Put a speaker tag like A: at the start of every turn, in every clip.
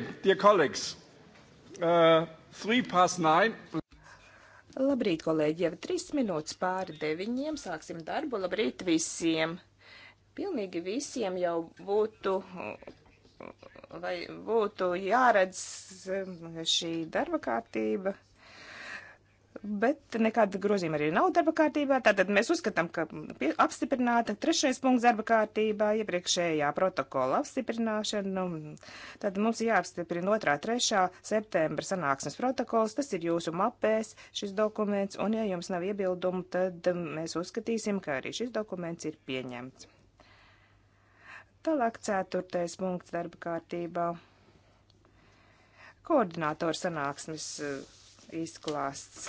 A: Okay, dear colleagues, uh, three past nine.
B: Labrīt, kolēģi, jau trīs minūtes pāri deviņiem, sāksim darbu, labrīt visiem. Pilnīgi visiem jau būtu, vai būtu jāredz um, šī darba kārtība bet nekāda grozījuma arī nav darba kārtībā. Tātad mēs uzskatām, ka apstiprināta trešais punkts darba kārtībā, iepriekšējā protokola apstiprināšana. Tad mums jāapstiprina 2. 3. septembra sanāksmes protokols. Tas ir jūsu mapēs šis dokuments, un ja jums nav iebildumu, tad mēs uzskatīsim, ka arī šis dokuments ir pieņemts. Tālāk 4. punkts darba kārtībā. Koordinātoru sanāksmes eh, izklāsts.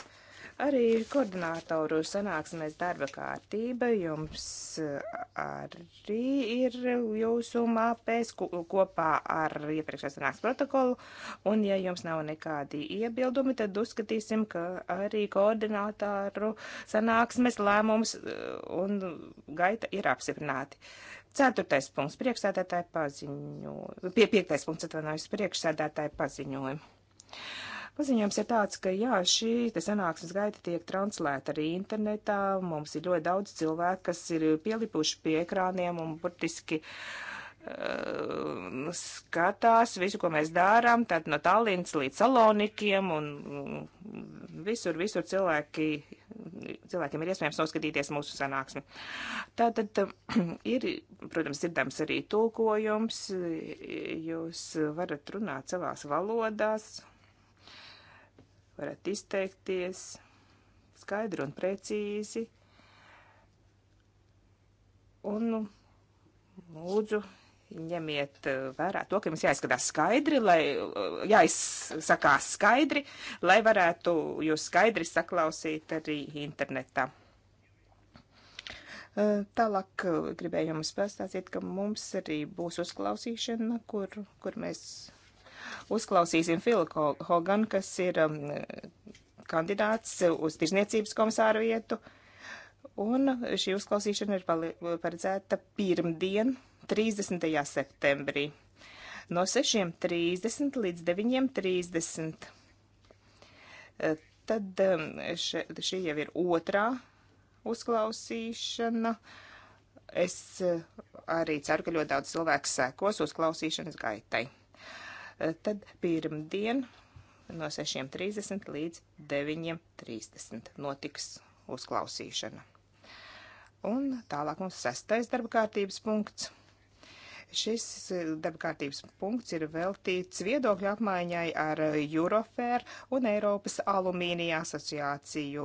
B: Arī koordinātoru sanāksmēs darba kārtība jums eh, arī ir jūsu mapēs kopā ar iepriekšējā sanāks protokolu, un ja jums nav nekādi iebildumi, tad uzskatīsim, ka arī koordinātoru sanāksmes lēmums eh, un gaita ir apsiprināti. Ceturtais punkts - priekšsēdētāja paziņojumi. Pie piektais punkts atvainojas priekšsēdētāja paziņojumi. Paziņojums ir tāds, ka jā, šī te sanāksmes gaita tiek translēta arī internetā. Mums ir ļoti daudz cilvēku, kas ir pielipuši pie ekrāniem un burtiski uh, skatās visu, ko mēs dārām, tad no Tallinas līdz Salonikiem un visur, visur cilvēki, cilvēkiem ir iespējams noskatīties mūsu sanāksmi. Tātad ir, protams, dzirdams arī tulkojums, jūs varat runāt savās valodās, varat izteikties skaidri un precīzi. Un nu, lūdzu, ņemiet eh, vērā to, ka mums jāizskatās skaidri, lai eh, jāizsakās skaidri, lai varētu jūs skaidri saklausīt arī internetā. Eh, tālāk gribēju jums pastāstīt, ka mums arī būs uzklausīšana, kur, kur mēs Uzklausīsim Filu Hogan, kas ir um, kandidāts uz tirzniecības komisāru vietu. Un šī uzklausīšana ir paredzēta pirmdien, 30. septembrī, no 6.30 līdz 9.30. E, tad um, še, šī jau ir otrā uzklausīšana. Es e, arī ceru, ka ļoti daudz cilvēku sekos uzklausīšanas gaitai tad pirmdien no 6.30 līdz 9.30 notiks uzklausīšana. Un tālāk mums sestais darba kārtības punkts. Šis eh, darba kārtības punkts ir veltīts viedokļu apmaiņai ar Eurofēr un Eiropas alumīnija asociāciju.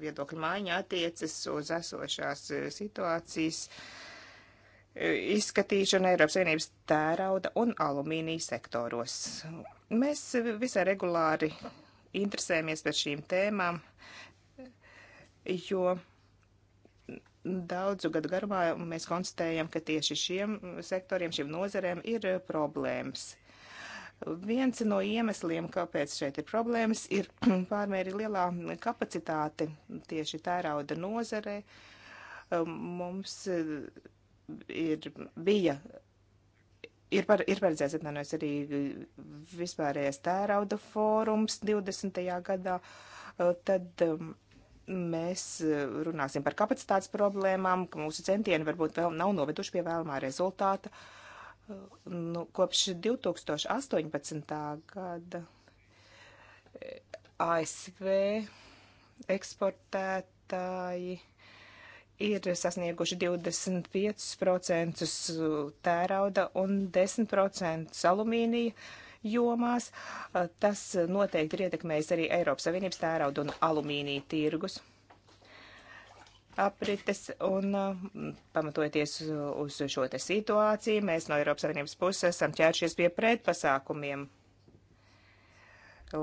B: Viedokļu maiņa attiecas uz esošās eh, situācijas uh, izskatīšanu Eiropas Savienības tērauda un alumīnija sektoros. Mēs visai regulāri interesējamies par šīm tēmām, jo daudzu gadu garumā mēs konstatējam, ka tieši šiem sektoriem, šiem nozarēm ir problēmas. Viens no iemesliem, kāpēc šeit ir problēmas, ir pārmērīgi lielā kapacitāte tieši tērauda nozarē. Mums ir, bija, ir, par, ir paredzēts atnānojas arī vispārējais tērauda fórums 20. gadā, eh, tad um, mēs eh, runāsim par kapacitātes problēmām, ka mūsu centieni varbūt vēl nav noveduši pie vēlamā rezultāta. Eh, nu, kopš 2018. gada ASV eksportētāji ir sasnieguši 25% tērauda un 10% alumīnija jomās. Tas noteikti ir ietekmējis arī Eiropas Savienības tērauda un alumīnija tirgus aprites un mm, pamatojoties uz šo te situāciju, mēs no Eiropas Savienības puses esam ķēršies pie pretpasākumiem,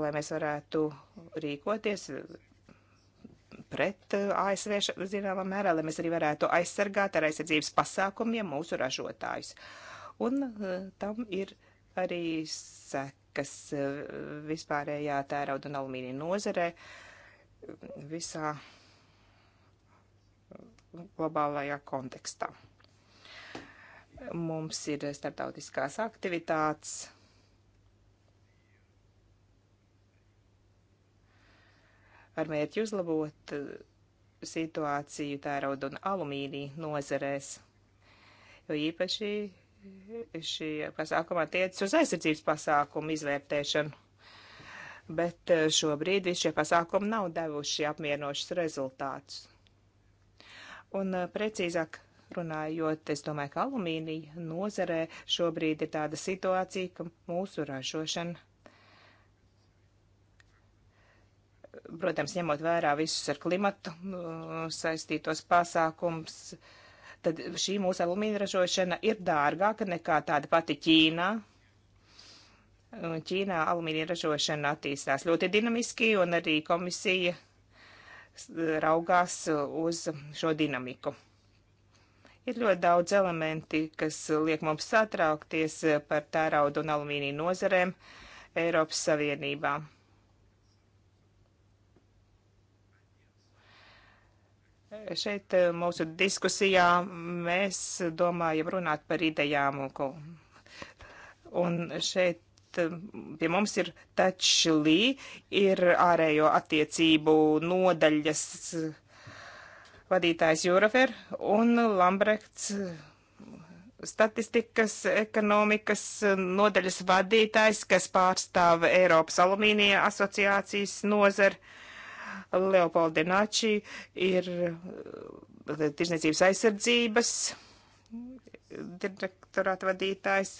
B: lai mēs varētu rīkoties pret eh, ASV zināmā mērā, lai mēs arī varētu aizsargāt ar aizsardzības pasākumiem mūsu ražotājus. Un eh, tam ir arī sekas eh, vispārējā tērauda un alumīnija nozarē visā globālajā kontekstā. Mums ir starptautiskās aktivitātes ar mērķi uzlabot eh, situāciju tērauda un alumīnija nozerēs. Jo īpaši eh, šī pasākuma tiec uz aizsardzības pasākumu izvērtēšanu. Bet eh, šobrīd visi šie pasākumi nav devuši apmierinošus rezultātus. Un precīzāk runājot, es domāju, ka alumīnija nozarē šobrīd ir tāda situācija, ka mūsu ražošana protams, ņemot vērā visus ar klimatu uh, saistītos pasākums, tad šī mūsu alumīna ražošana ir dārgāka nekā tāda pati Ķīnā. Uh, Ķīnā alumīna ražošana attīstās ļoti dinamiski, un arī komisija uh, raugās uz šo dinamiku. Ir ļoti daudz elementi, kas liek mums satraukties par tērauda un alumīnija nozarēm Eiropas Savienībā. Šeit eh, mūsu diskusijā mēs domājam runāt par idejām. Un, un šeit eh, pie mums ir tačlī, ir ārējo attiecību nodaļas eh, vadītājs Jūrafer un Lambrekts statistikas ekonomikas nodaļas vadītājs, kas pārstāv Eiropas alumīnija asociācijas nozari. Leopoldi Načī ir eh, tirzniecības aizsardzības direktorāta vadītājs.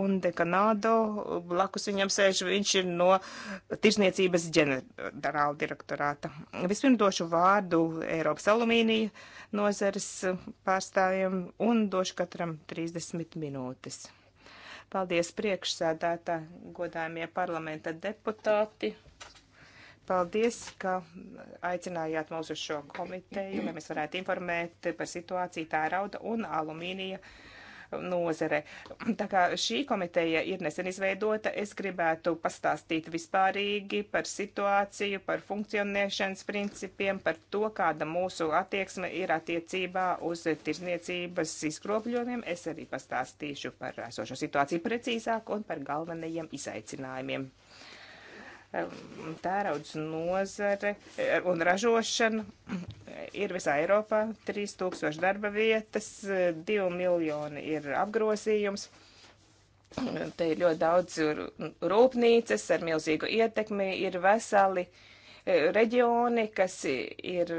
B: Un dekanādo blakus viņam sēž, viņš ir no tirsniecības ģenerāla direktorāta. Vispirms došu vārdu Eiropas alumīnija nozares pārstāvjiem un došu katram 30 minūtes. Paldies priekšsēdētā, godājumie parlamenta deputāti. Paldies, ka aicinājāt mūs uz šo komiteju, lai mēs varētu informēt par situāciju tērauda un alumīnija nozare. Tā kā šī komiteja ir nesen izveidota, es gribētu pastāstīt vispārīgi par situāciju, par funkcionēšanas principiem, par to, kāda mūsu attieksme ir attiecībā uz tirzniecības izkropļojumiem. Es arī pastāstīšu par esošo situāciju precīzāk un par galvenajiem izaicinājumiem tērauds nozare eh, un ražošana eh, ir visā Eiropā. 3000 darba vietas, 2 eh, miljoni ir apgrozījums. Te ir ļoti daudz rūpnīcas ar milzīgu ietekmi, ir veseli reģioni, kas ir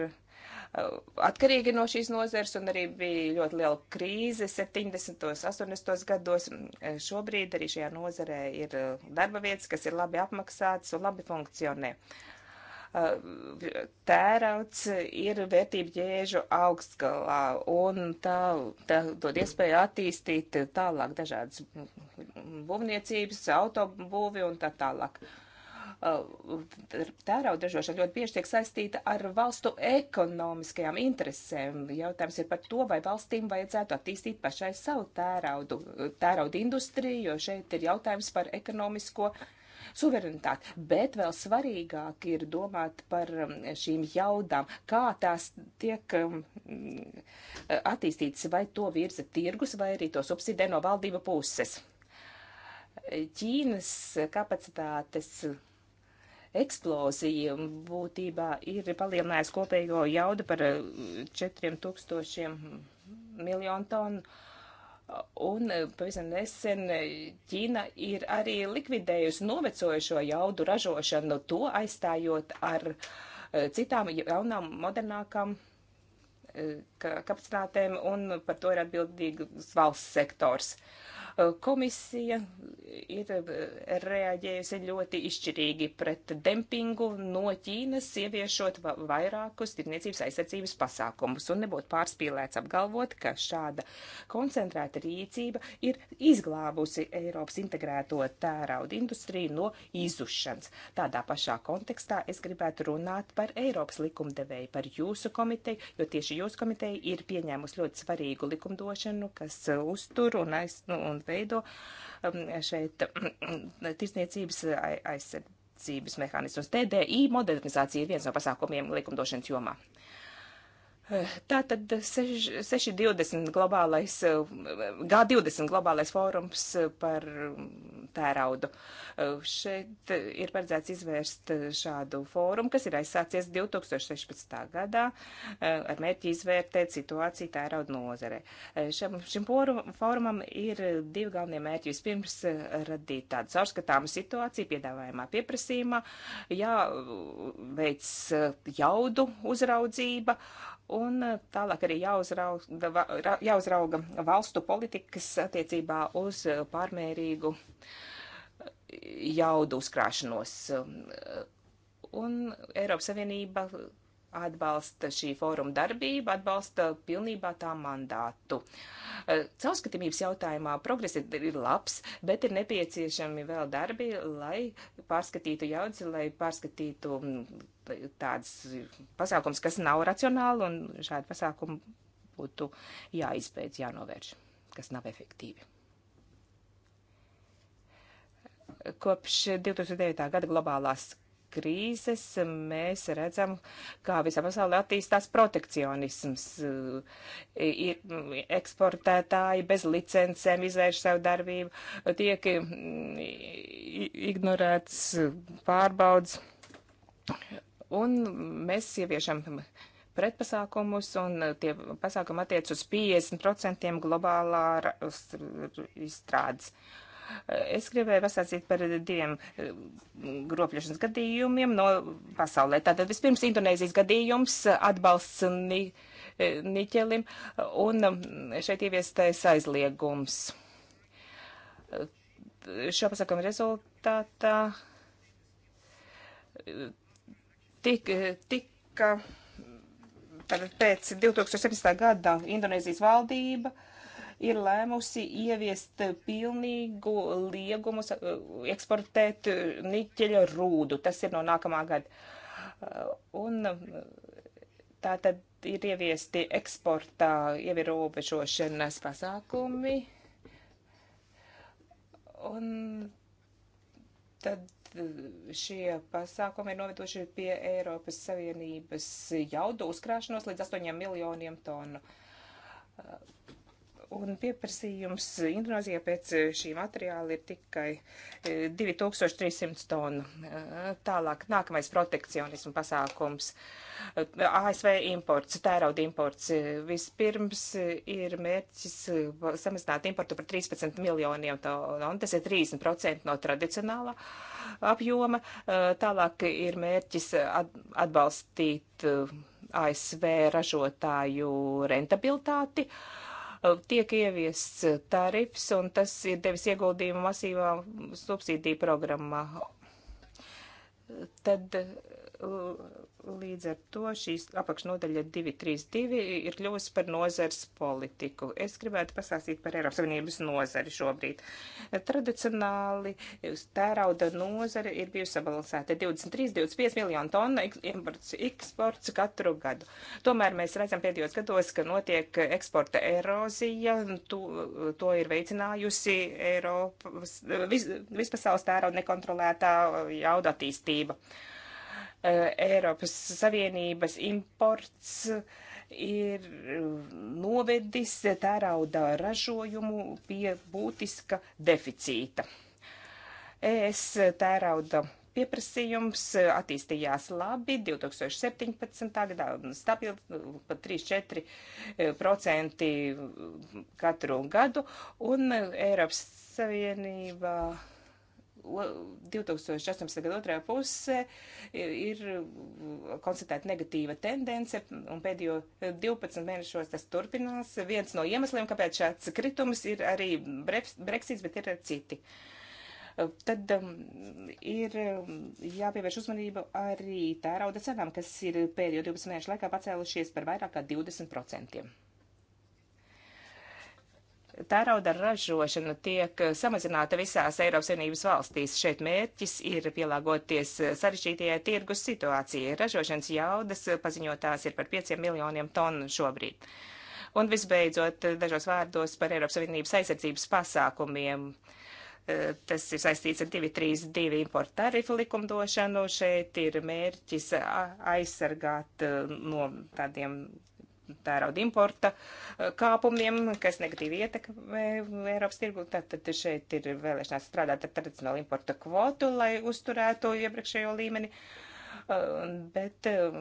B: Eh, atkarīgi no šīs nozars, un arī bija ļoti liela krīze 70. un 80. Eh, gados. Šobrīd arī šajā nozarē ir eh, darba vietas, kas ir labi apmaksātas un labi funkcionē. Tērauts ir vērtību ķēžu augstgalā, un tā, tā dod iespēju attīstīt tālāk dažādas mm, mm, būvniecības, autobūvi un tā tālāk. Uh, Uh, tērauda ražošana ļoti bieži tiek saistīta ar valstu ekonomiskajām interesēm. Jautājums ir par to, vai valstīm vajadzētu attīstīt pašai savu tēraudu, tērauda industriju, jo šeit ir jautājums par ekonomisko suverenitāti. Bet vēl svarīgāk ir domāt par um, šīm jaudām, kā tās tiek um, attīstītas, vai to virza tirgus, vai arī to subsidē no valdība puses. Ķīnas kapacitātes eksplozija būtībā ir palielinājusi kopējo jaudu par 4000 eh, miljonu tonu. Un eh, pavisam nesen eh, Ķīna ir arī likvidējusi novecojušo jaudu ražošanu, to aizstājot ar citām jaunām, modernākām kapacitātēm, un par to ir atbildīgs valsts sektors. Uh, Komisija ir eh, reaģējusi ļoti izšķirīgi pret dempingu no Ķīnas, ieviešot vairākus tirniecības aizsardzības pasākumus. Un nebūtu pārspīlēts apgalvot, ka šāda koncentrēta rīcība ir izglābusi Eiropas integrēto tērauda industriju no izušanas. Tādā pašā kontekstā es gribētu runāt par Eiropas likumdevēju, par jūsu komiteju, jo tieši jūsu komiteja ir pieņēmusi ļoti svarīgu likumdošanu, kas uztur un, aiz, nu, un jāveido um, šeit um, tirsniecības aizsardzības mehānismus. TDI modernizācija ir viens no pasākumiem likumdošanas jomā. Tātad 6.20 globālais, G20 globālais fórums par tēraudu. Šeit ir paredzēts izvērst šādu fórumu, kas ir aizsācies 2016. gadā ar mērķi izvērtēt situāciju tēraudu nozare. Šim, šim fórumam ir divi galvenie mērķi. Vispirms radīt tādu saurskatāmu situāciju piedāvājumā pieprasījumā, jāveic jaudu uzraudzība Un eh, tālāk arī jāuzrauga, jāuzrauga valstu politikas attiecībā uz eh, pārmērīgu eh, jaudu uzkrāšanos. Un Eiropas Savienība atbalsta šī fóruma darbību, atbalsta pilnībā tā mandātu. Caurskatāmības jautājumā progress ir labs, bet ir nepieciešami vēl darbi, lai pārskatītu jaudas, lai pārskatītu mm, tāds pasākums, kas nav racionāli, un šādi pasākumi būtu jāizbeidz, jānovērš, kas nav efektīvi. Kopš 2009. gada globālās krīzes mēs redzam, kā visā pasaulē attīstās protekcionisms. Ir eksportētāji bez licencēm izvērš savu darbību, tiek ignorēts pārbaudas. Un mēs ieviešam pretpasākumus, un tie pasākumi attiec uz 50% globālā izstrādes. Es gribēju pasāstīt par diviem mm, gropļošanas gadījumiem no pasaulē. Tātad vispirms Indonēzijas gadījums atbalsts ni, e, niķelim, un mm, šeit ieviestais aizliegums. Šo pasākumu rezultātā tik, tika tagad pēc 2017. gada Indonēzijas valdība ir lēmusi ieviest pilnīgu liegumu eksportēt niķeļa rūdu. Tas ir no nākamā gada. Un tā tad ir ieviesti eksportā ievērobežošanas pasākumi. Un tad šie pasākumi ir noveduši pie Eiropas Savienības jaudu uzkrāšanos līdz 8 miljoniem tonu un pieprasījums Indonēzijā pēc eh, šī materiāla ir tikai 2300 eh, tonu. Eh, tālāk, nākamais protekcionismu pasākums. ASV imports, tērauda imports. Vispirms ir mērķis samazināt importu par 13 miljoniem tonu, tas ir 30% no tradicionālā apjoma. Tālāk ir mērķis atbalstīt ASV ražotāju rentabilitāti. Uh, tiek ieviests tarifs, un tas ir devis ieguldījumu masīvā subsīdiju programmā. Tad Līdz ar to šīs apakšnodaļa 232 ir kļuvusi par nozars politiku. Es gribētu pasāstīt par Eiropas Savienības nozari šobrīd. Tradicionāli tērauda nozara ir bijusi sabalansēta 23-25 miljonu tonu imports, eksports katru gadu. Tomēr mēs redzam pēdējos gados, ka notiek eksporta erozija. To, to ir veicinājusi Eiropas, vis, vispasaules tērauda nekontrolētā jauda attīstība. Uh, Eh, Eiropas Savienības imports ir novedis tērauda ražojumu pie būtiska deficīta. ES tērauda pieprasījums attīstījās labi 2017. gadā, stabili nu, pat 3-4% eh, katru gadu, un Eiropas Savienībā 2018. gada otrajā pusē ir konstatēta negatīva tendence, un pēdējo 12 mēnešos tas turpinās. Viens no iemesliem, kāpēc šāds kritums ir arī Brexits, bet ir arī citi. Tad um, ir um, jāpievērš uzmanība arī tērauda cenām, kas ir pēdējo 12 mēnešu laikā pacēlušies par vairāk kā 20%. Tērauda ražošana tiek eh, samazināta visās Eiropas Savienības valstīs. Šeit mērķis ir pielāgoties eh, sarežģītajai tirgus situācijai. Ražošanas jaudas eh, paziņotās ir par 5 miljoniem tonu šobrīd. Un visbeidzot, dažos vārdos par Eiropas Savienības aizsardzības pasākumiem. Tas ir saistīts ar 232 importu tarifu likumdošanu. Šeit ir mērķis aizsargāt no tādiem tērauda importa eh, kāpumiem, kas negatīvi ietekmē Eiropas tirgu. Tātad šeit ir vēlēšanās strādāt ar tradicionālu importa kvotu, lai uzturētu iepriekšējo līmeni. Eh, bet eh,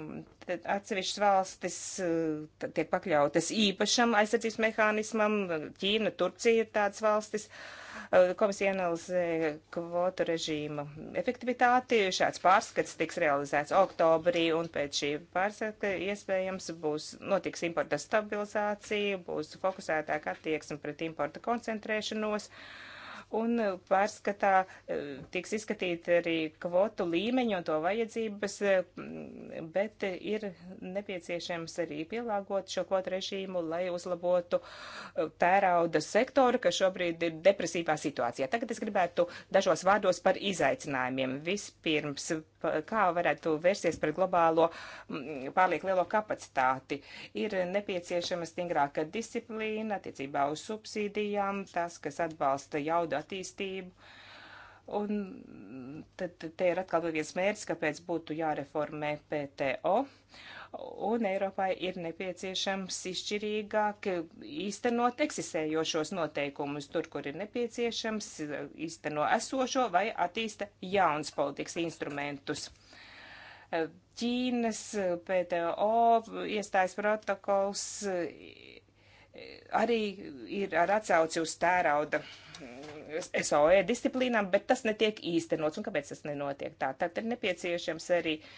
B: atsevišķas valstis tiek pakļautas īpašam aizsardzības mehānismam. Ķīna, Turcija ir tādas valstis. Uh, Eh, komisija analizē kvotu režīma efektivitāti. Šāds pārskats tiks realizēts oktobrī, un pēc šī pārskata iespējams būs notiks importa stabilizācija, būs fokusētāka attieksme pret importa koncentrēšanos. Uh, un eh, pārskatā eh, tiks izskatīt arī kvotu līmeņu un to vajadzības, eh, bet ir nepieciešams arī pielāgot šo kvotu režīmu, lai uzlabotu tērauda sektoru, kas šobrīd ir depresīvā situācijā. Tagad es gribētu dažos vārdos par izaicinājumiem. Vispirms kā varētu vērsties pret globālo mm, pārlieku lielo kapacitāti. Ir nepieciešama stingrāka disciplīna attiecībā uz subsīdijām, tas, kas atbalsta jaudu attīstību. Un tad te ir atkal viens mērķis, kāpēc būtu jāreformē PTO. Uh, un Eiropai ir nepieciešams izšķirīgāk īstenot eksistējošos noteikumus, tur, kur ir nepieciešams īsteno esošo vai attīsta jauns politikas instrumentus. Ķīnas PTO iestājas protokols arī ir ar atsauci uz tērauda SOE disciplīnām, bet tas netiek īstenots. Un kāpēc tas nenotiek tā? Tad ir nepieciešams arī uh,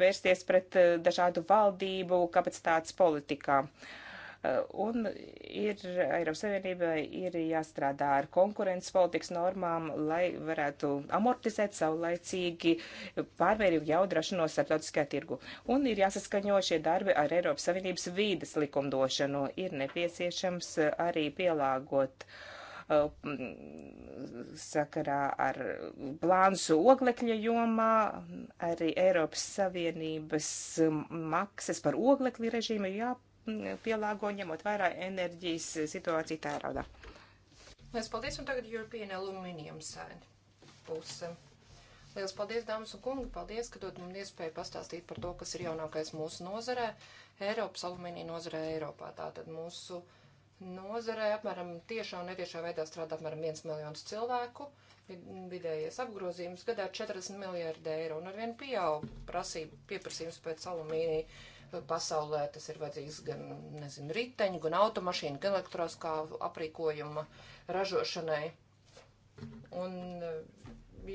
B: vērsties pret eh, dažādu valdību kapacitātes politikām. Eh, un ir, Eiropas Savienībai ir jāstrādā ar konkurences politikas normām, lai varētu amortizēt saulaicīgi pārmērīgu jaudrašanos starptautiskajā tirgu. Un ir jāsaskaņo šie darbi ar Eiropas Savienības vīdes likumdošanu. Ir nepieciešams eh, arī pielāgot uh, Uh, sakarā ar plānsu oglekļa jomā, arī Eiropas Savienības maksas par oglekļa režīmu jāpielāgo ņemot vairāk enerģijas situāciju tēraudā.
C: Lielas paldies, un tagad European Aluminium sēde puse. Lielas paldies, dāmas un kungi, paldies, ka dod man iespēju pastāstīt par to, kas ir jaunākais mūsu nozarē, Eiropas alumīnija nozarē Eiropā. Tātad mūsu uh, Nozarē apmēram tiešā un netiešā veidā strādā apmēram 1 miljons cilvēku. Vidējais apgrozījums gadā 40 miljārdi eiro un arvien pieaug prasība pieprasījums pēc alumīnija pasaulē. Tas ir vajadzīgs gan, nezinu, riteņu, gan automašīnu, gan elektroskā aprīkojuma ražošanai. Un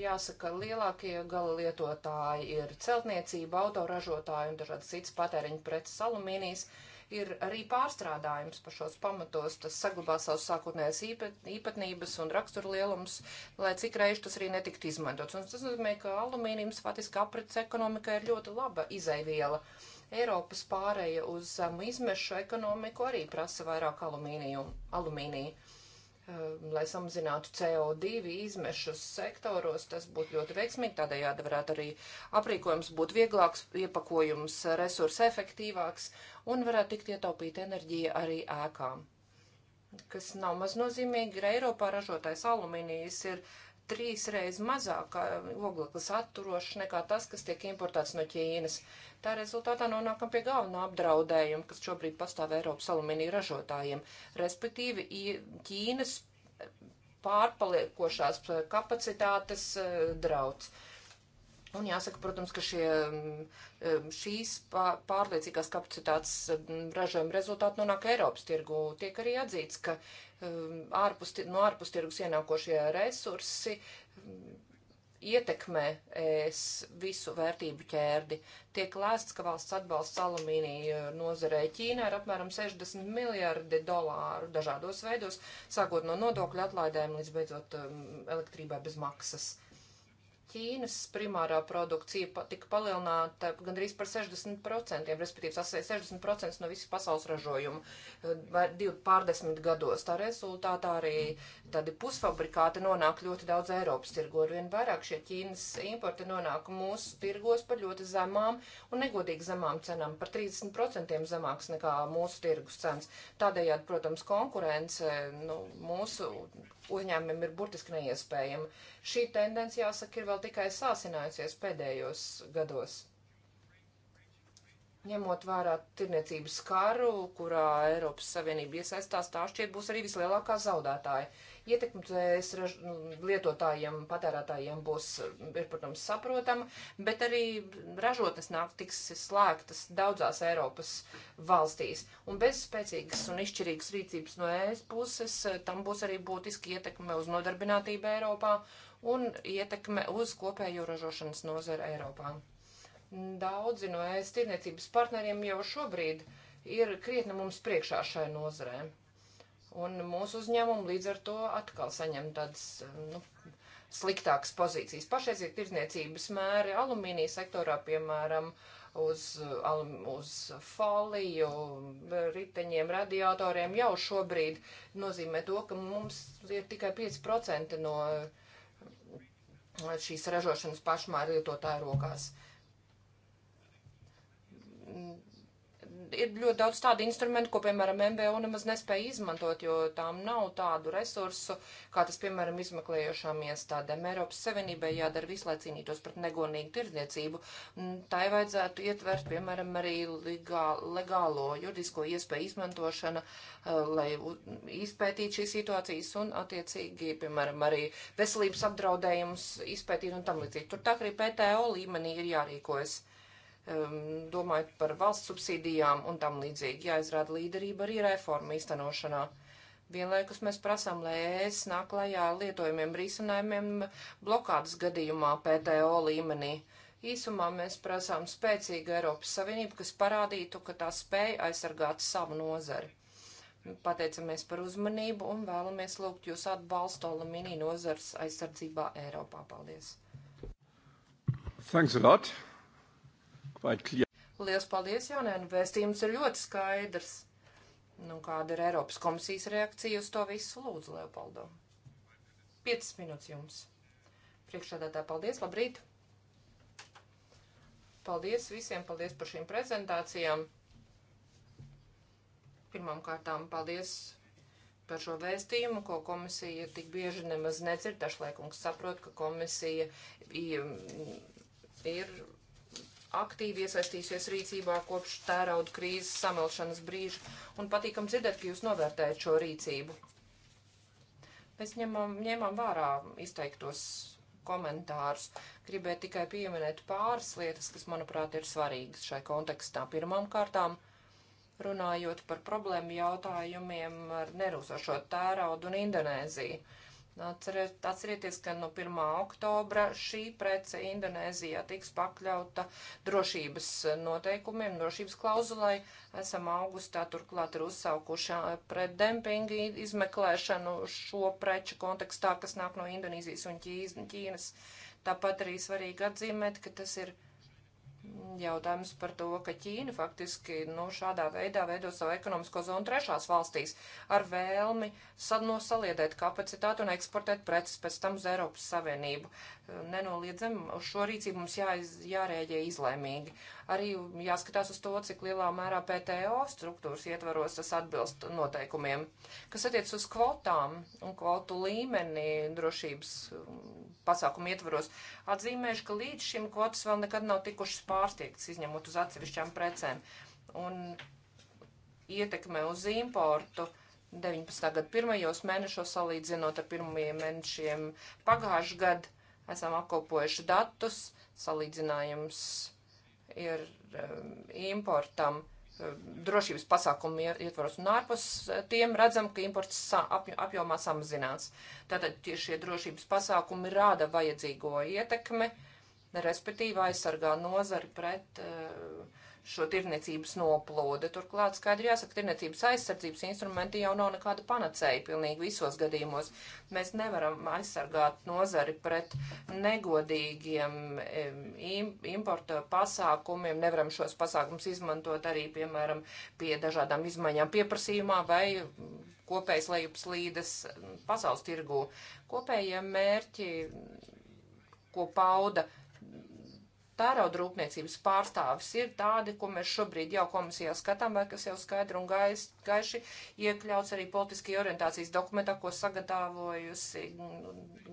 C: jāsaka, lielākie gala lietotāji ir celtniecība, autoražotāji un dažādas citas patēriņu preces alumīnijas. Uh, ir arī pārstrādājums par šos pamatos, tas saglabā savus sākotnējās īpatnības un rakstura lielums, lai cik reiz tas arī netiktu izmantots. Un tas nozīmē, ka alumīnijums faktiski aprits ekonomikai ir ļoti laba izaiviela. Eiropas pārēja uz zemu um, izmešu ekonomiku arī prasa vairāk alumīniju. alumīniju. Um, lai samazinātu CO2 izmešus sektoros, tas būtu ļoti veiksmīgi. Tādējādi varētu arī aprīkojums būt vieglāks, iepakojums resursu efektīvāks un varētu tikt ietaupīt enerģija arī ēkām. Kas nav maz nozīmīgi, ir Eiropā ražotais alumīnijas ir uh, trīs reizes mazāk ogleklis atturošs nekā tas, kas tiek importēts no Ķīnas. Tā rezultātā nonākam pie galvenā apdraudējuma, kas šobrīd pastāv Eiropas alumīnija ražotājiem, respektīvi Ķīnas pārpaliekošās kapacitātes e, drauds. Uh, Un jāsaka, protams, ka šie, mm, e, šīs pārliecīgās kapacitātes mm, ražojuma rezultāti nonāk Eiropas tirgu. Tiek arī atzīts, ka mm, ārpus, no ārpus tirgus ienākošie resursi ietekmē es visu vērtību ķērdi. Tiek lēsts, ka valsts atbalsts alumīnija nozarē Ķīnā ir apmēram 60 miljardi dolāru dažādos veidos, sākot no nodokļu atlaidēm līdz beidzot elektrībai bez maksas. Ķīnas primārā produkcija tika palielināta gandrīz par 60%, respektīvi 60% no visas pasaules ražojuma eh, pārdesmit gados. Tā rezultātā arī tādi pusfabrikāti nonāk ļoti daudz Eiropas tirgo, ar vien vairāk šie Ķīnas importi nonāk mūsu tirgos par ļoti zemām un negodīgi zemām cenām, par 30% zemāks nekā mūsu tirgus cenas. Tādējādi, protams, konkurence nu, mūsu uzņēmumiem ir burtiski neiespējama. Šī tendence, jāsaka, ir vēl tikai sāsinājusies pēdējos gados. Ņemot vērā tirniecības karu, kurā Eiropas Savienība iesaistās, tā šķiet būs arī vislielākā zaudētāja ietekmēs nu, lietotājiem, patērētājiem būs, ir, protams, saprotama, bet arī ražotnes nāk tiks slēgtas daudzās Eiropas valstīs. Un bez spēcīgas un izšķirīgas rīcības no ES puses tam būs arī būtiski ietekme uz nodarbinātību Eiropā un ietekme uz kopējo ražošanas nozeru Eiropā. Daudzi no ES tirniecības partneriem jau šobrīd ir krietni mums priekšā šai nozarē. Un mūsu uzņēmumi līdz ar to atkal saņem tādas nu, sliktākas pozīcijas. Pašreizie tirzniecības mēri alumīnija sektorā, piemēram, uz, alum, uz foliju, riteņiem, radiatoriem jau šobrīd nozīmē to, ka mums ir tikai 5% no šīs ražošanas pašmā lietotāju rokās ir ļoti daudz tādu instrumentu, ko, piemēram, MBO nemaz nespēja izmantot, jo tām nav tādu resursu, kā tas, piemēram, izmeklējošām iestādēm. Eiropas Savienībai jādara visu, lai cīnītos pret negonīgu tirdzniecību. Mm, tai vajadzētu ietvert, piemēram, arī legālo juridisko iespēju izmantošana, eh, lai izpētītu šīs situācijas un, attiecīgi, piemēram, arī veselības apdraudējumus izpētīt un tam līdzīgi. Tur tā arī PTO līmenī ir jārīkojas. Um, domājot par valsts subsīdijām un tam līdzīgi, jāizrāda līderība arī reformu īstenošanā. Vienlaikus mēs prasām, lai es nāk klajā ar lietojumiem risinājumiem blokādas gadījumā PTO līmenī. Īsumā mēs prasām spēcīgu Eiropas Savienību, kas parādītu, ka tā spēja aizsargāt savu nozari. Pateicamies par uzmanību un vēlamies lūgt jūs atbalstu alumīnija nozars aizsardzībā Eiropā. Paldies! Thanks a lot. Lielas paldies, Jānē, nu vēstījums ir ļoti skaidrs. Nu, kāda ir Eiropas komisijas reakcija uz to visu? Lūdzu, Leopoldo. 5 minūtes jums. Priekšādātā paldies, labrīt! Paldies visiem, paldies par šīm prezentācijām. Pirmām kārtām paldies par šo vēstījumu, ko komisija tik bieži nemaz nedzird. Dažlaik kungs saprot, ka komisija ir aktīvi iesaistīsies rīcībā kopš tērauda krīzes samelšanas brīža, un patīkam dzirdēt, ka jūs novērtējat šo rīcību. Mēs ņemam, ņemam vērā izteiktos komentārus. Gribēju tikai pieminēt pāris lietas, kas, manuprāt, ir svarīgas šai kontekstā. Pirmām kārtām runājot par problēmu jautājumiem ar nerūsošo tēraudu un Indonēziju. Atceriet, atcerieties, ka no 1. oktobra šī prece Indonēzijā tiks pakļauta drošības noteikumiem, drošības klauzulai. Esam augustā turklāt ir uzsaukuši pret dempingu izmeklēšanu šo preču kontekstā, kas nāk no Indonēzijas un Ķīnas. Tāpat arī svarīgi atzīmēt, ka tas ir jautājums par to, ka Ķīna faktiski nu, šādā veidā veido savu ekonomisko zonu trešās valstīs ar vēlmi sadnosaliedēt nu, kapacitātu un eksportēt preces pēc tam uz Eiropas Savienību nenoliedzami uz šo rīcību mums jā, jārēģē izlēmīgi. Arī jāskatās uz to, cik lielā mērā PTO struktūras ietvaros tas atbilst noteikumiem. Kas attiec uz kvotām un kvotu līmeni drošības um, pasākumu ietvaros, atzīmēšu, ka līdz šim kvotas vēl nekad nav tikušas pārstiegtas, izņemot uz atsevišķām precēm. Un ietekme uz importu. 19. gada pirmajos mēnešos salīdzinot ar pirmajiem mēnešiem pagājušajā gadā esam apkopojuši datus, salīdzinājums ir um, importam um, drošības pasākumu ietvaros un ārpus eh, tiem redzam, ka imports apjomā samazinās. Tātad tieši šie drošības pasākumi rāda vajadzīgo ietekmi, respektīvi aizsargā nozari pret uh, šo tirniecības noplūdi. Turklāt skaidri jāsaka, tirniecības aizsardzības instrumenti jau nav nekāda panacēja pilnīgi visos gadījumos. Mēs nevaram aizsargāt nozari pret negodīgiem importa pasākumiem, nevaram šos pasākumus izmantot arī, piemēram, pie dažādām izmaiņām pieprasījumā vai kopējas lejupslīdes pasaules tirgū. Kopējie mērķi, ko pauda tērauda rūpniecības pārstāvis ir tādi, ko mēs šobrīd jau komisijā skatām, vai kas jau skaidri un gais, gaiši iekļauts arī politiskajā orientācijas dokumentā, ko sagatavojusi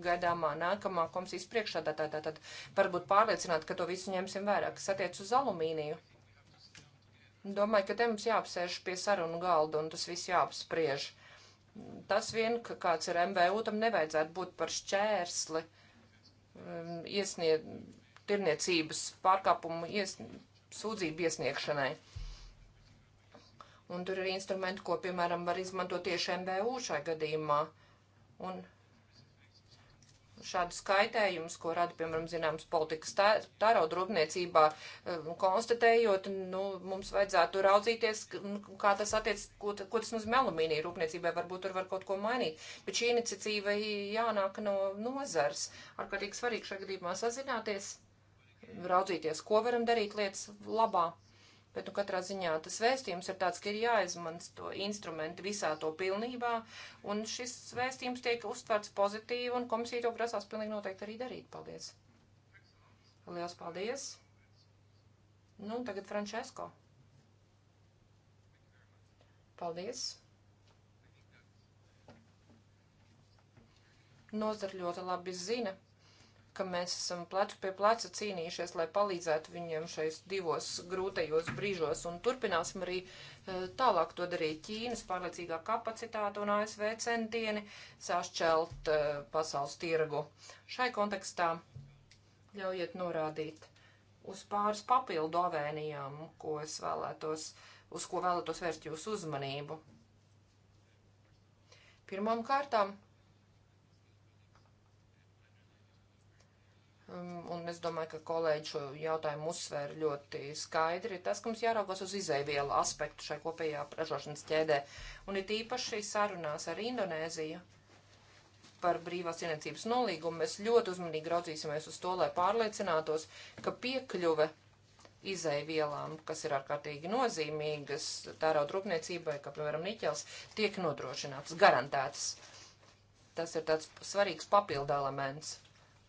C: gaidāmā nākamā komisijas priekšādā. Tātad varbūt pārliecināt, ka to visu ņemsim vērā, kas attiec uz alumīniju. Domāju, ka te mums jāapsēž pie sarunu galda un tas viss jāapspriež. Tas vien, ka kāds ir MVU, tam nevajadzētu būt par šķērsli um, iesniegt tirniecības pārkāpumu ies, sūdzību iesniegšanai. Un tur ir instrumenti, ko, piemēram, var izmantot tieši MBU šai gadījumā. Un šādu skaitējumus, ko rada, piemēram, zināms politikas tārauda rūpniecībā, um, konstatējot, nu, mums vajadzētu raudzīties, nu, kā tas attiec, ko, ko tas nozīmē alumīnija rūpniecībai, varbūt tur var kaut ko mainīt. Bet šī iniciatīva jānāk no nozars. Ar kādīgi svarīgi šajā gadījumā sazināties raudzīties, ko varam darīt lietas labā. Bet, nu, katrā ziņā tas vēstījums ir tāds, ka ir jāizmanto instrumenti visā to pilnībā, un šis vēstījums tiek uztverts pozitīvi, un komisija to grasās pilnīgi noteikti arī darīt. Paldies! Lielas paldies! Nu, tagad Frančesko. Paldies! Nozara ļoti labi zina ka mēs esam plecu pie pleca cīnījušies, lai palīdzētu viņiem šais divos grūtajos brīžos un turpināsim arī eh, tālāk to darīt Ķīnas pārliecīgā kapacitāte un ASV centieni sašķelt uh, pasaules tirgu. Šai kontekstā ļaujiet norādīt uz pāris papildu avēnijām, ko es vēlētos, uz ko vēlētos vērst jūsu uzmanību. Pirmām kārtām Um, un es domāju, ka kolēģi šo jautājumu uzsver ļoti skaidri. Tas, ka mums jāraugās uz izēvielu aspektu šai kopējā ražošanas ķēdē. Un ir īpaši sarunās ar Indonēziju par brīvās cienniecības nolīgumu, mēs ļoti uzmanīgi raudzīsimies uz to, lai pārliecinātos, ka piekļuve izēvielām, kas ir ārkārtīgi nozīmīgas tērauda rūpniecībai, kā piemēram niķels, tiek nodrošināts, garantēts. Tas ir tāds svarīgs papildu elements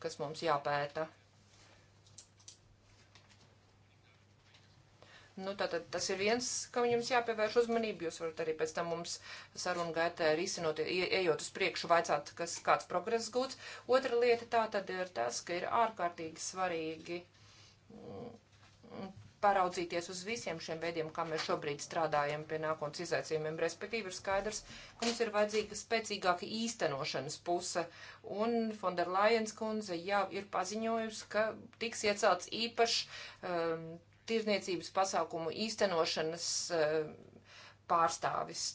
C: kas mums jāpēta. Nu, tātad tas ir viens, kam jums jāpievērš uzmanība. Jūs varat arī pēc tam mums sarunu gaitā risinot, ejot uz priekšu, vaicāt, kas, kāds progress gūts. Otra lieta tā tad ir tas, ka ir ārkārtīgi svarīgi mm, paraudzīties uz visiem šiem veidiem, kā mēs šobrīd strādājam pie nākotnes izaicinājumiem. Respektīvi ir skaidrs, ka mums ir vajadzīga spēcīgāka īstenošanas puse. Un Fonderlajens kundze jau ir paziņojusi, ka tiks iecelts īpašs um, tirniecības pasākumu īstenošanas um, pārstāvis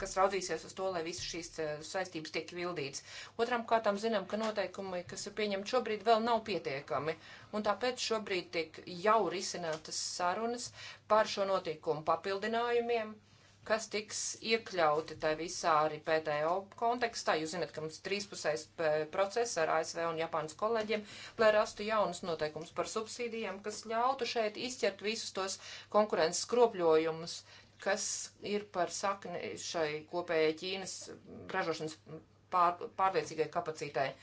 C: kas raudzīsies uz to, lai visas šīs eh, saistības tiek pildītas. Otram kārtām zinām, ka noteikumi, kas ir pieņemti šobrīd, vēl nav pietiekami, un tāpēc šobrīd tiek jau risinātas sarunas par šo notikumu papildinājumiem, kas tiks iekļauti tai visā arī PTO kontekstā. Jūs zināt, ka mums trīspusējs eh, process ar ASV un Japānas kolēģiem, lai rastu jaunas noteikumus par subsīdijām, kas ļautu šeit izķert visus tos konkurences skropļojumus, kas ir par sakni šai kopējai Ķīnas ražošanas pār, pārliecīgai kapacitātei.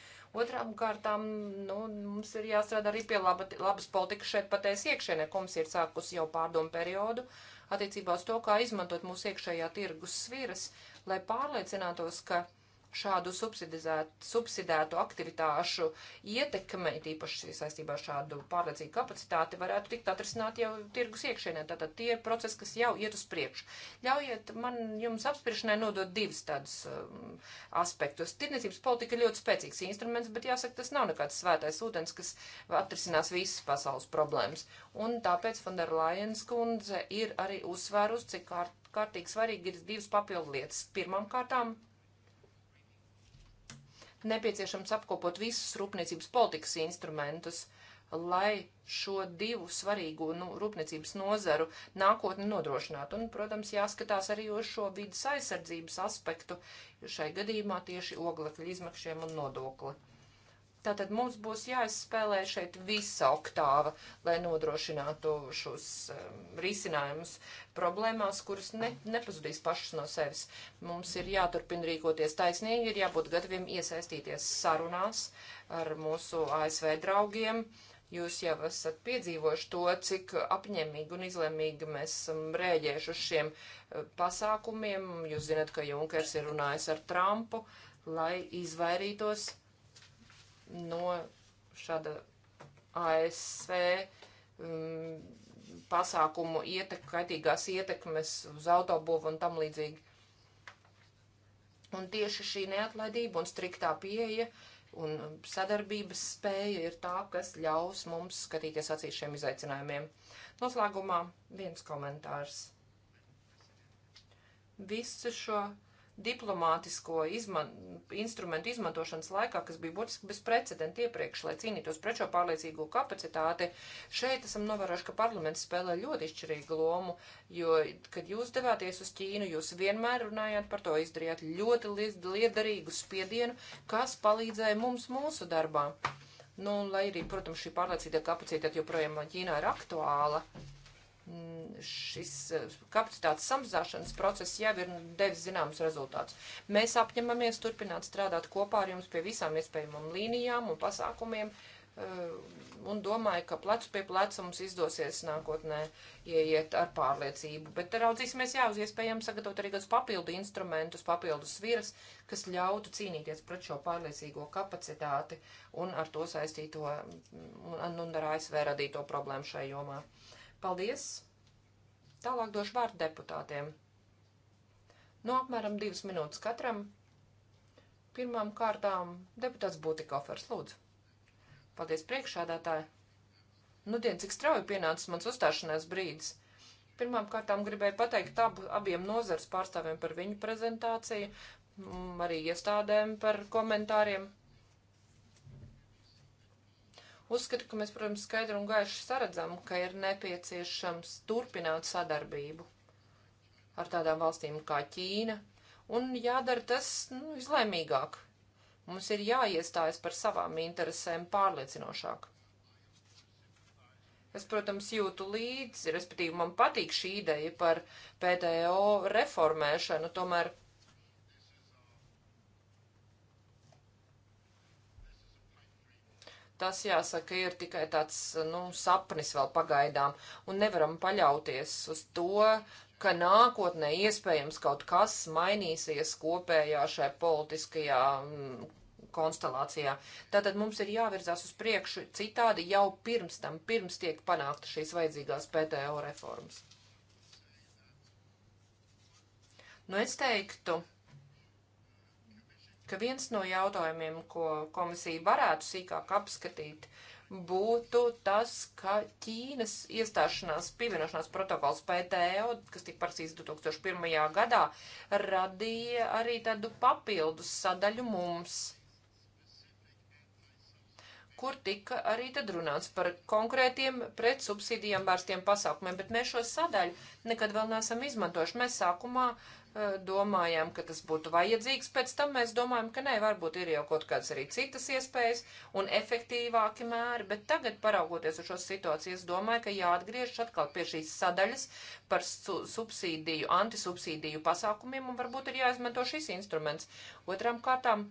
C: Otrām kārtām, nu, mums ir jāstrādā arī pie laba, labas politikas šeit patēs iekšēnē, mums ir sākus jau pārdomu periodu attiecībā uz to, kā izmantot mūsu iekšējā tirgus sviras, lai pārliecinātos, ka šādu subsidētu aktivitāšu ietekme, tīpaši saistībā ar šādu pārliecīgu kapacitāti, varētu tikt atrisināt jau tirgus iekšienē. Tātad tie ir procesi, kas jau iet uz priekšu. Ļaujiet man jums apspriešanai nodot divus tādus um, aspektus. Tirniecības politika ir ļoti spēcīgs instruments, bet jāsaka, tas nav nekāds svētais ūdens, kas atrisinās visas pasaules problēmas. Un tāpēc Fonderlajens kundze ir arī uzsvērus, cik kārt, kārtīgi svarīgi ir divas papildu lietas. Pirmām kārtām nepieciešams apkopot visus rūpniecības politikas instrumentus, lai šo divu svarīgo nu, rūpniecības nozaru nākotni nodrošinātu. Un, protams, jāskatās arī uz šo vidas aizsardzības aspektu, jo šai gadījumā tieši oglekļa izmaksiem un nodokli. Tātad mums būs jāizspēlē šeit visa oktāva, lai nodrošinātu šos um, risinājumus problēmās, kuras ne, nepazudīs pašas no sevis. Mums ir jāturpina rīkoties taisnīgi, ir jābūt gataviem iesaistīties sarunās ar mūsu ASV draugiem. Jūs jau esat piedzīvojuši to, cik apņemīgi un izlēmīgi mēs esam rēģējuši uz šiem uh, pasākumiem. Jūs zinat, ka Junkers ir runājis ar Trumpu, lai izvairītos no šāda ASV um, mm, pasākumu ietek, kaitīgās ietekmes uz autobūvu un tam līdzīgi. Un tieši šī neatlaidība un striktā pieeja un sadarbības spēja ir tā, kas ļaus mums skatīties acīs šiem izaicinājumiem. Noslēgumā viens komentārs. Visu šo diplomātisko izman, instrumentu izmantošanas laikā, kas bija būtiski bezprecedenta iepriekš, lai cīnītos pret šo pārliecīgo kapacitāti, šeit esam novērojuši, ka parlaments spēlē ļoti izšķirīgu lomu, jo, kad jūs devāties uz Ķīnu, jūs vienmēr runājāt par to, izdarījāt ļoti liederīgu spiedienu, kas palīdzēja mums mūsu darbā. Nu, lai arī, protams, šī pārliecīgā kapacitāte joprojām Ķīnā ir aktuāla. Mm, šis eh, kapacitātes samazināšanas process jau ir devis zināms rezultāts. Mēs apņemamies turpināt strādāt kopā ar jums pie visām iespējamām līnijām un pasākumiem, eh, un domāju, ka plecu pie pleca mums izdosies nākotnē ieiet ar pārliecību. Bet raudzīsimies jā uz iespējām sagatavot arī kādus papildu instrumentus, papildu sviras, kas ļautu cīnīties pret šo pārliecīgo kapacitāti un ar to saistīto mm, un, un ar ASV radīto problēmu šai jomā. Uh, Paldies! Tālāk došu vārdu deputātiem. No nu, apmēram divas minūtes katram. Pirmām kārtām deputāts Būtikofers, lūdzu. Paldies priekšādātāji. Nu, dien, cik strauji pienācis mans uzstāšanās brīdis. Pirmām kārtām gribēju pateikt abu, abiem nozars pārstāvjiem par viņu prezentāciju, mm, arī iestādēm par komentāriem. Uzskatu, ka mēs, protams, skaidri un gaiši saredzam, ka ir nepieciešams turpināt sadarbību ar tādām valstīm kā Ķīna, un jādara tas nu, izlēmīgāk. Mums ir jāiestājas par savām interesēm pārliecinošāk. Es, protams, jūtu līdzi, respektīvi man patīk šī ideja par PTO reformēšanu, tomēr tas, jāsaka, ir tikai tāds, nu, sapnis vēl pagaidām, un nevaram paļauties uz to, ka nākotnē iespējams kaut kas mainīsies kopējā šai politiskajā mm, konstelācijā. Tātad mums ir jāvirzās uz priekšu citādi jau pirms tam, pirms tiek panākta šīs vajadzīgās PTO reformas. Nu, es teiktu, ka viens no jautājumiem, ko komisija varētu sīkāk apskatīt, būtu tas, ka Ķīnas iestāšanās pievienošanās protokols PTO, kas tika parakstīts 2001. gadā, radīja arī tādu papildus sadaļu mums kur tika arī tad runāts par konkrētiem pret subsīdijām vērstiem pasākumiem, bet mēs šo sadaļu nekad vēl neesam izmantojuši. Mēs sākumā uh, domājām, ka tas būtu vajadzīgs, pēc tam mēs domājam, ka nē, varbūt ir jau kaut kādas arī citas iespējas un efektīvāki mēri, bet tagad, paraugoties uz šo situāciju, es domāju, ka jāatgriežas atkal pie šīs sadaļas par subsīdiju, antisubsīdiju pasākumiem un varbūt ir jāizmanto šis instruments. Otram kārtām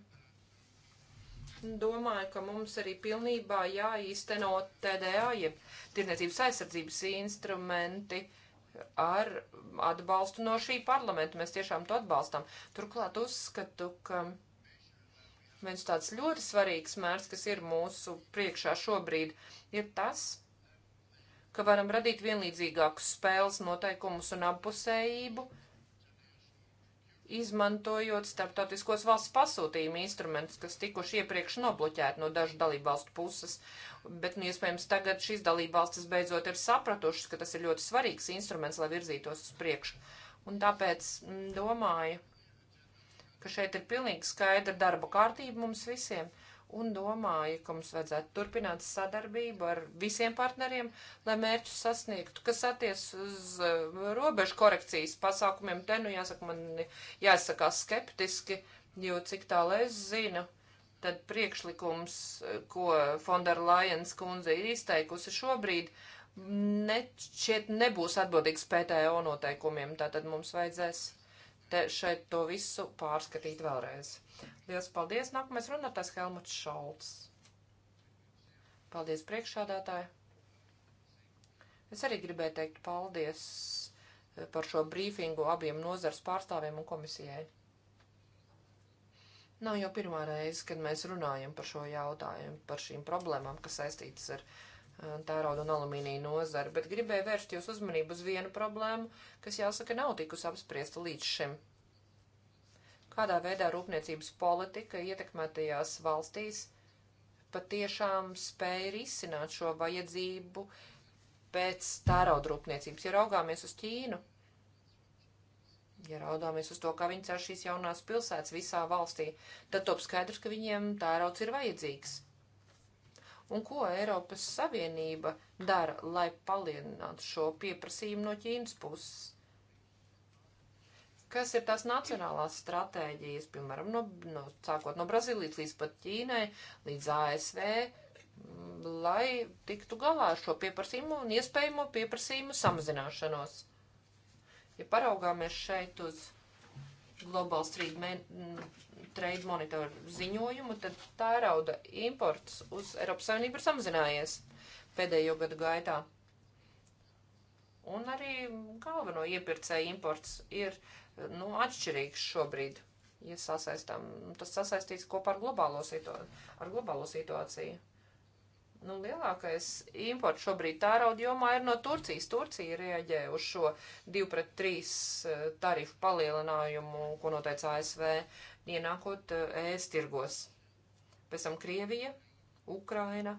C: domāju, ka mums arī pilnībā jāīsteno TDA, jeb tirniecības aizsardzības instrumenti. Uh, ar atbalstu no šī parlamenta. Mēs tiešām to atbalstam. Turklāt uzskatu, ka viens tāds ļoti svarīgs mērs, kas ir mūsu priekšā šobrīd, ir tas, ka varam radīt vienlīdzīgākus spēles noteikumus un apusējību izmantojot starptautiskos valsts pasūtījuma instrumentus, kas tikuši iepriekš nobloķēti no dažu dalībvalstu puses. Bet, nu, iespējams, tagad šīs dalībvalstis beidzot ir sapratušas, ka tas ir ļoti svarīgs instruments, lai virzītos uz priekšu. Un tāpēc m, mm, domāju, ka šeit ir pilnīgi skaidra darba kārtība mums visiem un domāju, ka mums vajadzētu turpināt sadarbību ar visiem partneriem, lai mērķus sasniegtu, kas attiec uz uh, robežu korekcijas pasākumiem. Te, nu, jāsaka, man jāizsakās skeptiski, jo cik tālu es zinu, tad priekšlikums, uh, ko Fondera Lajens kundze ir izteikusi šobrīd, ne, šķiet nebūs atbildīgs PTO noteikumiem, tātad mums vajadzēs te, šeit to visu pārskatīt vēlreiz. Lielas paldies! Nākamais runātājs Helmuts Šolts. Paldies priekšādātāji! Es arī gribēju teikt paldies eh, par šo brīfingu abiem nozars pārstāvjiem un komisijai. Nav jau pirmā reize, kad mēs runājam par šo jautājumu, par šīm problēmām, kas saistītas ar uh, tērauda un alumīnija nozara, bet gribēju vērst jūs uzmanību uz vienu problēmu, kas jāsaka nav tikus apspriesta līdz šim. Kādā veidā rūpniecības politika ietekmētajās valstīs patiešām spēja risināt šo vajadzību pēc tērauda rūpniecības, ja raugāmies uz Ķīnu. Ja raudāmies uz to, kā viņi cer šīs jaunās pilsētas visā valstī, tad top skaidrs, ka viņiem tērauds ir vajadzīgs un ko Eiropas Savienība dara, lai palielinātu šo pieprasījumu no Ķīnas puses. Kas ir tās nacionālās stratēģijas, piemēram, no, no, sākot no Brazīlijas līdz pat Ķīnai, līdz ASV, lai tiktu galā ar šo pieprasījumu un iespējamo pieprasījumu samazināšanos. Ja paraugāmies šeit uz Global Street trade monitor ziņojumu, tad tā rauda imports uz Eiropas Savienību ir samazinājies pēdējo gadu gaitā. Un arī galveno iepirkēju imports ir nu, atšķirīgs šobrīd, ja sasaistām. Tas sasaistīts kopā ar globālo, situā ar globālo situāciju. Nu, lielākais imports šobrīd tārauda jomā ir no Turcijas. Turcija rieģē uz šo 2 pret 3 eh, tarifu palielinājumu, ko noteica ASV, ienākot eh, ēst tirgos. Pēc tam Krievija, Ukraina,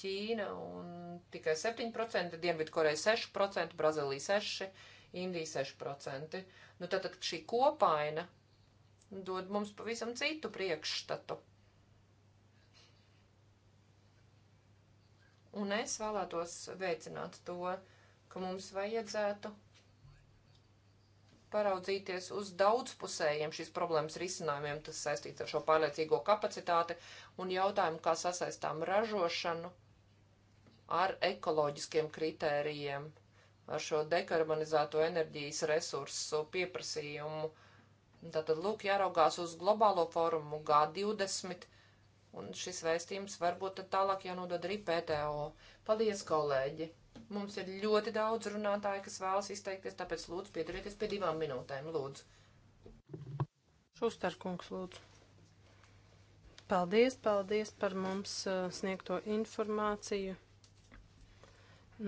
C: Ķīna un tikai 7%, Dienvidkoreja 6%, Brazīlija 6%, Indija 6%. Nu, tātad šī kopaina dod mums pavisam citu priekšstatu. Un es vēlētos veicināt to, ka mums vajadzētu paraudzīties uz daudzpusējiem šīs problēmas risinājumiem, tas saistīts ar šo pārliecīgo kapacitāti un jautājumu, kā sasaistām ražošanu ar ekoloģiskiem kritērijiem, ar šo dekarbonizēto enerģijas resursu pieprasījumu. Tātad, lūk, jāraugās uz globālo forumu G20 Un šis vēstījums varbūt tad tālāk jānodod arī PTO. Paldies, kolēģi! Mums ir ļoti daudz runātāju, kas vēlas izteikties, tāpēc lūdzu pieturieties pie divām minūtēm, lūdzu.
A: Šustars kungs, lūdzu. Paldies, paldies par mums uh, sniegto informāciju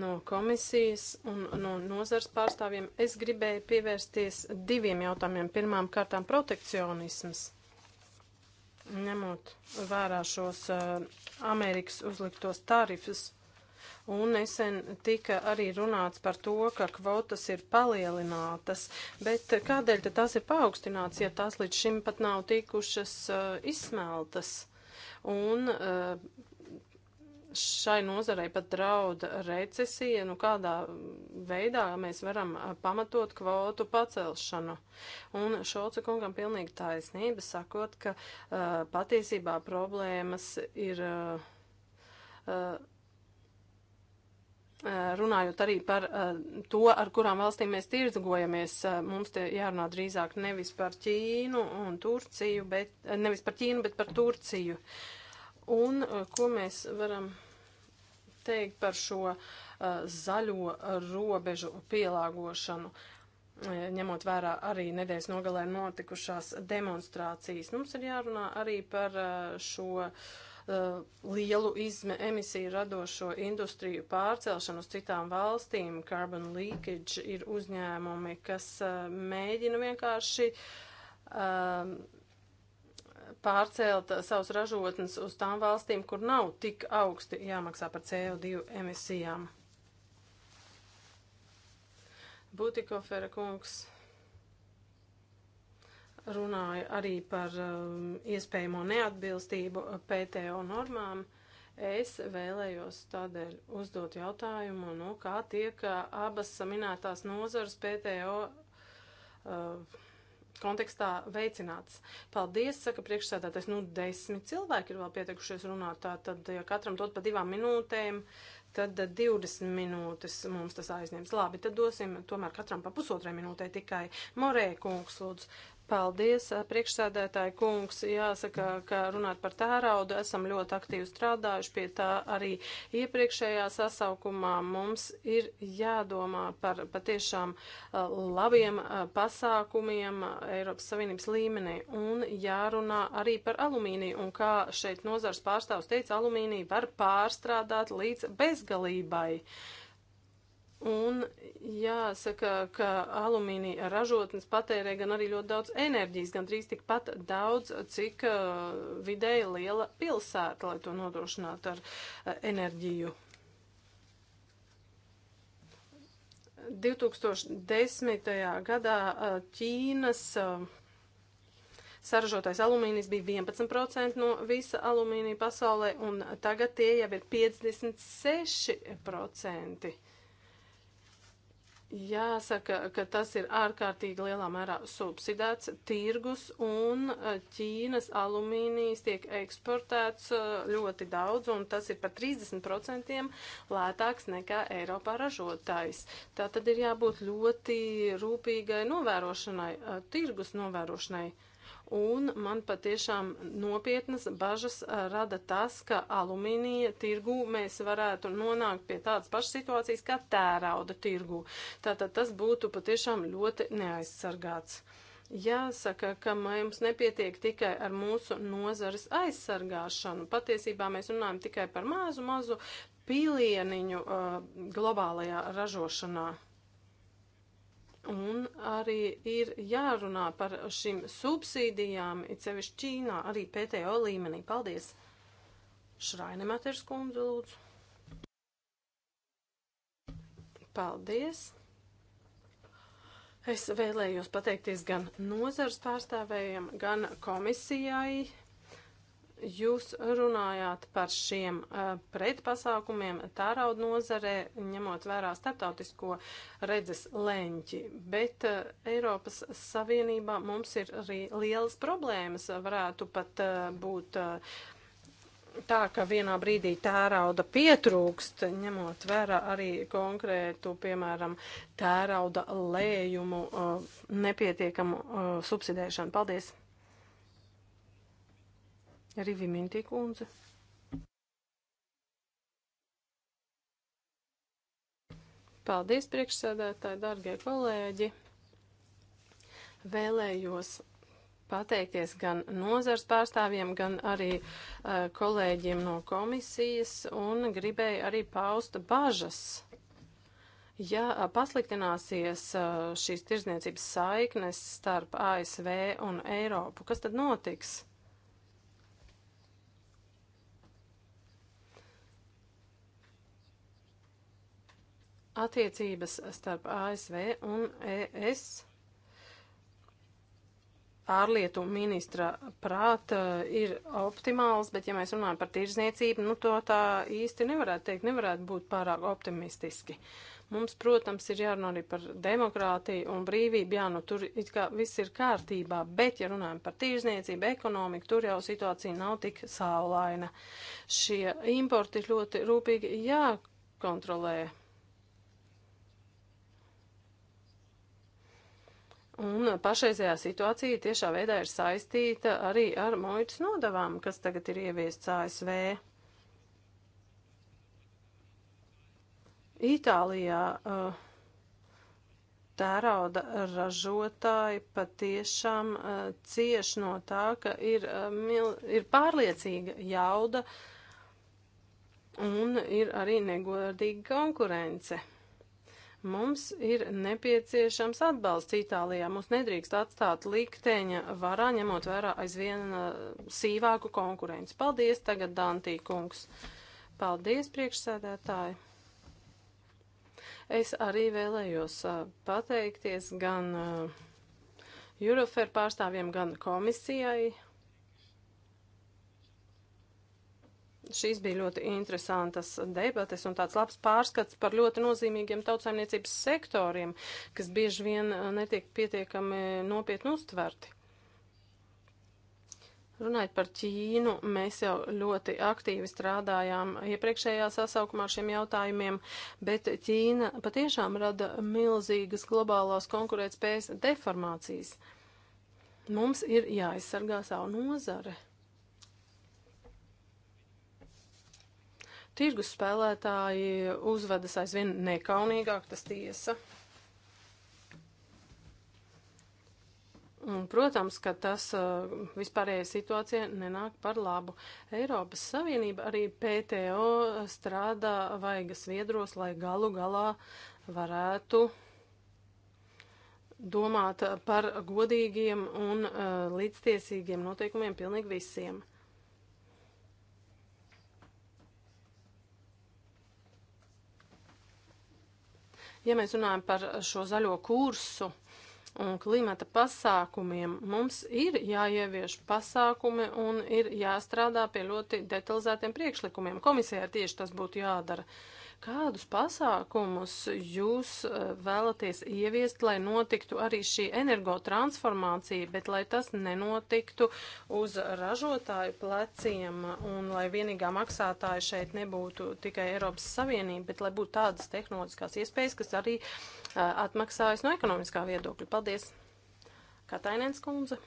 A: no komisijas un no nozars pārstāvjiem. Es gribēju pievērsties diviem jautājumiem. Pirmām kārtām protekcionisms ņemot vērā šos uh, Amerikas uzliktos tarifus. Un nesen tika arī runāts par to, ka kvotas ir palielinātas, bet kādēļ tad tās ir paaugstināts, ja tās līdz šim pat nav tikušas uh, izsmeltas? Un uh, šai nozarei pat drauda recesija, nu kādā veidā mēs varam pamatot kvotu pacelšanu. Un Šolca kungam pilnīgi taisnība sakot, ka uh, patiesībā problēmas ir. Uh, uh, runājot arī par to, ar kurām valstīm mēs tirdzgojamies, mums te jārunā drīzāk nevis par Ķīnu un Turciju, bet nevis par Ķīnu, bet par Turciju. Uh, Un eh, ko mēs varam teikt par šo uh, zaļo robežu pielāgošanu, eh, ņemot vērā arī nedēļas nogalē notikušās demonstrācijas. Mums ir jārunā arī par uh, šo lielu izme, emisiju radošo industriju pārcelšanu uz citām valstīm. Carbon leakage ir uzņēmumi, kas mēģina vienkārši um, pārcelt savus ražotnes uz tām valstīm, kur nav tik augsti jāmaksā par CO2 emisijām. Butikofera kungs runāja arī par um, iespējamo neatbilstību PTO normām. Es vēlējos tādēļ uzdot jautājumu, nu, kā tiek uh, abas minētās nozares PTO uh, kontekstā veicināts. Paldies, saka priekšsēdētājs, nu desmit cilvēki ir vēl pieteikušies runāt, tā tad, ja katram dot pa divām minūtēm, tad 20 minūtes mums tas aizņems. Labi, tad dosim tomēr katram pa pusotrai minūtē tikai. Morē kungs, lūdzu, Paldies, priekšsēdētāji kungs. Jāsaka, ka runāt par tēraudu esam ļoti aktīvi strādājuši pie tā arī iepriekšējā sasaukumā. Mums ir jādomā par patiešām labiem pasākumiem Eiropas Savienības līmenī un jārunā arī par alumīniju. Un kā šeit nozars pārstāvs teica, alumīniju var pārstrādāt līdz bezgalībai. Uh, Un jāsaka, ka alumīnija ražotnes patērē gan arī ļoti daudz enerģijas, gan drīz tikpat daudz, cik uh, vidēji liela pilsēta, lai to nodrošinātu ar uh, enerģiju. 2010. gadā uh, Ķīnas uh, saražotais alumīnijas bija 11% no visa alumīnija pasaulē, un tagad tie jau ir 56%. Jāsaka, ka tas ir ārkārtīgi lielā mērā subsidēts tirgus un eh, Ķīnas alumīnijas tiek eksportēts eh, ļoti daudz un tas ir par 30% lētāks nekā Eiropā ražotājs. Tā tad ir jābūt ļoti rūpīgai novērošanai, eh, tirgus novērošanai. Uh, Un man patiešām nopietnas bažas eh, rada tas, ka alumīnija tirgū mēs varētu nonākt pie tādas pašas situācijas kā tērauda tirgū. Tātad tas būtu patiešām ļoti neaizsargāts. Jāsaka, ka mums nepietiek tikai ar mūsu nozares aizsargāšanu. Patiesībā mēs runājam tikai par mazu, mazu pīlieniņu uh, eh, globālajā ražošanā. Un arī ir jārunā par šīm subsīdijām, it sevišķi Ķīnā, arī PTO līmenī. Paldies! Šraina Maters kundze, lūdzu. Paldies! Es vēlējos pateikties gan nozars pārstāvējiem, gan komisijai Jūs runājāt par šiem uh, pretpasākumiem tāraudu nozarē, ņemot vērā starptautisko redzes leņķi, bet uh, Eiropas Savienībā mums ir arī lielas problēmas, varētu pat uh, būt tā, ka vienā brīdī tērauda pietrūkst, ņemot vērā arī konkrētu, piemēram, tērauda lējumu nepietiekamu subsidēšanu. Paldies! Rivi Mintī kundze. Paldies, priekšsēdētāji, dargie kolēģi! Vēlējos pateikties gan nozars pārstāvjiem, gan arī uh, kolēģiem no komisijas un gribēju arī paust bažas. Ja uh, pasliktināsies uh, šīs tirzniecības saiknes starp ASV un Eiropu, kas tad notiks? Uh, attiecības starp ASV un ES ārlietu ministra prāta eh, ir optimāls, bet ja mēs runājam par tirzniecību, nu to tā īsti nevarētu teikt, nevarētu būt pārāk optimistiski. Mums, protams, ir jārunā arī par demokrātiju un brīvību, jā, nu tur it kā viss ir kārtībā, bet ja runājam par tirzniecību, ekonomiku, tur jau situācija nav tik saulaina. Šie importi ļoti rūpīgi jākontrolē. Un pašreizējā situācija tiešā veidā ir saistīta arī ar muitas nodavām, kas tagad ir ieviests ASV. Itālijā uh, tērauda ražotāji patiešām uh, cieš no tā, ka ir, uh, mil, ir pārliecīga jauda un ir arī negodīga konkurence. Mums ir nepieciešams atbalsts Itālijā. Mums nedrīkst atstāt likteņa varā, ņemot vērā aizvien uh, sīvāku konkurenci. Paldies tagad, Dantī kungs. Paldies, priekšsēdētāji. Es arī vēlējos uh, pateikties gan uh, Eurofer pārstāvjiem, gan komisijai Šīs bija ļoti interesantas debates un tāds labs pārskats par ļoti nozīmīgiem tautsaimniecības sektoriem, kas bieži vien eh, netiek pietiekami nopietni uztverti. Runājot par Ķīnu, mēs jau ļoti aktīvi strādājām iepriekšējā sasaukumā ar šiem jautājumiem, bet Ķīna patiešām rada milzīgas globālās konkurētspējas deformācijas. Mums ir jāaizsargā savu nozare. Tirgus spēlētāji uzvedas aizvien nekaunīgāk, tas tiesa. Un, protams, ka tas uh, vispārējai situācijai nenāk par labu. Eiropas Savienība arī PTO strādā vaigas viedros, lai galu galā varētu domāt par godīgiem un uh, līdztiesīgiem noteikumiem pilnīgi visiem. Ja mēs runājam par šo zaļo kursu un klimata pasākumiem, mums ir jāievieš pasākumi un ir jāstrādā pie ļoti detalizētiem priekšlikumiem. Komisijai tieši tas būtu jādara. Uh, Kādus pasākumus jūs eh, vēlaties ieviest, lai notiktu arī šī energotransformācija, bet lai tas nenotiktu uz ražotāju pleciem un lai vienīgā maksātāja šeit nebūtu tikai Eiropas Savienība, bet lai būtu tādas tehnoloģiskās iespējas, kas arī eh, atmaksājas no ekonomiskā viedokļa? Paldies! Katainēns kundze.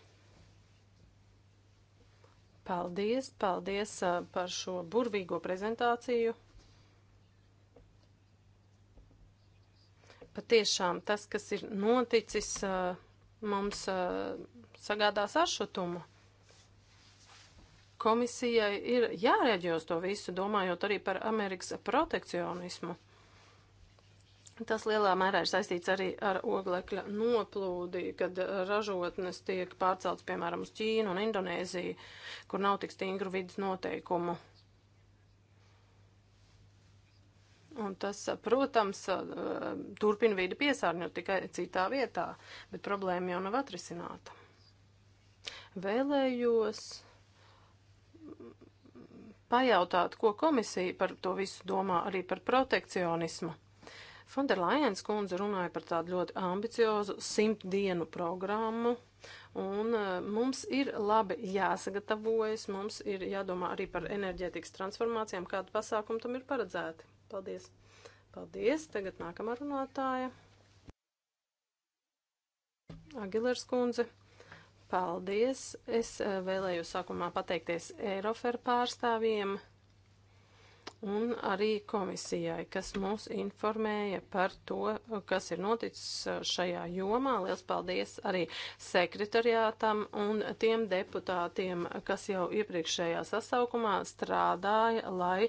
A: Paldies, paldies eh, par šo burvīgo prezentāciju. patiešām tas, kas ir noticis, mums sagādā sašutumu. Komisijai ir jārēģē uz to visu, domājot arī par Amerikas protekcionismu. Tas lielā mērā ir saistīts arī ar oglekļa noplūdi, kad ražotnes tiek pārceltas, piemēram, uz Ķīnu un Indonēziju, kur nav tik stingru vidas noteikumu. Un tas, eh, protams, eh, turpina vidi piesārņot tikai citā vietā, bet problēma jau nav atrisināta. Vēlējos pajautāt, ko komisija par to visu domā arī par protekcionismu. Fonderlajens kundze runāja par tādu ļoti ambiciozu simt dienu programmu, un eh, mums ir labi jāsagatavojas, mums ir jādomā arī par enerģētikas transformācijām, kādu pasākumu tam ir paredzēti. Paldies. Paldies. Tagad nākamā runātāja. Agilers kundze. Paldies. Es eh, vēlēju sākumā pateikties Eirofer pārstāvjiem un arī komisijai, kas mūs informēja par to, kas ir noticis uh, šajā jomā. Liels paldies arī sekretariātam un tiem deputātiem, kas jau iepriekšējā sasaukumā strādāja, lai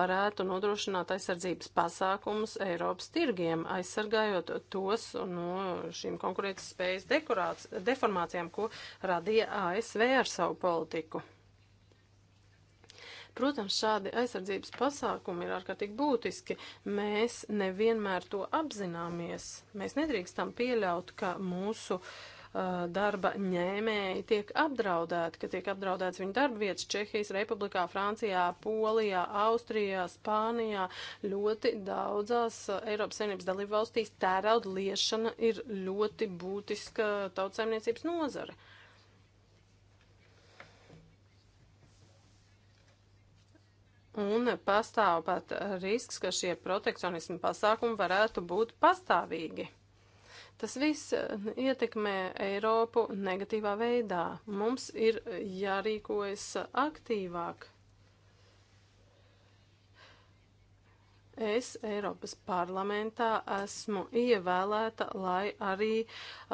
A: varētu nodrošināt aizsardzības pasākumus Eiropas tirgiem, aizsargājot tos no šīm konkurētas spējas deformācijām, ko radīja ASV ar savu politiku. Protams, šādi aizsardzības pasākumi ir ārkārtīgi būtiski. Mēs nevienmēr to apzināmies. Mēs nedrīkstam pieļaut, ka mūsu uh, darba ņēmēji tiek apdraudēti, ka tiek apdraudēts viņu darba vietas Čehijas republikā, Francijā, Polijā, Austrijā, Spānijā. Ļoti daudzās uh, Eiropas Savienības dalībvalstīs tērauda liešana ir ļoti būtiska tautsaimniecības nozara. Un pastāv pat risks, ka šie protekcionismu pasākumi varētu būt pastāvīgi. Tas viss eh, ietekmē Eiropu negatīvā veidā. Mums ir jārīkojas aktīvāk. Es Eiropas parlamentā esmu ievēlēta, lai arī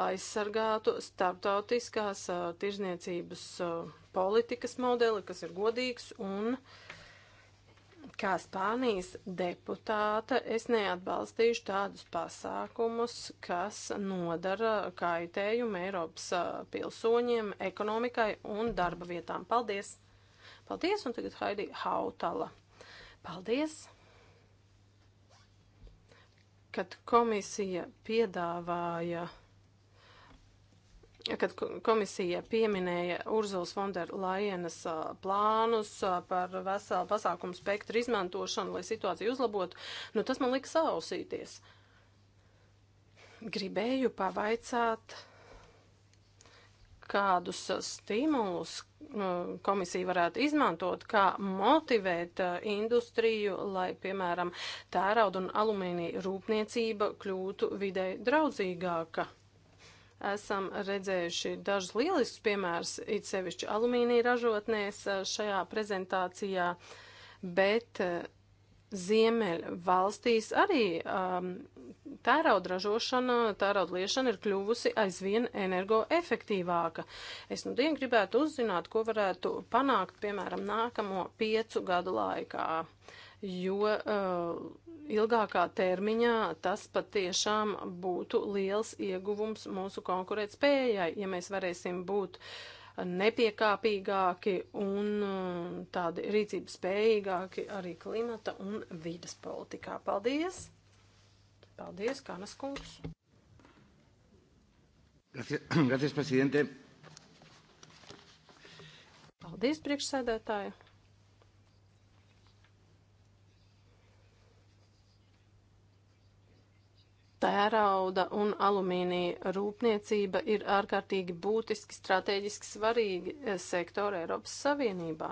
A: aizsargātu starptautiskās uh, tirzniecības uh, politikas modeli, kas ir godīgs un uh, kā Spānijas deputāte, es neatbalstīšu tādus pasākumus, kas nodara kaitējumu Eiropas pilsoņiem, ekonomikai un darba vietām. Paldies! Paldies, un tagad Haidi Hautala. Paldies! Kad komisija piedāvāja kad komisija pieminēja Urzulas Fonderlajenas plānus par veselu pasākumu spektru izmantošanu, lai situāciju uzlabotu, nu tas man lika sausīties. Gribēju pavaicāt, kādus stimulus nu, komisija varētu izmantot, kā motivēt industriju, lai, piemēram, tērauda un alumīnija rūpniecība kļūtu videi draudzīgāka esam redzējuši dažus lieliskus piemērus, it sevišķi alumīnija ražotnēs eh, šajā prezentācijā, bet eh, Ziemeļ valstīs arī um, tērauda ražošana, tērauda liešana ir kļuvusi aizvien energoefektīvāka. Es nu dienu gribētu uzzināt, ko varētu panākt, piemēram, nākamo piecu gadu laikā, jo uh, ilgākā termiņā tas patiešām būtu liels ieguvums mūsu konkurētspējai, ja mēs varēsim būt nepiekāpīgāki un uh, tādi rīcības spējīgāki arī klimata un vidas politikā. Paldies! Paldies, Kanas kungs!
C: Gracias, gracias, presidente.
A: Paldies, priekšsēdētāji! tērauda un alumīnija rūpniecība ir ārkārtīgi būtiski strateģiski svarīgi eh, sektori Eiropas Savienībā.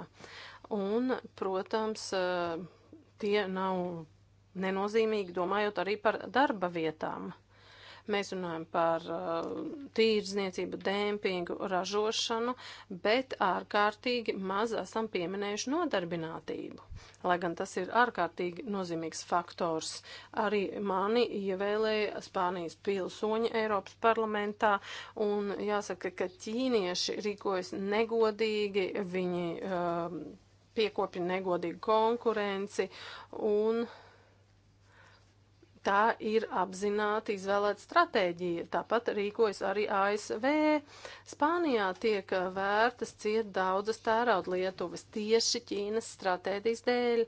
A: Un, protams, eh, tie nav nenozīmīgi, domājot arī par darba vietām. Mēs runājam par uh, tīrzniecību, dēmpingu, ražošanu, bet ārkārtīgi maz esam pieminējuši nodarbinātību. Lai gan tas ir ārkārtīgi nozīmīgs faktors. Arī mani ievēlēja Spānijas pilsoņi Eiropas parlamentā, un jāsaka, ka ķīnieši rīkojas negodīgi, viņi uh, piekopja negodīgu konkurenci un uh, tā ir apzināti izvēlēta stratēģija. Tāpat rīkojas arī ASV. Spānijā tiek vērtas ciet daudzas tēraudlietuves tieši Ķīnas stratēģijas dēļ.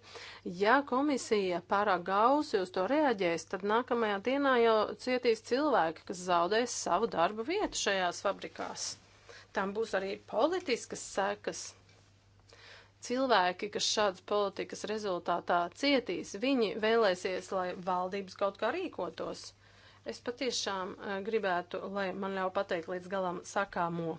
A: Ja komisija pārāk gausi uz to reaģēs, tad nākamajā dienā jau cietīs cilvēki, kas zaudēs savu darbu vietu šajās fabrikās. Tam būs arī politiskas sekas cilvēki, kas šādas politikas rezultātā cietīs, viņi vēlēsies, lai valdības kaut kā rīkotos. Es patiešām e, gribētu, lai man ļauj pateikt līdz galam sakāmo.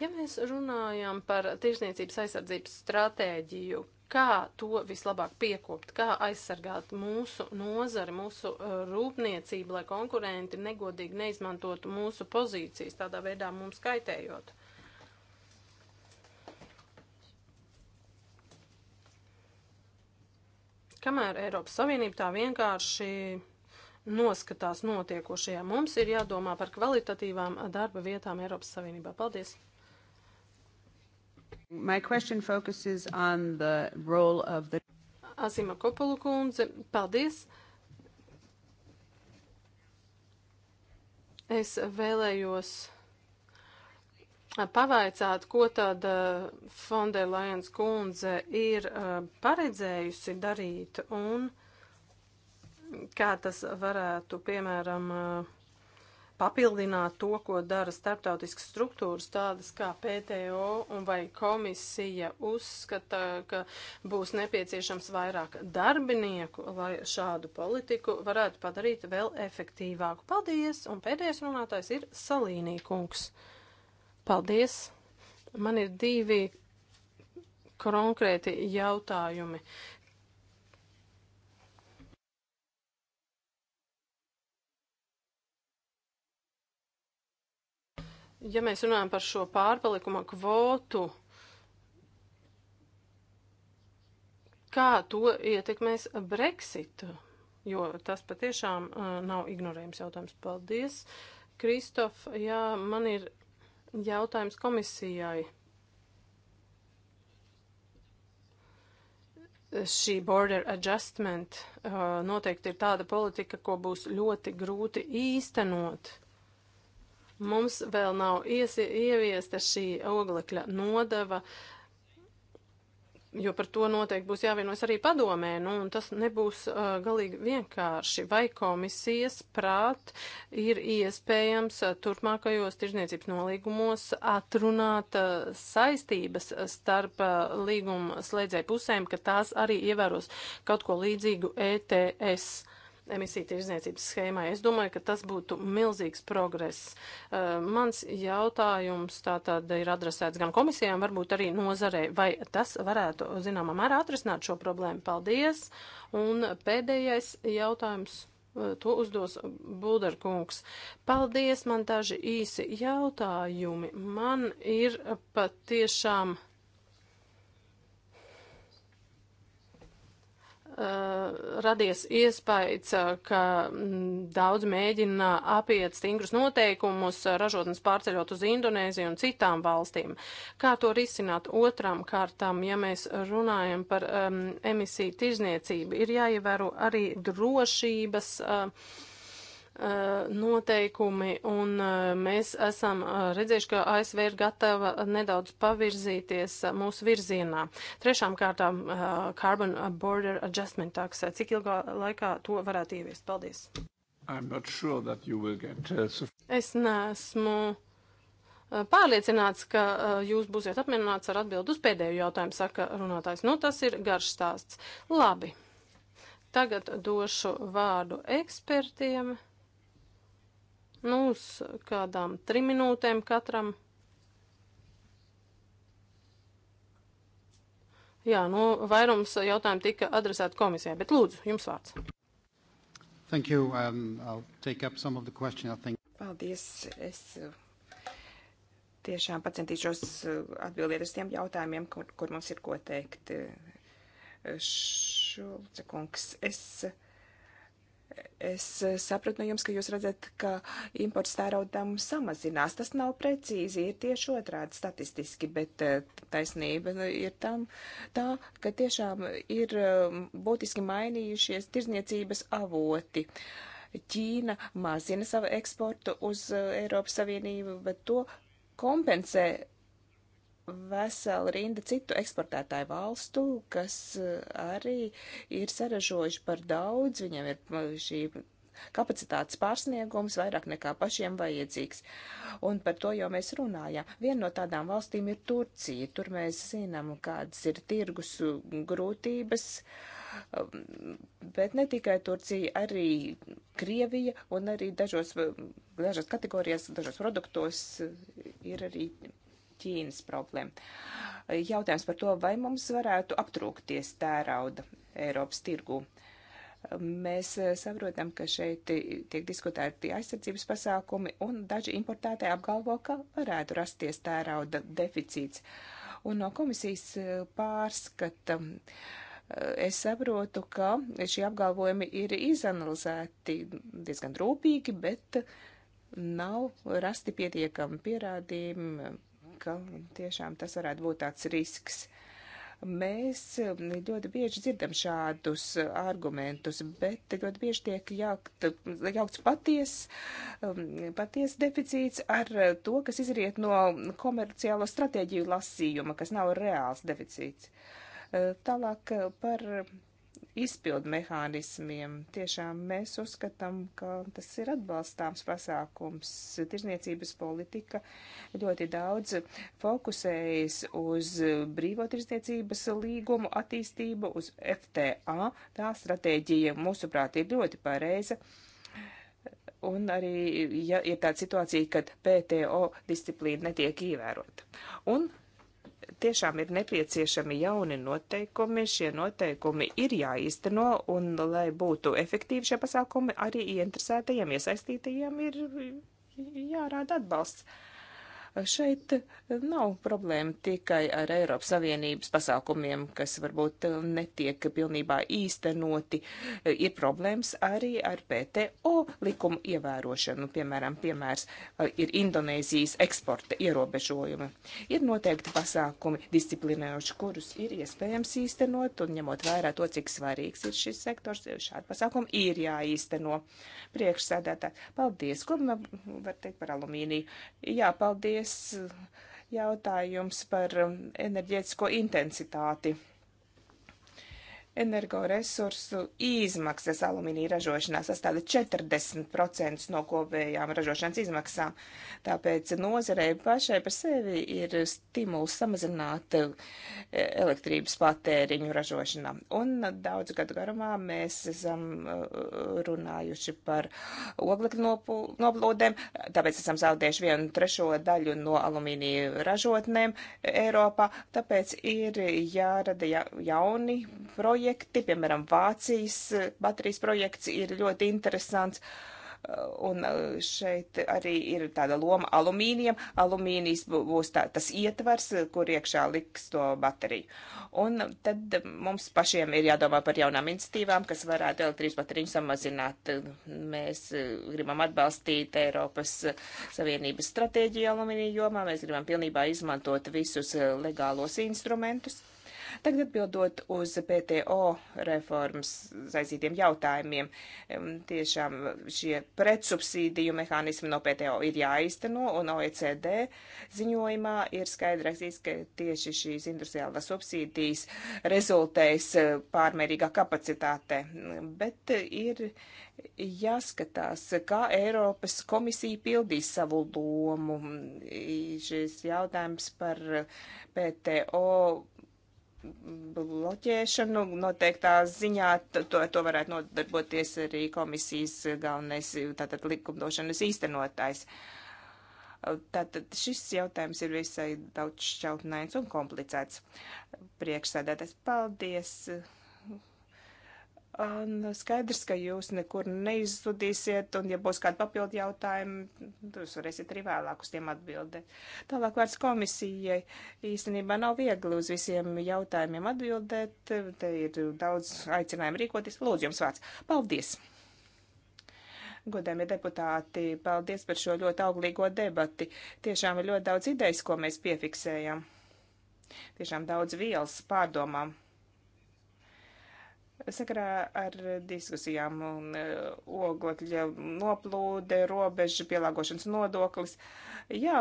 A: Ja mēs runājam par tirsniecības aizsardzības stratēģiju, kā to vislabāk piekopt, kā aizsargāt mūsu nozari, mūsu e, rūpniecību, lai konkurenti negodīgi neizmantotu mūsu pozīcijas, tādā veidā mums kaitējot. Kamēr Eiropas Savienība tā vienkārši noskatās notiekošajā, mums ir jādomā par kvalitatīvām darba vietām Eiropas Savienībā. Paldies!
B: My question focuses on the role of
A: the Azima Kopulu kundze, paldies! Es vēlējos pavaicāt, ko tad Fondelajens eh, kundze ir eh, paredzējusi darīt un kā tas varētu, piemēram, eh, papildināt to, ko dara starptautiskas struktūras, tādas kā PTO un vai komisija uzskata, ka būs nepieciešams vairāk darbinieku, lai šādu politiku varētu padarīt vēl efektīvāku. Paldies! Un pēdējais runātājs ir Salīnī kungs. Paldies! Man ir divi konkrēti jautājumi. Ja mēs runājam par šo pārpalikuma kvotu, kā to ietekmēs Brexit, jo tas patiešām uh, nav ignorējums jautājums. Paldies, Kristof. Jā, man ir Jautājums komisijai. šī border adjustment uh, noteikti ir tāda politika, ko būs ļoti grūti īstenot. Mums vēl nav ieviesta šī oglekļa nodeva, jo par to noteikti būs jāvienojas arī padomē, nu, un tas nebūs uh, galīgi vienkārši. Vai komisijas prāt ir iespējams uh, turpmākajos tirzniecības nolīgumos atrunāt uh, saistības starp uh, līguma slēdzēju pusēm, ka tās arī ievēros kaut ko līdzīgu ETS? Uh, emisiju tirzniecības schēmai. Es domāju, ka tas būtu milzīgs progress. Uh, mans jautājums tātad ir adresēts gan komisijām, varbūt arī nozarei, vai tas varētu, zināmā mērā, atrisināt šo problēmu. Paldies! Un pēdējais jautājums. Uh, to uzdos Bulderkungs. Paldies, man daži īsi jautājumi. Man ir patiešām Eh, radies iespējas, eh, ka mm, daudz mēģina apiet stingrus noteikumus, eh, ražotnes pārceļot uz Indonēziju un citām valstīm. Kā to risināt otram kārtam, ja mēs runājam par um, emisiju tirzniecību? Ir jāievēro arī drošības. Uh, Eh, noteikumi, un eh, mēs esam eh, redzējuši, ka ASV ir gatava nedaudz pavirzīties mūsu virzienā. Trešām kārtām Carbon Border Adjustment Tax. Cik ilgā laikā to varētu ieviest? Paldies!
B: Sure get...
A: Es neesmu pārliecināts, ka jūs būsiet apmierināts ar atbildu uz pēdējo jautājumu, saka runātājs. Nu, tas ir garš stāsts. Labi. Tagad došu vārdu ekspertiem. Nu, uz kādām trim minūtēm katram. Jā, nu, vairums jautājumu tika adresēta komisijai, bet lūdzu, jums vārds.
C: Thank you. Um, I'll take up some of the question, I think.
B: Paldies. Es uh, tiešām pacentīšos uh, atbildēt uz tiem jautājumiem, kur, kur mums ir ko teikt. Uh, Šulce kungs, es. Uh, Es eh, sapratu no jums, ka jūs redzat, ka imports tērautam samazinās. Tas nav precīzi, ir tieši otrādi statistiski, bet eh, taisnība ir tam tā, ka tiešām ir eh, būtiski mainījušies tirzniecības avoti. Ķīna mazina savu eksportu uz Eiropas Savienību, bet to kompensē vesela rinda citu eksportētāju valstu, kas eh, arī ir saražojuši par daudz, viņiem ir eh, šī kapacitātes pārsniegums vairāk nekā pašiem vajadzīgs. Un par to jau mēs runājām. Viena no tādām valstīm ir Turcija. Tur mēs zinām, kādas ir tirgus eh, grūtības, bet ne tikai Turcija, arī Krievija un arī dažos, dažos kategorijās, dažos produktos ir arī Ķīnas problēma. Jautājums par to, vai mums varētu aptrūkties tērauda Eiropas tirgū. Mēs eh, saprotam, ka šeit tiek diskutēti aizsardzības pasākumi, un daži importētāji apgalvo, ka varētu rasties tērauda deficīts. Un no komisijas eh, pārskata eh, es saprotu, ka šie apgalvojumi ir izanalizēti diezgan rūpīgi, bet nav rasti pietiekami pierādījumi ka tiešām tas varētu būt tāds risks. Mēs ļoti bieži dzirdam šādus argumentus, bet ļoti bieži tiek jaukt, jaukts paties, um, paties deficīts ar to, kas izriet no komerciālo stratēģiju lasījuma, kas nav reāls deficīts. Uh, tālāk uh, par izpildu mehānismiem. Tiešām mēs uzskatām, ka tas ir atbalstāms pasākums. Tirzniecības politika ļoti daudz fokusējas uz brīvo tirzniecības līgumu attīstību, uz FTA. Tā stratēģija, mūsuprāt, ir ļoti pareiza. Un arī ja ir tāda situācija, kad PTO disciplīna netiek ievērota. Un tiešām ir nepieciešami jauni noteikumi. Šie noteikumi ir jāīsteno, un, lai būtu efektīvi šie pasākumi, arī ieinteresētajiem iesaistītajiem ir jārāda atbalsts. Šeit eh, nav problēma tikai ar Eiropas Savienības pasākumiem, kas varbūt eh, netiek pilnībā īstenoti. Eh, ir problēmas arī ar PTO likumu ievērošanu. Piemēram, piemērs ir Indonēzijas eksporta ierobežojumi. Ir noteikti pasākumi disciplinējuši, kurus ir iespējams īstenot, un ņemot vērā to, cik svarīgs ir šis sektors, šādi pasākumi ir jāīsteno. Priekšsēdētā, paldies, ko man var teikt par alumīniju? Jā, paldies Otrais jautājums par um, enerģētisko intensitāti energoresursu izmaksas alumīnija ražošanā sastāda 40% no kopējām ražošanas izmaksām. Tāpēc nozarei pašai par sevi ir stimuls samazināt eh, elektrības patēriņu ražošanā. Un daudz gadu garumā mēs esam eh, runājuši par oglekļu noplūdēm, tāpēc esam zaudējuši vienu trešo daļu no alumīnija ražotnēm Eiropā. Tāpēc ir jārada jauni projekti projekti, piemēram, Vācijas eh, baterijas projekts ir ļoti interesants. Eh, un eh, šeit arī ir tāda loma alumīnijam. Alumīnijas būs tā, tas ietvers, kur iekšā liks to bateriju. Un tad mums pašiem ir jādomā par jaunām iniciatīvām, kas varētu elektrības bateriju samazināt. Mēs gribam atbalstīt Eiropas Savienības stratēģiju alumīnija jomā. Mēs gribam pilnībā izmantot visus legālos instrumentus Tagad atbildot uz PTO reformas saistītiem jautājumiem, tiešām šie pretsubsīdiju mehānismi no PTO ir jāizteno, un OECD ziņojumā ir skaidri rakstīts, ka tieši šīs industriālās subsīdijas rezultēs eh, pārmērīgā kapacitāte, bet ir jāskatās, kā Eiropas komisija pildīs savu lomu. Šis jautājums par PTO bloķēšanu. Noteiktā ziņā to, to varētu nodarboties arī komisijas galvenais tātad likumdošanas īstenotājs. Tātad šis jautājums ir visai daudz šķautnēns un komplicēts. Priekšsēdētājs, paldies! Un skaidrs, ka jūs nekur neizsudīsiet, un ja būs kādi papildu jautājumi, jūs varēsiet arī vēlāk uz tiem atbildēt. Tālāk vairs komisijai īstenībā nav viegli uz visiem jautājumiem atbildēt, te ir daudz aicinājumu rīkoties. Lūdzu, jums vārds. Paldies! Godējumie deputāti, paldies par šo ļoti auglīgo debati. Tiešām ir ļoti daudz idejas, ko mēs piefiksējam. Tiešām daudz vielas pārdomām sakarā ar diskusijām un eh, oglekļa noplūde, robežu pielāgošanas nodoklis. Jā,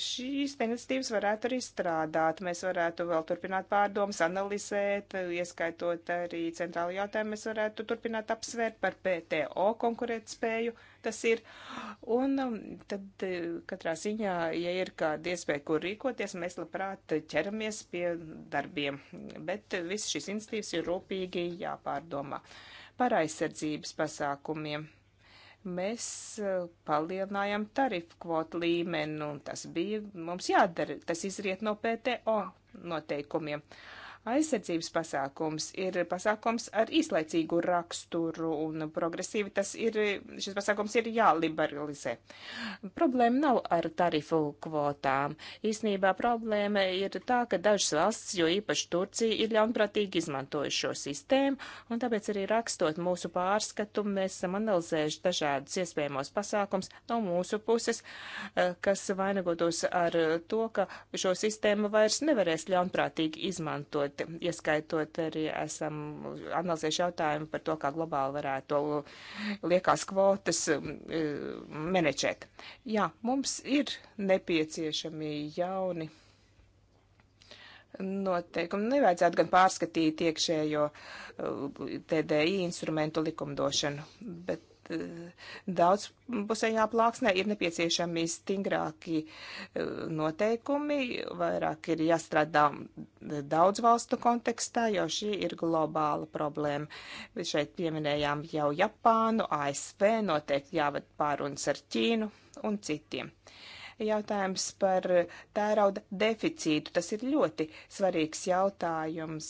B: šīs iniciatīvas varētu arī strādāt. Mēs varētu vēl turpināt pārdomas, analizēt, ieskaitot arī centrālu jautājumu. Mēs varētu turpināt apsvērt par PTO konkurētspēju. spēju tas ir. Un um, tad e, katrā ziņā, ja ir kāda iespēja, kur rīkoties, mēs labprāt ķeramies pie darbiem. Bet e, viss šis institīvs ir rūpīgi jāpārdomā par aizsardzības pasākumiem. Mēs e, palielinājām tarifu kvotu līmeni, un tas bija mums jādara. Tas izriet no PTO noteikumiem. Uh, Aizsardzības pasākums ir pasākums ar īslaicīgu raksturu un progresīvi tas ir, šis pasākums ir jāliberalizē. Problēma nav ar tarifu kvotām. Īsnībā problēma ir tā, ka dažas valsts, jo īpaši Turcija, ir ļaunprātīgi izmantojuši šo sistēmu, un tāpēc arī rakstot mūsu pārskatu, mēs esam analizējuši dažādus iespējamos pasākums no mūsu puses, eh, kas vainagotos ar to, ka šo sistēmu vairs nevarēs ļaunprātīgi izmantot ļoti, ieskaitot arī esam analizējuši jautājumu par to, kā globāli varētu liekās kvotas um, um, menedžēt. Jā, mums ir nepieciešami jauni noteikumi. Nevajadzētu gan pārskatīt iekšējo uh, TDI instrumentu likumdošanu, bet Eh, daudzpusējā plāksnē ir nepieciešami stingrāki eh, noteikumi, vairāk ir jāstrādā daudz valstu kontekstā, jo šī ir globāla problēma. Šeit pieminējām jau Japānu, ASV, noteikti jāved pārunas ar Ķīnu un citiem. Uh, jautājums par tērauda deficītu. Tas ir ļoti svarīgs jautājums.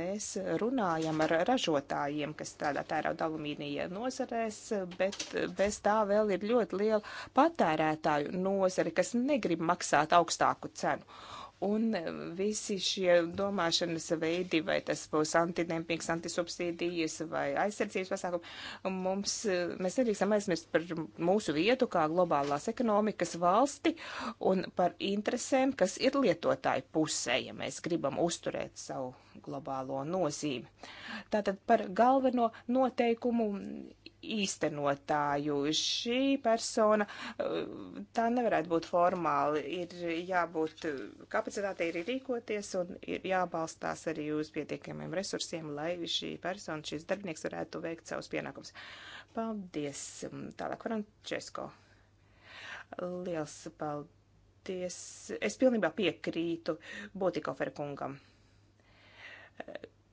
B: Mēs runājam ar ražotājiem, kas strādā tērauda alumīnija nozarēs, bet bez tā vēl ir ļoti liela patērētāju nozare, kas negrib maksāt augstāku cenu. Un visi šie domāšanas veidi, vai tas būs antidempings, antisubsīdijas vai aizsardzības pasākumi, mums, mēs nedrīkstam aizmirst par mūsu vietu kā globālās ekonomikas valsti un par interesēm, kas ir lietotāju pusē, ja mēs gribam uzturēt savu globālo nozīmi. Tātad par galveno noteikumu īstenotāju. Šī persona eh, tā nevarētu būt formāli. Ir jābūt eh, kapacitātei arī rīkoties un ir jābalstās arī uz pietiekamiem resursiem, lai šī persona, šis darbinieks varētu veikt savus pienākumus. Paldies. Mm, tālāk, Frančesko. Liels paldies. Es pilnībā piekrītu Botikofera kungam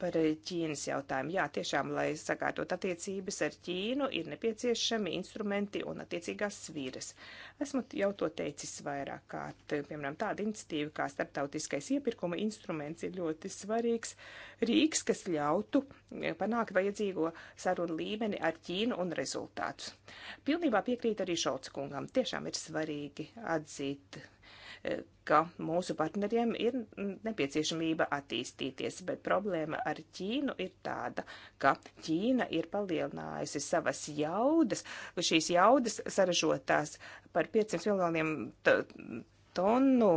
B: par eh, Ķīnas jautājumu. Jā, tiešām, lai sakārtot attiecības ar Ķīnu, ir nepieciešami instrumenti un attiecīgās svīras. Esmu jau to teicis vairāk kārt. Piemēram, tāda iniciatīva kā starptautiskais iepirkuma instruments ir ļoti svarīgs rīks, kas ļautu eh, panākt vajadzīgo sarunu līmeni ar Ķīnu un rezultātus. Pilnībā piekrīt arī Šolca kungam. Tiešām ir svarīgi atzīt ka mūsu partneriem ir nepieciešamība attīstīties, bet problēma ar Ķīnu ir tāda, ka Ķīna ir palielinājusi savas jaudas, šīs jaudas saražotās par 500 miljoniem tonu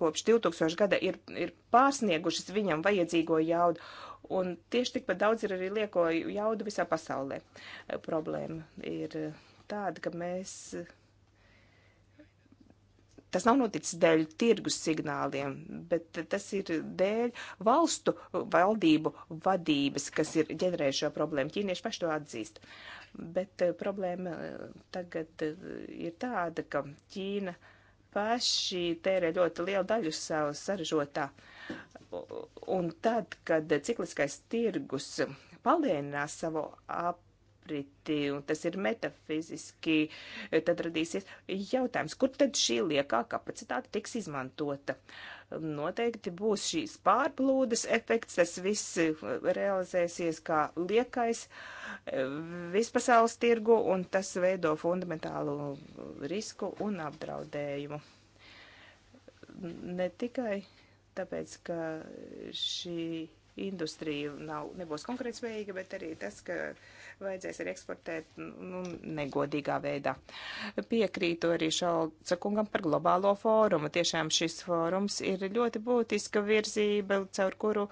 B: kopš 2000 gada ir, ir pārsniegušas viņam vajadzīgo jaudu. Un tieši tikpat daudz ir arī lieko jaudu visā pasaulē. Problēma ir tāda, ka mēs Tas nav noticis dēļ tirgus signāliem, bet tas ir dēļ valstu valdību vadības, kas ir ģenerējuši šo problēmu. Ķīnieši paši to atzīst. Bet eh, problēma eh, tagad eh, ir tāda, ka Ķīna paši tērē ļoti lielu daļu savu saražotā. Un tad, kad cikliskais tirgus palēninās savu ap apriti, un tas ir metafiziski, e, tad radīsies jautājums, kur tad šī liekā kapacitāte tiks izmantota. Noteikti būs šīs pārplūdes efekts, tas viss e, realizēsies kā liekais e, vispasaules tirgu, un tas veido fundamentālu risku un apdraudējumu. Ne tikai tāpēc, ka šī industrija nav, nebūs konkurētspējīga, bet arī tas, ka vajadzēs arī eksportēt nu, negodīgā veidā. Piekrītu arī Šalca kungam par globālo fórumu. Tiešām šis fórums ir ļoti būtiska virzība, caur kuru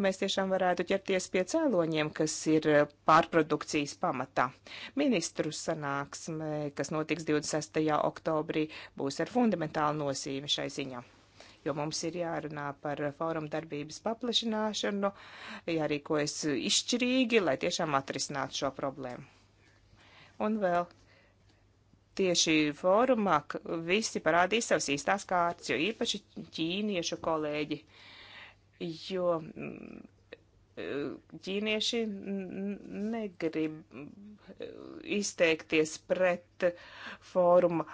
B: mēs tiešām varētu ķerties pie cēloņiem, kas ir pārprodukcijas pamatā. Ministru sanāksme, kas notiks 26. oktobrī, būs ar fundamentālu nosīmi šai ziņā jo mums ir jārunā par fórumu darbības paplašināšanu, jārīkojas izšķirīgi, lai tiešām atrisinātu šo problēmu. Un vēl tieši fórumā visi parādīja savas īstās kārtas, jo īpaši ķīniešu kolēģi, jo mm, ķīnieši negrib mm, izteikties pret fóruma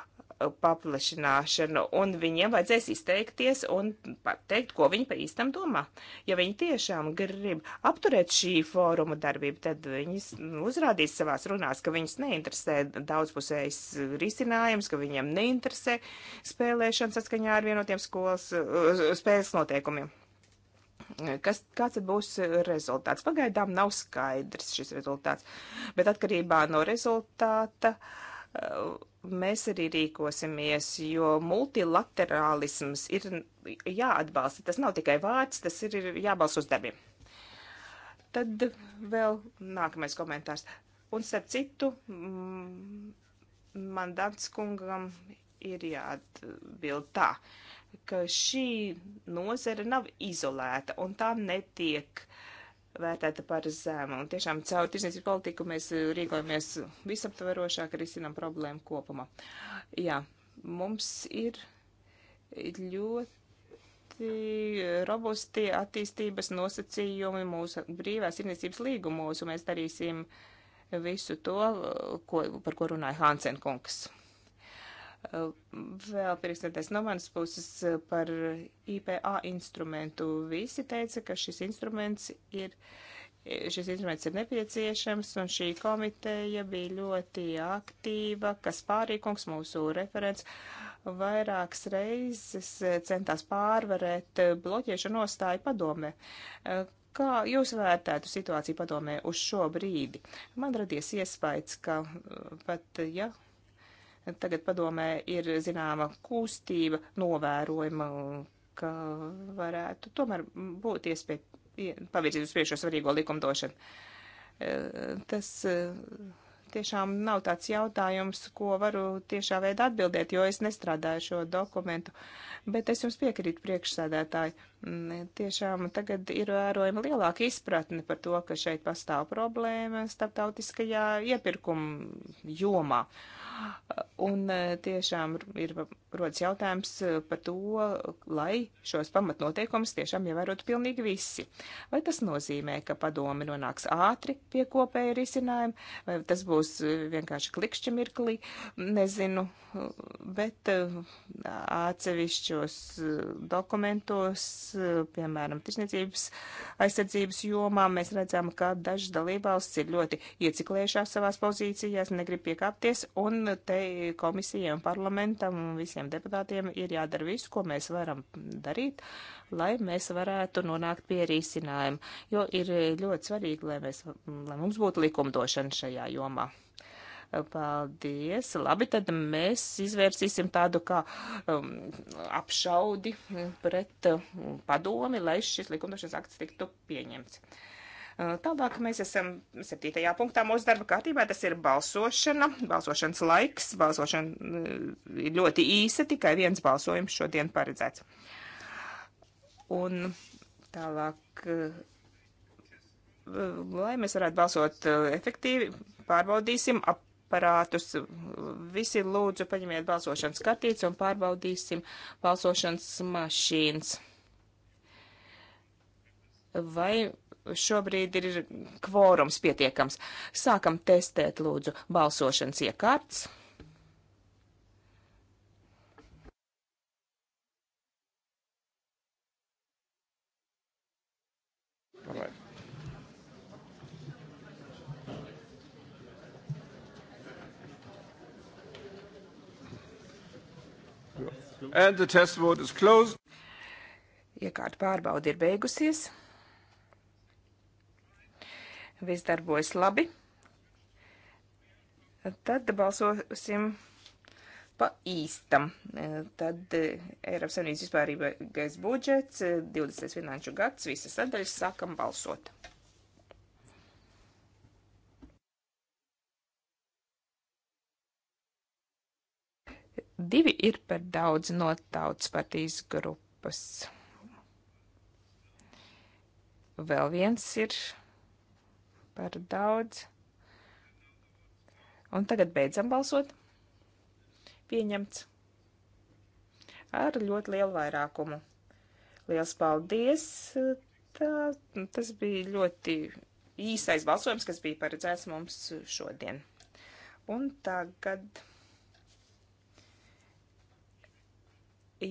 B: paplašināšanu, un viņiem vajadzēs izteikties un pateikt, ko viņi pa īstam domā. Ja viņi tiešām grib apturēt šī fóruma darbību, tad viņas uzrādīs savās runās, ka viņas neinteresē daudzpusējs risinājums, ka viņiem neinteresē spēlēšana saskaņā ar vienotiem skolas spēles noteikumiem. Kas, kāds būs rezultāts? Pagaidām nav skaidrs šis rezultāts, bet atkarībā no rezultāta. Uh, mēs arī rīkosimies, jo multilaterālisms ir jāatbalsta. Tas nav tikai vārds, tas ir jābalsta uz darbiem. Tad vēl nākamais komentārs. Un starp citu, mm, mandants kungam ir jāatbild tā, ka šī nozara nav izolēta un tā netiek uh, vērtēta par zemu. Un tiešām caur tirsniecības politiku mēs eh, rīkojamies visaptverošāk, arī sinam problēmu kopumā. Jā, mums ir ļoti robusti attīstības nosacījumi mūsu brīvās tirsniecības līgumos, un mēs darīsim visu to, ko, par ko runāja Hansen kungs. Vēl priekšstādēs no manas puses par IPA instrumentu. Visi teica, ka šis instruments ir, šis instruments ir nepieciešams, un šī komiteja bija ļoti aktīva, kas pārīkums mūsu referents vairākas reizes centās pārvarēt bloķiešu nostāju padome. Kā jūs vērtētu situāciju padomē uz šo brīdi? Man radies iespējas, ka pat, ja Tagad padomē ir zināma kustība, novērojama, ka varētu tomēr būt iespēja pavirzīt uz priekšu svarīgo likumdošanu. E, tas e, tiešām nav tāds jautājums, ko varu tiešā veidā atbildēt, jo es nestrādāju šo dokumentu, bet es jums piekrītu priekšsēdētāji. Mm, tiešām tagad ir vērojama lielāka izpratne par to, ka šeit pastāv problēma starptautiskajā iepirkuma jomā. Uh, Un eh, tiešām ir rodas jautājums eh, par to, lai šos pamatnoteikumus tiešām ievērotu pilnīgi visi. Vai tas nozīmē, ka padomi nonāks ātri pie kopēja risinājuma, vai tas būs eh, vienkārši klikšķi mirklī, nezinu, bet eh, atsevišķos dokumentos, piemēram, tirsniecības aizsardzības jomā, mēs redzam, ka dažas dalībvalsts ir ļoti ieciklējušās savās pozīcijās, negrib piekāpties, un te komisijai un parlamentam un visiem visiem deputātiem ir jādara visu, ko mēs varam darīt, lai mēs varētu nonākt pie risinājuma, jo ir ļoti svarīgi, lai, mēs, lai mums būtu likumdošana šajā jomā. Paldies. Labi, tad mēs izvērsīsim tādu kā um, apšaudi pret uh, padomi, lai šis likumdošanas akts tiktu pieņemts. Uh, Tālāk mēs esam septītajā punktā mūsu darba kārtībā. Tas ir balsošana, balsošanas laiks. Balsošana ir ļoti īsa, tikai viens balsojums šodien paredzēts. Un tālāk, lai mēs varētu balsot efektīvi, pārbaudīsim aparātus. Visi lūdzu paņemiet balsošanas kartītes un pārbaudīsim balsošanas mašīnas. Vai šobrīd ir kvorums pietiekams. Sākam testēt, lūdzu, balsošanas iekārts.
C: And the test vote is closed.
B: Iekārta pārbauda ir beigusies viss darbojas labi, tad balsosim pa īstam. Tad eh, Eiropas Savienības vispārīgais budžets, 20. Eh, finanšu gads, visas sadaļas sākam balsot. Divi ir par daudz no tautas partijas grupas. Vēl viens ir par daudz. Un tagad beidzam balsot. Pieņemts ar ļoti lielu vairākumu. Liels paldies! Tā, tas bija ļoti īsais balsojums, kas bija paredzēts mums šodien. Un tagad,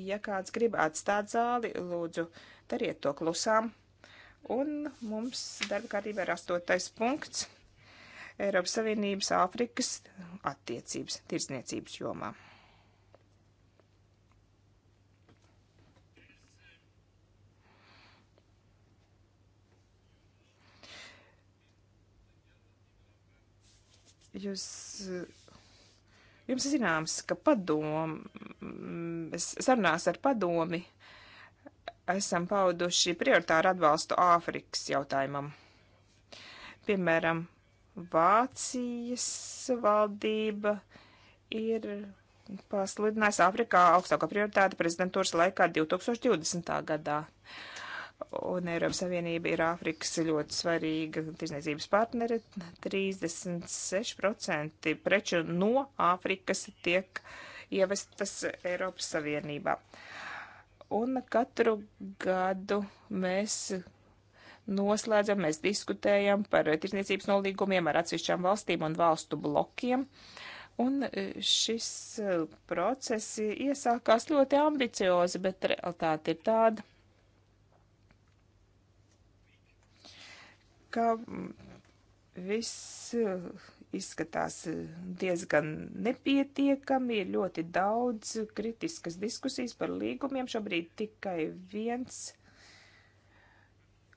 B: ja kāds grib atstāt zāli, lūdzu, dariet to klusām. Un mums darba kārtībā ir astotais punkts - Eiropas Savienības Āfrikas attiecības tirsniecības jomā. Jūs, jums zināms, ka padom, mm, sarunās ar padomi esam pauduši prioritāru atbalstu Āfrikas jautājumam. Piemēram, Vācijas valdība ir pasludinājusi Āfrikā augstāko prioritāti prezidentūras laikā 2020. gadā. Un Eiropas Savienība ir Āfrikas ļoti svarīga tirzniecības partneri. 36% preču no Āfrikas tiek ievestas Eiropas Savienībā. Uh, Un katru gadu mēs noslēdzam, mēs diskutējam par tirsniecības nolīgumiem ar atsevišķām valstīm un valstu blokiem. Un e, šis e, process iesākās ļoti ambiciozi, bet realitāte ir tāda, ka mm, viss e, izskatās eh, diezgan nepietiekami, ir ļoti daudz kritiskas diskusijas par līgumiem. Šobrīd tikai viens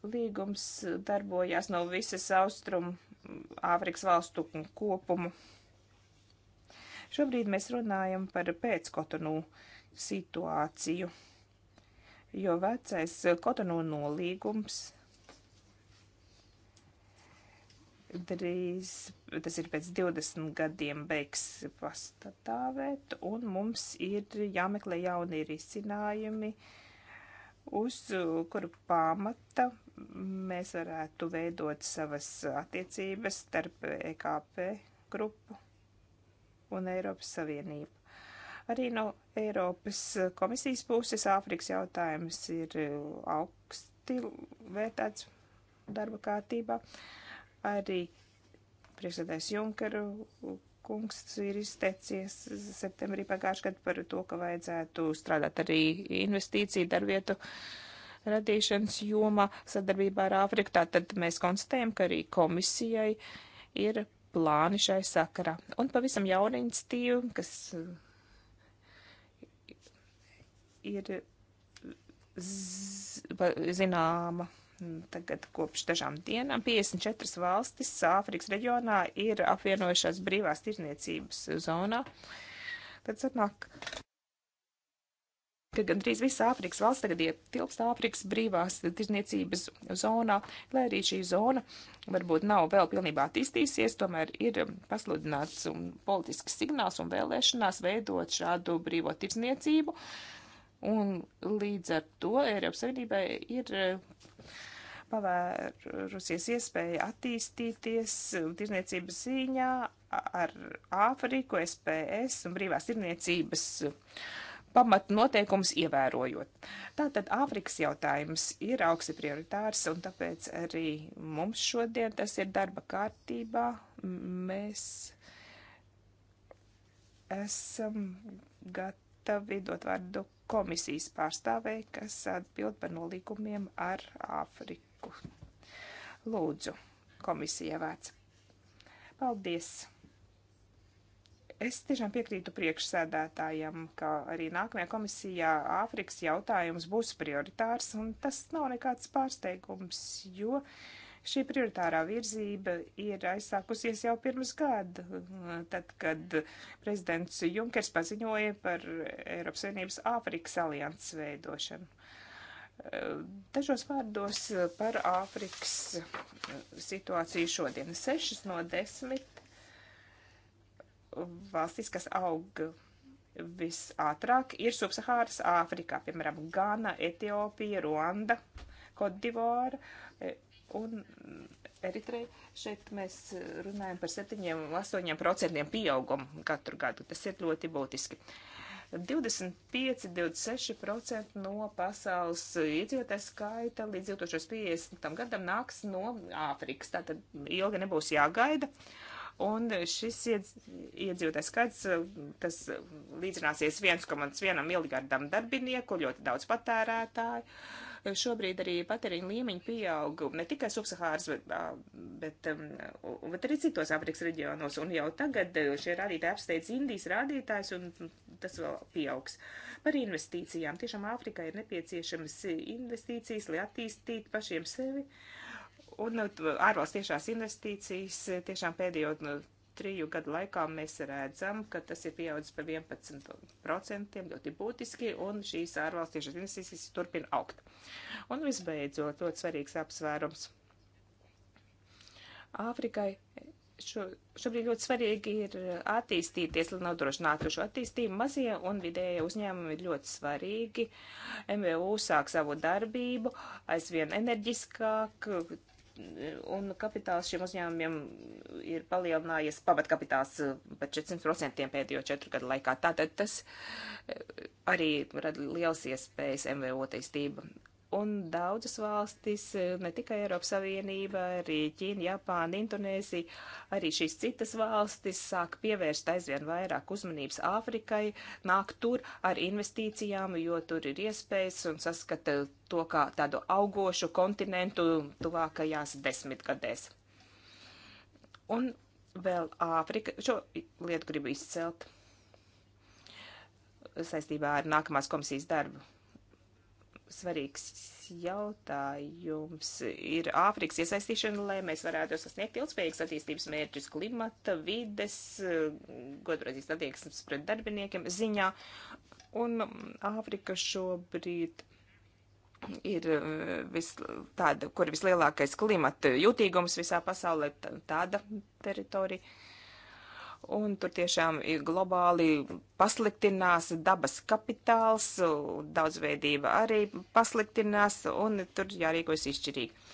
B: līgums darbojās no visas austrumu Āfrikas valstu kopumu. Šobrīd mēs runājam par pēckotonu situāciju, jo vecais kotonu nolīgums drīz, tas ir pēc 20 gadiem, beigs pastāvēt, un mums ir jāmeklē jauni risinājumi, uz kuru pamata mēs varētu veidot savas attiecības starp EKP grupu un Eiropas Savienību. Arī no Eiropas komisijas puses Āfrikas jautājums ir augsti vērtēts darba kārtībā. Uh, Arī priekšsēdājs Junkeru kungs ir izteicies septembrī pagājušajā gadā par to, ka vajadzētu strādāt arī investīciju darbvietu radīšanas jomā sadarbībā ar Āfriku. Tātad mēs konstatējam, ka arī komisijai ir plāni šai sakarā. Un pavisam jauna iniciatīva, kas eh, ir zināma Mm, tagad kopš dažām dienām 54 valstis Āfrikas reģionā ir apvienojušās brīvās tirzniecības zonā. Tad sanāk, ka gandrīz visa Āfrikas valsts tagad ietilpst Āfrikas brīvās tirzniecības zonā, lai arī šī zona varbūt nav vēl pilnībā attīstīsies, tomēr ir pasludināts politisks signāls un vēlēšanās veidot šādu brīvo tirzniecību. Uh, Un līdz ar to Eiropas Savienībai ir eh, pavērusies iespēja attīstīties tirzniecības ziņā ar Āfriku, SPS un brīvās tirzniecības pamatnoteikums ievērojot. Tātad Āfrikas jautājums ir augsti prioritārs, un tāpēc arī mums šodien tas ir darba kārtībā. Mēs esam gatavi gatavi dot vārdu komisijas pārstāvei, kas atbild par nolīgumiem ar Āfriku. Lūdzu, komisija vārds. Paldies! es tiešām piekrītu priekšsēdētājam, ka arī nākamajā komisijā Āfrikas jautājums būs prioritārs, un tas nav nekāds pārsteigums, jo uh, Šī prioritārā virzība ir aizsākusies jau pirms gada, tad, kad prezidents Junkers paziņoja par Eiropas Savienības Āfrikas alianses veidošanu. Dažos vārdos par Āfrikas situāciju šodien. Sešas no desmit valstis, kas aug visātrāk, ir subsahāras Āfrikā, piemēram, Gana, Etiopija, Ruanda, Kodivora. Uh, un Eritreja. Šeit mēs runājam par 7-8% pieaugumu katru gadu. Tas ir ļoti būtiski. 25-26% no pasaules iedzīvotāju skaita līdz 2050. gadam nāks no Āfrikas. Tātad ilgi nebūs jāgaida. Uh, Un šis iedzīvotājs skaits, tas līdzināsies 1,1 miljardam darbinieku, ļoti daudz patērētāju. Šobrīd arī patēriņa līmeņi pieaug ne tikai subsahāras, bet, bet, um, bet arī citos Afrikas reģionos. Un jau tagad šie rādītāji apsteidz Indijas rādītājs, un tas vēl pieaugs. Par investīcijām. Tiešām Āfrikai ir nepieciešamas investīcijas, lai attīstītu pašiem sevi. Uh, Un nu, ārvalsts tiešās investīcijas eh, tiešām pēdējo nu, triju gadu laikā mēs redzam, ka tas ir pieaudzis par 11% ļoti būtiski, un šīs ārvalsts tiešās investīcijas turpina augt. Un visbeidzot, ļoti svarīgs apsvērums. Āfrikai šo, šobrīd ļoti svarīgi ir attīstīties, lai nodrošinātu šo attīstību. Mazie un vidējie uzņēmumi ir ļoti svarīgi. MVU sāk savu darbību aizvien enerģiskāk, un kapitāls šiem uzņēmumiem ir palielinājies pamatkapitāls eh, par 400% pēdējo četru gadu laikā. Tātad tas eh, arī rada liels iespējas MVO taistība. Un daudzas valstis, ne tikai Eiropas Savienība, arī Ķīna, Japāna, Indonēzija, arī šīs citas valstis sāk pievērst aizvien vairāk uzmanības Āfrikai, nāk tur ar investīcijām, jo tur ir iespējas un saskata to kā tādu augošu kontinentu tuvākajās desmitgadēs. Un vēl Āfrika, šo lietu gribu izcelt saistībā ar nākamās komisijas darbu svarīgs jautājums ir Āfrikas iesaistīšana, lai mēs varētu sasniegt ilgspējīgas attīstības mērķus klimata, vides, godprātīgas attieksmes pret darbiniekiem ziņā. Un Āfrika šobrīd ir uh, vis, tāda, kur vislielākais klimata jūtīgums visā pasaulē, tāda teritorija un tur tiešām ir globāli pasliktinās dabas kapitāls, daudzveidība arī pasliktinās, un tur jārīkojas izšķirīgi.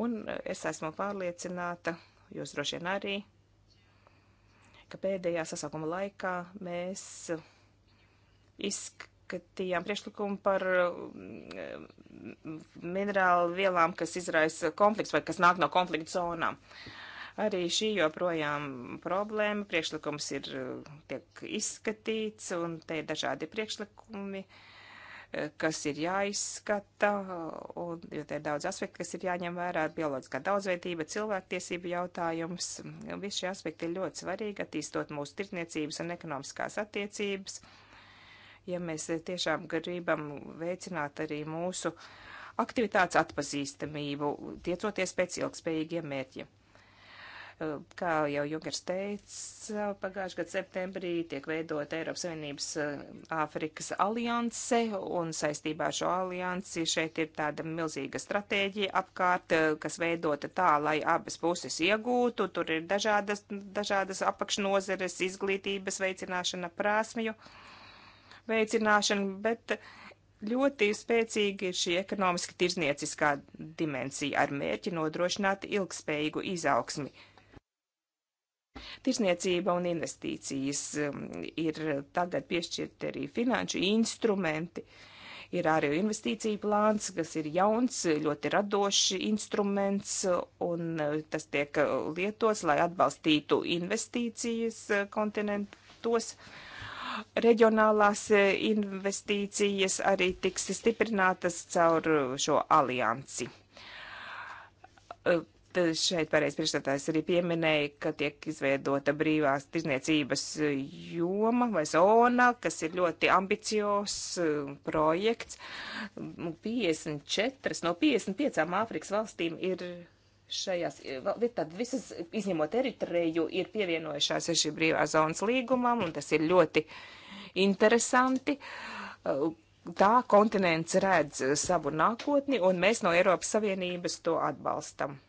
B: Un es esmu pārliecināta, jūs droši vien arī, ka pēdējā sasaukuma laikā mēs izskatījām priekšlikumu par mm, minerālu vielām, kas izraisa konflikts vai kas nāk no konflikta zonām. Uh, Arī šī joprojām problēma, priekšlikums ir eh, tiek izskatīts, un te ir dažādi priekšlikumi, eh, kas ir jāizskata, un jo te ir daudz aspektu, kas ir jāņem vērā, bioloģiskā daudzveidība, cilvēktiesība jautājums, visi šie aspekti ir ļoti svarīgi, attīstot mūsu tirtniecības un ekonomiskās attiecības, ja mēs eh, tiešām gribam veicināt arī mūsu aktivitātes atpazīstamību, tiecoties pēc ilgspējīgiem mērķiem. Kā jau Junkers teica, pagājušajā gadā septembrī tiek veidota Eiropas Savienības eh, Āfrikas alianse, un saistībā ar šo aliansi šeit ir tāda milzīga stratēģija apkārt, eh, kas veidota tā, lai abas puses iegūtu. Tur ir dažādas, dažādas apakšnozeres, izglītības veicināšana, prasmju veicināšana, bet ļoti spēcīgi ir šī ekonomiski tirznieciskā dimensija ar mērķi nodrošināt ilgspējīgu izaugsmi Tirzniecība un investīcijas um, ir tagad piešķirti arī finanšu instrumenti. Ir arī investīcija plāns, kas ir jauns, ļoti radošs instruments, un uh, tas tiek uh, lietots, lai atbalstītu investīcijas uh, kontinentos reģionālās investīcijas arī tiks stiprinātas caur šo aliansi. Tad šeit pareiz priekšstādājs arī pieminēja, ka tiek izveidota brīvās tirzniecības joma vai zona, kas ir ļoti ambicios uh, projekts. 54 no 55 Āfrikas valstīm ir šajās, eh, tad visas izņemot Eritreju, ir pievienojušās ar šī brīvā zonas līgumam, un tas ir ļoti interesanti uh, tā kontinents redz savu nākotni, un mēs no Eiropas Savienības to atbalstam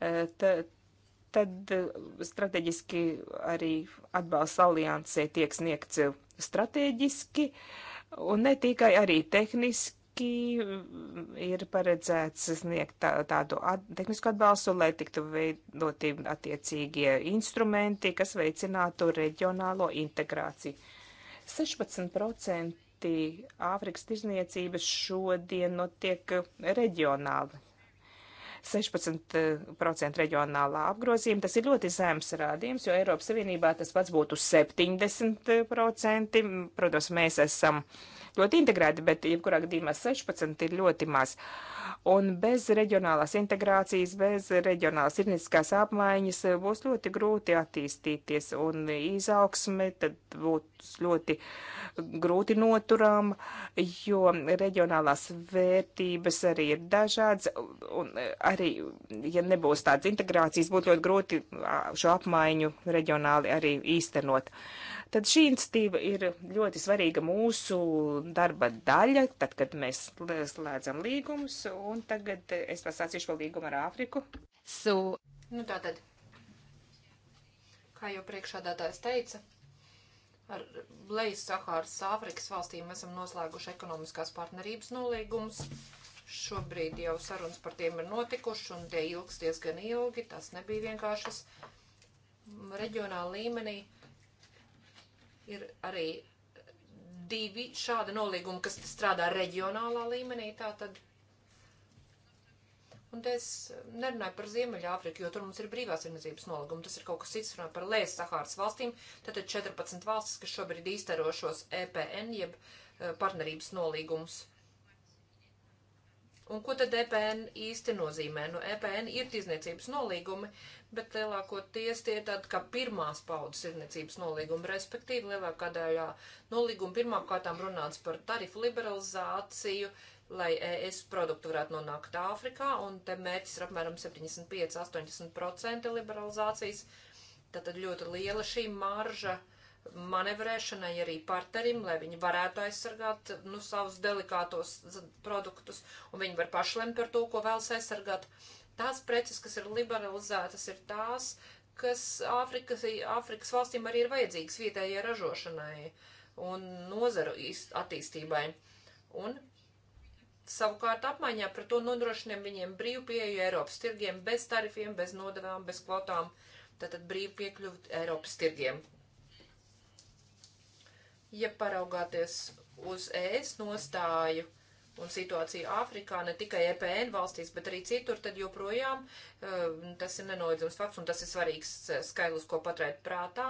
B: tad eh, strateģiski arī atbalsts aliansē tiek sniegts strateģiski un ne tikai arī tehniski tehniski mm, ir paredzēts sniegt tā, tādu at, tehnisku atbalstu, lai tiktu veidoti attiecīgie instrumenti, kas veicinātu reģionālo integrāciju. 16% Āfrikas tirzniecības šodien notiek reģionāli. 16% eh, reģionālā apgrozījuma. Tas ir ļoti zems rādījums, jo Eiropas Savienībā tas pats būtu 70%. Eh, protams, mēs esam uh, ļoti integrēti, bet jebkurā gadījumā 16 ir ļoti maz. Un bez reģionālās integrācijas, bez reģionālās irniskās apmaiņas eh, būs ļoti grūti attīstīties un izaugsme tad būs ļoti grūti noturām, jo reģionālās vērtības arī ir dažādas un eh, arī, ja nebūs tādas integrācijas, būtu ļoti grūti šo apmaiņu reģionāli arī īstenot. Tad šī institīva ir ļoti svarīga mūsu darba daļa, tad, kad mēs slēdzam līgumus, un tagad es pasācīšu vēl līgumu ar Āfriku. So,
C: nu tā tad, kā jau priekšādātājs teica, ar Lejas Sahāras Āfrikas valstīm esam noslēguši ekonomiskās partnerības nolīgumus. Šobrīd jau sarunas par tiem ir notikušas, un tie ilgs diezgan ilgi. Tas nebija vienkāršas reģionāla līmenī Ir arī divi šādi nolīgumi, kas strādā reģionālā līmenī tātad. Un te es nerunāju par Ziemeļāfriku, jo tur mums ir brīvās vienotības nolīgumi. Tas ir kaut kas cits, runāju par Lēs Sahāras valstīm. Tātad 14 valstis, kas šobrīd īstero šos EPN, jeb eh, partnerības nolīgumus. Un ko tad EPN īsti nozīmē? Nu, EPN ir tirzniecības nolīgumi, bet lielākoties tie ir tādi kā pirmās paudzes tirzniecības nolīgumi, respektīvi lielākā daļā nolīguma pirmām kārtām runāts par tarifu liberalizāciju, lai ES produktu varētu nonākt Āfrikā, un te mērķis ir apmēram 75-80% liberalizācijas. Tātad ļoti liela šī marža. Uh, manevrēšanai arī partnerim, lai viņi varētu aizsargāt nu, savus delikātos produktus, un viņi var pašlemt par to, ko vēlas aizsargāt. Tās preces, kas ir liberalizētas, ir tās, kas Āfrikas, Āfrikas valstīm arī ir vajadzīgas vietējai ražošanai un nozaru attīstībai. Un savukārt apmaiņā par to nodrošinām viņiem brīvu pieeju Eiropas tirgiem bez tarifiem, bez nodevām, bez kvotām tātad brīvi piekļuvi Eiropas tirgiem ja paraugāties uz ES nostāju un situāciju Āfrikā, ne tikai EPN valstīs, bet arī citur, tad joprojām eh, tas ir nenoliedzams fakts, un tas ir svarīgs eh, skaidrs, ko paturēt prātā.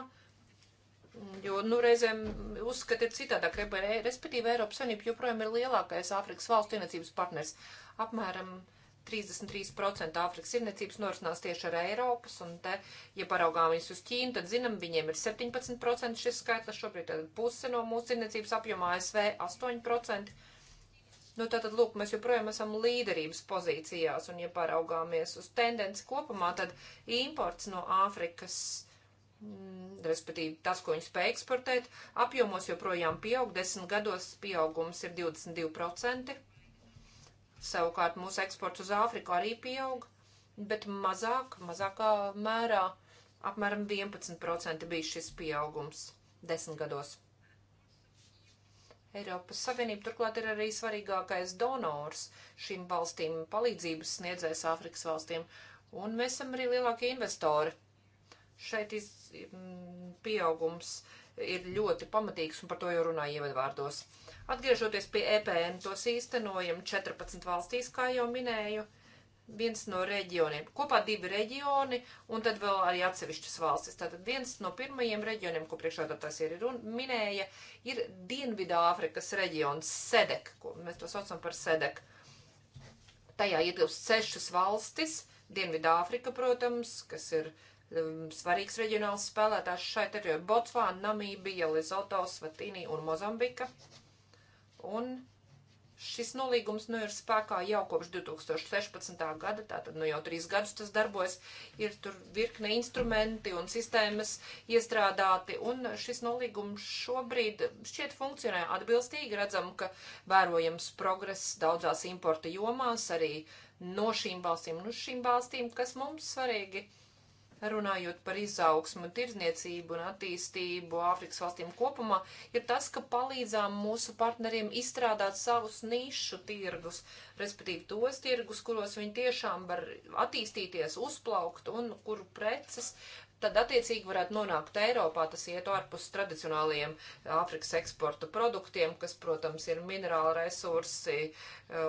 C: Jo, nu, reizēm uzskata ir citādāk, respektīvi Eiropas Savienība joprojām ir lielākais Āfrikas valstu ienācības partners. Apmēram 60% 33% Āfrikas irniecības norisinās tieši ar Eiropas, un te, ja paraugāmies uz Ķīnu, tad zinām, viņiem ir 17% šis skaitlis šobrīd, tad puse no mūsu irniecības apjomā ASV 8%. Nu, tātad, lūk, mēs joprojām esam līderības pozīcijās, un, ja paraugāmies uz tendenci kopumā, tad imports no Āfrikas mm, respektīvi tas, ko viņi spēj eksportēt, apjomos joprojām pieaug, desmit gados pieaugums ir 22%. Savukārt mūsu eksports uz Āfriku arī pieaug, bet mazāk, mazākā mērā, apmēram 11% bija šis pieaugums desmit gados. Eiropas Savienība turklāt ir arī svarīgākais donors šīm valstīm, palīdzības sniedzējs Āfrikas valstīm, un mēs esam arī lielākie investori. Šeit iz, mm, pieaugums ir ļoti pamatīgs, un par to jau runāju ievadvārdos. vārdos Atgriežoties pie EPN, tos īstenojam 14 valstīs, kā jau minēju, viens no reģioniem. Kopā divi reģioni un tad vēl arī atsevišķas valstis. Tātad viens no pirmajiem reģioniem, ko priekšādātājs ir un minēja, ir Dienvidāfrikas reģions Sedek, ko mēs to saucam par Sedek. Tajā ietilpst sešas valstis, Dienvidāfrika, protams, kas ir um, svarīgs reģionāls spēlētājs šai teritorijai - Botsvāna, Namībija, Lizoto, Svatīnī un Mozambika. Un šis nolīgums nu ir spēkā jau kopš 2016. gada, tātad nu jau trīs gadus tas darbojas, ir tur virkne instrumenti un sistēmas iestrādāti, un šis nolīgums šobrīd šķiet funkcionē atbilstīgi, redzam, ka vērojams progress daudzās importa jomās arī no šīm valstīm un uz šīm valstīm, kas mums svarīgi ir runājot par izaugsmu, tirdzniecību un attīstību Āfrikas valstīm kopumā, ir tas, ka palīdzām mūsu partneriem izstrādāt savus nišu tirgus, respektīvi tos tirgus, kuros viņi tiešām var attīstīties, uzplaukt un kuru preces tad attiecīgi varētu nonākt Eiropā. Tas iet ārpus tradicionālajiem Āfrikas eksporta produktiem, kas, protams, ir minerāli resursi e,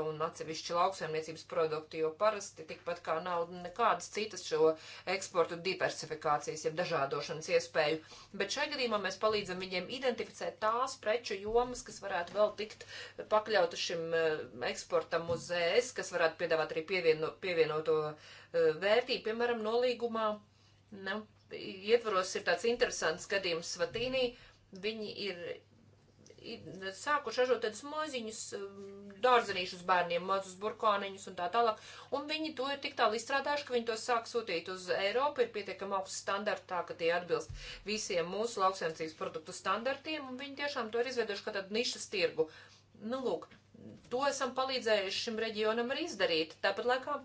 C: un atsevišķi lauksaimniecības produkti, jo parasti tikpat kā nav nekādas citas šo eksportu diversifikācijas, jeb dažādošanas iespēju. Bet šajā gadījumā mēs palīdzam viņiem identificēt tās preču jomas, kas varētu vēl tikt pakļauta šim e, eksportam uz ES, kas varētu piedāvāt arī pievieno, pievienoto e, vērtību, piemēram, nolīgumā. Nu, ietvaros ir tāds interesants gadījums Svatīnī. Viņi ir sākuši ražot tādus maziņus um, dārzenīšus bērniem, mazus burkāniņus un tā tālāk. Un viņi to ir tik tālu izstrādājuši, ka viņi to sāk sūtīt uz Eiropu. Ir pietiekami augsts standarts, tā ka tie atbilst visiem mūsu lauksaimniecības produktu standartiem. Un viņi tiešām to ir izveidojuši kā tādu nišas tirgu. Nu, lūk, to esam palīdzējuši šim reģionam arī izdarīt. Tāpat laikā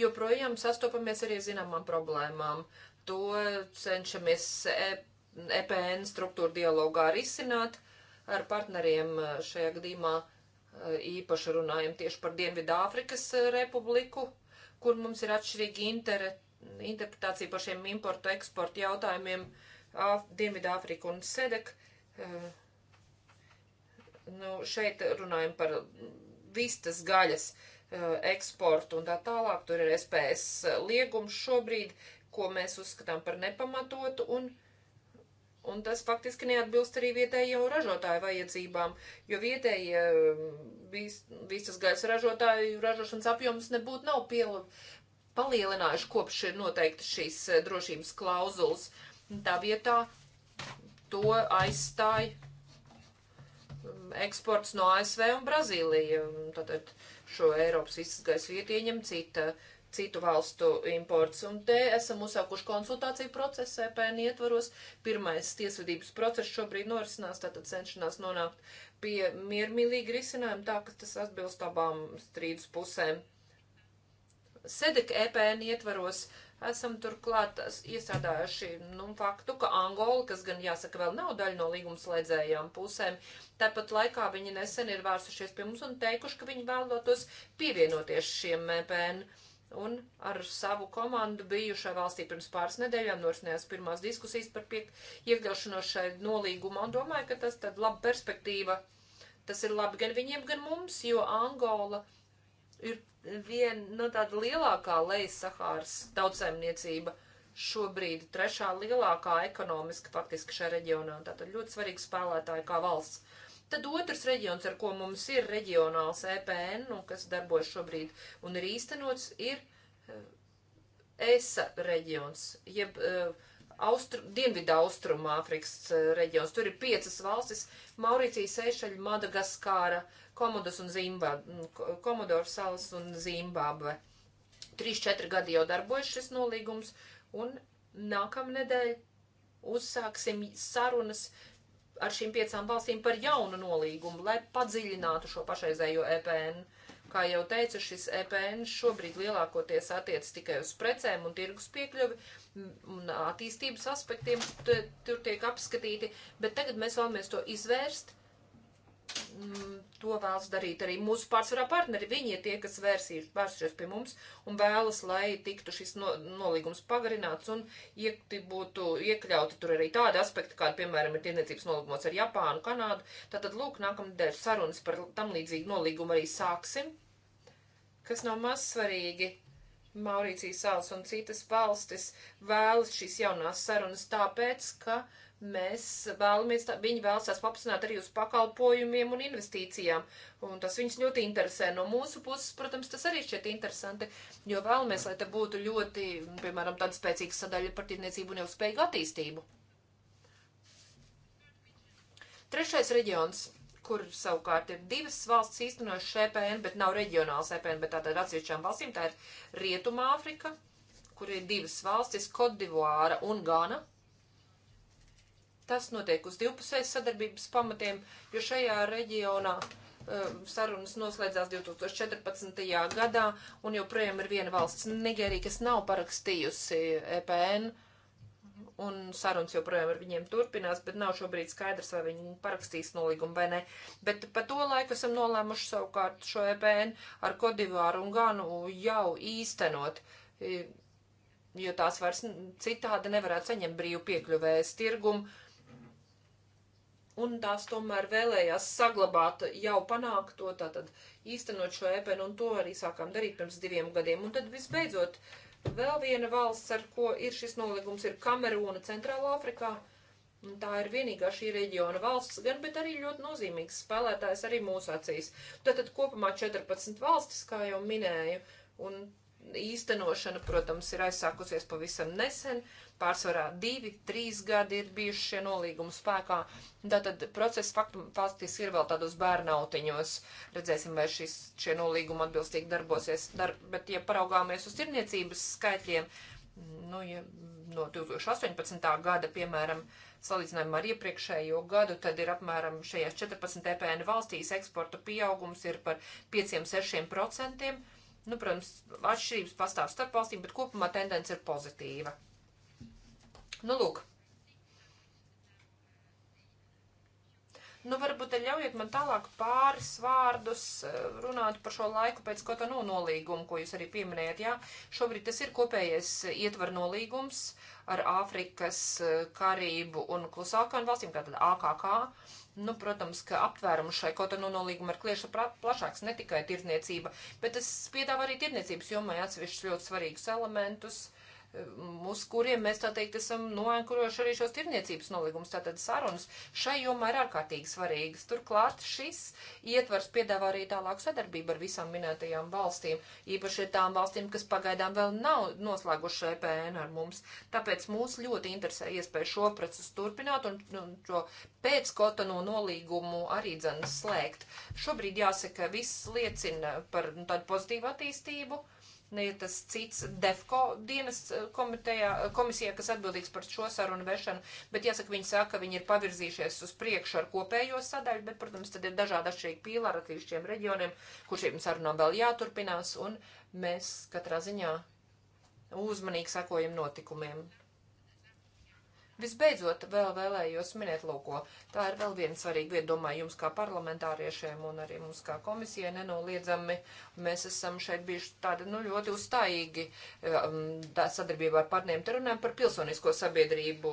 C: joprojām sastopamies arī zināmām problēmām. To cenšamies EPN e struktūra dialogā risināt ar partneriem e, šajā gadījumā. E, īpaši runājam tieši par Dienvidāfrikas republiku, kur mums ir atšķirīga inter, interpretācija par šiem importu eksportu jautājumiem Dienvidāfrika un Sedek. Nu, šeit runājam par vistas gaļas uh, Eh, eksportu un tā tālāk. Tur ir SPS liegums šobrīd, ko mēs uzskatām par nepamatotu, un, un tas faktiski neatbilst arī vietējo ražotāju vajadzībām, jo vietējie mm, vistas gaisa ražotāju ražošanas apjoms nebūtu nav piel, palielinājuši kopš ir noteikti šīs eh, drošības klauzulas. Tā vietā to aizstāja mm, eksports no ASV un Brazīlija. Tātad, uh, šo Eiropas izgaisa vietu ieņem cita, citu valstu imports. Un te esam uzsākuši konsultāciju procesu EPN ietvaros. Pirmais tiesvedības process šobrīd norisinās, tātad cenšanās nonākt pie miermīlīga risinājuma, tā ka tas atbilst abām strīdus pusēm. Sedek EPN ietvaros uh, Esam turklāt iesādājuši nu, faktu, ka Angola, kas gan jāsaka vēl nav daļa no līgumslēdzējām pusēm, tāpat laikā viņi nesen ir vērsušies pie mums un teikuši, ka viņi vēlētos pievienoties šiem MPN. Un ar savu komandu bijušā valstī pirms pāris nedēļām norisinājās pirmās diskusijas par iekļaušanos šai nolīgumā un domāju, ka tas tad laba perspektīva. Tas ir labi gan viņiem, gan mums, jo Angola ir viena no nu, tāda lielākā Lejas-Sahāras tautsēmniecība šobrīd trešā lielākā ekonomiski faktiski šajā reģionā. Tātad ļoti svarīgi spēlētāji kā valsts. Tad otrs reģions, ar ko mums ir reģionāls EPN, un nu, kas darbojas šobrīd un ir īstenots, ir eh, ESA reģions, jeb uh, austru, dienvidu austrumu Āfrikas e, reģions. Tur ir piecas valstis - Maurīcija, Seišaļa, Madagaskāra, Komodos un Zimbabve, Komodoru salas un Zimbabve. 3-4 gadi jau darbojas šis nolīgums, un nākamnedēļ uzsāksim sarunas ar šīm piecām valstīm par jaunu nolīgumu, lai padziļinātu šo pašreizējo EPN. Kā jau teicu, šis EPN šobrīd lielākoties attiec tikai uz precēm un tirgus piekļuvi, un attīstības aspektiem tur tiek apskatīti, bet tagad mēs vēlamies to izvērst. Mm, to vēlas darīt arī mūsu pārsvarā partneri. Viņi ir tie, kas vērsīs, vērsies pie mums un vēlas, lai tiktu šis no, nolīgums pagarināts un iekti būtu iekļauti tur arī tādi aspekti, kādi, piemēram, ir tirniecības nolīgumos ar Japānu, Kanādu. Tātad, lūk, nākamdēļ sarunas par tam līdzīgu nolīgumu arī sāksim, kas nav maz svarīgi Maurīcijas salas un citas valstis vēlas šīs jaunās sarunas tāpēc, ka mēs vēlamies, tā, viņi vēlas tās paplašināt arī uz pakalpojumiem un investīcijām. Un tas viņus ļoti interesē. No mūsu puses, protams, tas arī šķiet interesanti, jo vēlamies, lai te būtu ļoti, piemēram, tāda spēcīga sadaļa par tirniecību un ilgspējīgu attīstību. Trešais reģions kur savukārt ir divas valsts īstenojušas EPN, bet nav reģionāls EPN, bet tātad atsevišķām valstīm. Tā ir Rietuma Āfrika, kur ir divas valstis - Kodivāra un Gana. Tas notiek uz divpusējas sadarbības pamatiem, jo šajā reģionā um, sarunas noslēdzās 2014. gadā, un joprojām ir viena valsts, Nigērija, kas nav parakstījusi EPN. Uh, un sarunas joprojām ar viņiem turpinās, bet nav šobrīd skaidrs, vai viņi parakstīs nolīgumu vai nē. Bet pa to laiku esam nolēmuši savukārt šo EPN ar Kodivāru un Ganu jau īstenot, jo tās vairs citādi nevarētu saņemt brīvu piekļuvējas tirgumu un tās tomēr vēlējās saglabāt jau panākto, tātad īstenot šo epenu, un to arī sākām darīt pirms diviem gadiem. Un tad visbeidzot, uh, Vēl viena valsts, ar ko ir šis nolīgums, ir Kamerūna Centrālā Afrikā. Un tā ir vienīgā šī reģiona valsts, gan bet arī ļoti nozīmīgs spēlētājs arī mūsu acīs. Tātad kopumā 14 valstis, kā jau minēju, un īstenošana, protams, ir aizsākusies pavisam nesen. Uh, Pārsvarā divi, trīs gadi ir bijuši šie nolīgumi spēkā. Tātad process faktu, faktiski ir vēl tādos bērnautiņos. Redzēsim, vai šis, šie nolīgumi atbilstīgi darbosies. Dar, bet, ja paraugāmies uz tirniecības skaitļiem, nu, ja no 2018. gada, piemēram, salīdzinājumā ar iepriekšējo gadu, tad ir apmēram šajās 14 EPN valstīs eksporta pieaugums ir par 5-6%. Nu, protams, atšķirības pastāv starp valstīm, bet kopumā tendence ir pozitīva. Nu, lūk. Nu, varbūt ļaujiet man tālāk pāris vārdus eh, runāt par šo laiku pēc kaut kā no nolīguma, ko jūs arī pieminējat. Jā, šobrīd tas ir kopējais ietver nolīgums ar Āfrikas, eh, Karību un klusākajām valstīm, tātad AKK. Nu, protams, ka aptvērums šai kaut kādā nolīguma ir klieša plašāks, ne tikai tirdzniecība, bet tas piedāvā arī tirdzniecības jomai atsevišķus ļoti svarīgus elementus. Uh, uz kuriem mēs tā teikt esam noenkurojuši arī šos tirniecības nolīgumus. Tātad sarunas šai jomā ir ārkārtīgi svarīgas. Turklāt šis ietvars piedāvā arī tālāku sadarbību ar visām minētajām valstīm, īpaši ar tām valstīm, kas pagaidām vēl nav noslēguši EPN ar mums. Tāpēc mūs ļoti interesē iespēja šo procesu turpināt un, un šo pēckotano nolīgumu arī dzenas slēgt. Šobrīd jāsaka, viss liecina par nu, tādu pozitīvu attīstību ir tas cits DEFCO dienas eh, komitejā, eh, komisijā, kas atbildīgs par šo sarunu vešanu, bet jāsaka, viņi saka, ka viņi ir pavirzījušies uz priekšu ar kopējo sadaļu, bet, protams, tad ir dažādi atšķirīgi pīlāri atsevišķiem reģioniem, kur šīm sarunām vēl jāturpinās, un mēs katrā ziņā uzmanīgi sekojam notikumiem. Visbeidzot, vēl vēlējos minēt, lūko, tā ir vēl viena svarīga lieta, domāju, jums kā parlamentāriešiem un arī mums kā komisijai nenoliedzami. Mēs esam šeit bijuši tādi, nu, ļoti uzstājīgi um, tā sadarbībā ar partneriem. Te runājam par pilsonisko sabiedrību.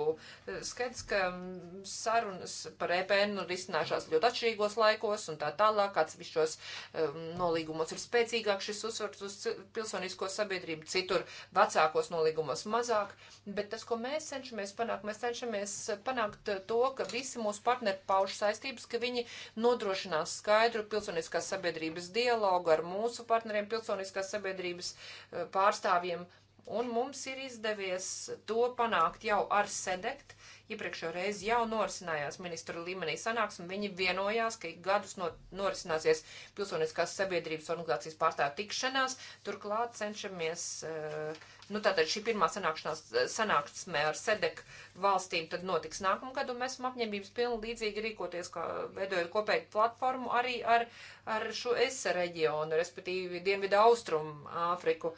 C: Skaidrs, ka um, sarunas par EPN nu, risināšās ļoti atšķirīgos laikos un tā tālāk, kāds visos um, nolīgumos ir spēcīgāk šis uzsvars uz pilsonisko sabiedrību, citur vecākos nolīgumos mazāk. Bet tas, ko mēs cenšamies panākt, mēs mēs cenšamies panākt to, ka visi mūsu partneri pauž saistības, ka viņi nodrošinās skaidru pilsoniskās sabiedrības dialogu ar mūsu partneriem, pilsoniskās sabiedrības eh, pārstāvjiem. Un mums ir izdevies to panākt jau ar sedekt. Iepriekšējā reizē jau norisinājās ministru līmenī sanāksme. Viņi vienojās, ka ik gadus no, norisināsies pilsoniskās sabiedrības organizācijas pārstāvja tikšanās. Turklāt cenšamies uh, Nu, tātad šī pirmā sanākšanās, sanāksmē ar SEDEK valstīm tad notiks nākamgad, un mēs esam apņemības pilni līdzīgi rīkoties, kā veidojot kopēju platformu arī ar, ar šo ESA reģionu, respektīvi Dienvidu Austrumu Āfriku.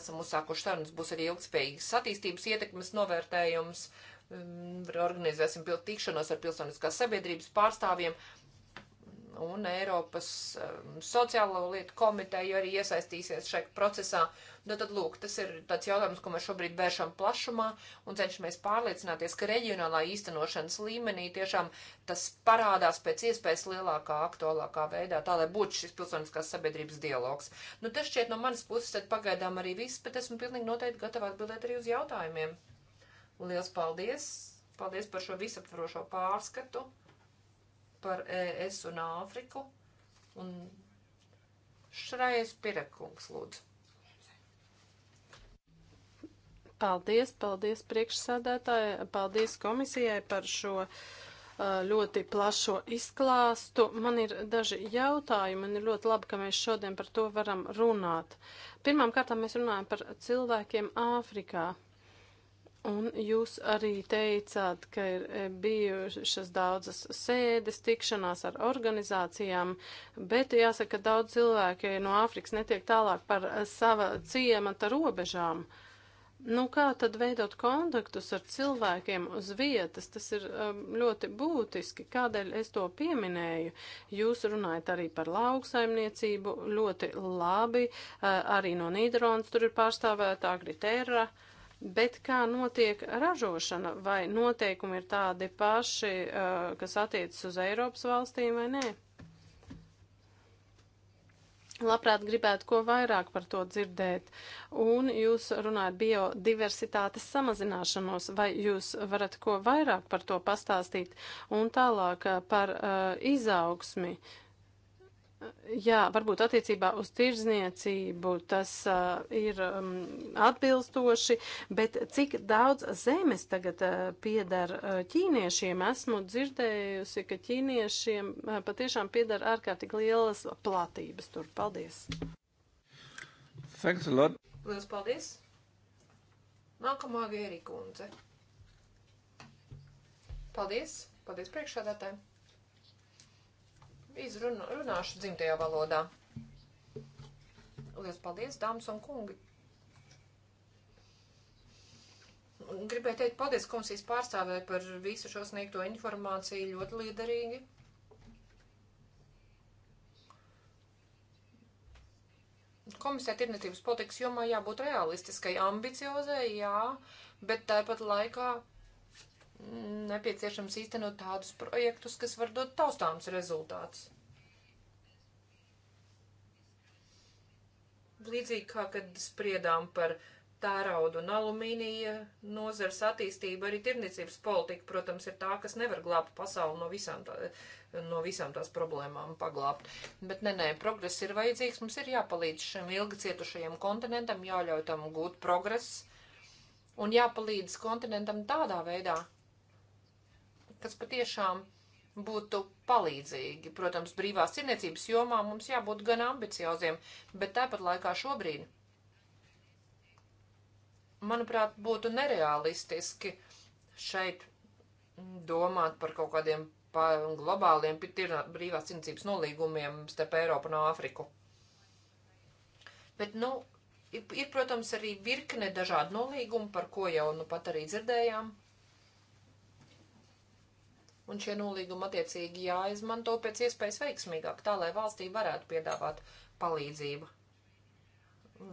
C: Esam uzsākuši sarunas, būs arī ilgspējīgas attīstības ietekmes novērtējums mm, organizēsim tikšanos ar pilsoniskās sabiedrības pārstāvjiem, un Eiropas um, sociālo lietu komiteja arī iesaistīsies šajā procesā. Nu, tad, lūk, tas ir tāds jautājums, ko mēs šobrīd vēršam plašumā un cenšamies pārliecināties, ka reģionālā īstenošanas līmenī tiešām tas parādās pēc iespējas lielākā, aktuālākā veidā, tā lai būtu šis pilsoniskās sabiedrības dialogs. Nu, tas šķiet no manas puses, tad pagaidām arī viss, bet esmu pilnīgi noteikti gatava atbildēt arī uz jautājumiem. Lielas paldies! Paldies par šo visaptvarošo pārskatu! par ES un Āfriku. Un šreiz Pirekungs lūdzu.
A: Paldies, paldies priekšsādētāji, paldies komisijai par šo uh, ļoti plašo izklāstu. Man ir daži jautājumi, man ir ļoti labi, ka mēs šodien par to varam runāt. Pirmām kārtām mēs runājam par cilvēkiem Āfrikā. Un jūs arī teicāt, ka ir e, bijušas daudzas sēdes, tikšanās ar organizācijām, bet jāsaka, ka daudz cilvēki no Āfrikas netiek tālāk par sava ciemata robežām. Nu, kā tad veidot kontaktus ar cilvēkiem uz vietas? Tas ir um, ļoti būtiski. Kādēļ es to pieminēju? Jūs runājat arī par lauksaimniecību ļoti labi. Uh, arī no Nīderlandes tur ir pārstāvēta Agriterra. Uh, Bet kā notiek ražošana? Vai noteikumi ir tādi paši, kas attiecas uz Eiropas valstīm vai nē? Labprāt gribētu ko vairāk par to dzirdēt. Un jūs runājat biodiversitātes samazināšanos, vai jūs varat ko vairāk par to pastāstīt un tālāk par uh, izaugsmi? Uh, Jā, varbūt attiecībā uz tirzniecību tas uh, ir um, atbilstoši, bet cik daudz zemes tagad uh, piedar uh, ķīniešiem? Esmu dzirdējusi, ka ķīniešiem uh, patiešām piedar ārkārtīgi lielas platības tur. Paldies!
B: Thanks a lot!
C: Lielas paldies! Nākamā Gērī kundze. Paldies! Paldies priekšādātājiem! izrunāšu dzimtajā valodā. Lielas paldies, dāmas un kungi! Gribēju teikt paldies komisijas pārstāvē par visu šo sniegto informāciju, ļoti liederīgi. Komisija tirnetības politikas jomā jābūt realistiskai, ambiciozai, jā, bet tāpat laikā nepieciešams īstenot tādus projektus, kas var dot taustāms rezultāts. Līdzīgi kā, kad spriedām par tērauda un alumīnija nozars attīstība, arī tirnicības politika, protams, ir tā, kas nevar glābt pasauli no visām, tā, no visām tās problēmām paglābt. Bet nē, nē, progress ir vajadzīgs, mums ir jāpalīdz šim ilgi cietušajam kontinentam, jāļauj tam gūt progress un jāpalīdz kontinentam tādā veidā, kas patiešām būtu palīdzīgi. Protams, brīvās tirniecības jomā mums jābūt gan ambicioziem, bet tāpat laikā šobrīd, manuprāt, būtu nereālistiski šeit domāt par kaut kādiem globāliem brīvās tirniecības nolīgumiem starp Eiropu un Āfriku. Bet, nu, ir, ir, protams, arī virkne dažādu nolīgumu, par ko jau nu pat arī dzirdējām un šie nolīgumi attiecīgi jāizmanto pēc iespējas veiksmīgāk, tā lai valstī varētu piedāvāt palīdzību,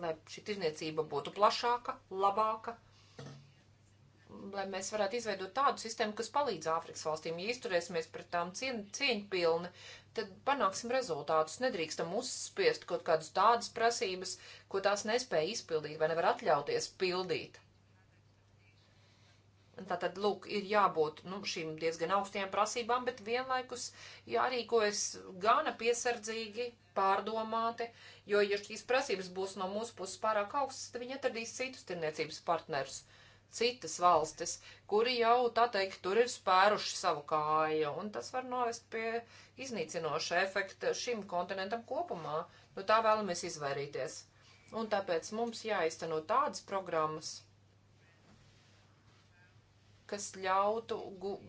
C: lai šī tirniecība būtu plašāka, labāka, lai mēs varētu izveidot tādu sistēmu, kas palīdz Āfrikas valstīm. Ja izturēsimies pret tām cien, cieņpilni, tad panāksim rezultātus. Nedrīkstam uzspiest kaut kādas tādas prasības, ko tās nespēja izpildīt vai nevar atļauties pildīt. Tātad, lūk, ir jābūt nu, šīm diezgan augstajām prasībām, bet vienlaikus jārīkojas gana piesardzīgi, pārdomāti, jo, ja šīs prasības būs no mūsu puses pārāk augstas, tad viņi atradīs citus tirniecības partnerus, citas valstis, kuri jau, tā teikt, tur ir spēruši savu kāju, un tas var novest pie iznīcinoša efekta šim kontinentam kopumā. Nu, tā vēlamies izvairīties. Un tāpēc mums jāizteno tādas programmas kas ļautu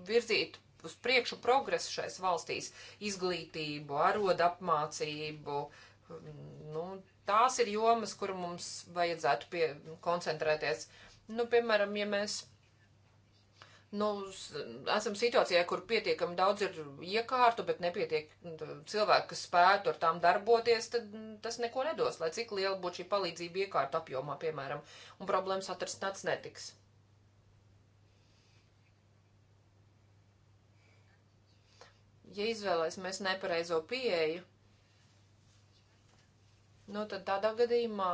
C: virzīt uz priekšu progresu šais valstīs - izglītību, arodu apmācību. Nu, tās ir jomas, kur mums vajadzētu pie, koncentrēties. Nu, piemēram, ja mēs nu, esam situācijā, kur pietiekami daudz ir iekārtu, bet nepietiek nu, cilvēku, kas spētu ar tām darboties, tad tas neko nedos, lai cik liela būtu šī palīdzība iekārtu apjomā, piemēram, un problēmas atrasts netiks. ja izvēlēsimies nepareizo pieeju, nu tad tādā gadījumā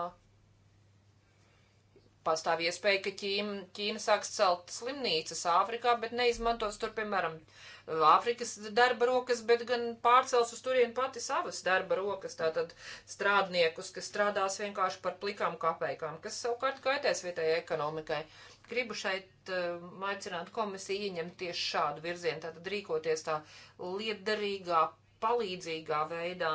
C: pastāv iespēja, ka Ķīna, Ķīna sāks celt slimnīcas Āfrikā, bet neizmantos tur, piemēram, Āfrikas darba rokas, bet gan pārcels uz turien pati savas darba rokas, tātad strādniekus, kas strādās vienkārši par plikām kapēkām, kas savukārt kaitēs vietējai ekonomikai. Gribu šeit um, aicināt komisiju ieņemt tieši šādu virzienu, tātad rīkoties tā liederīgā, palīdzīgā veidā.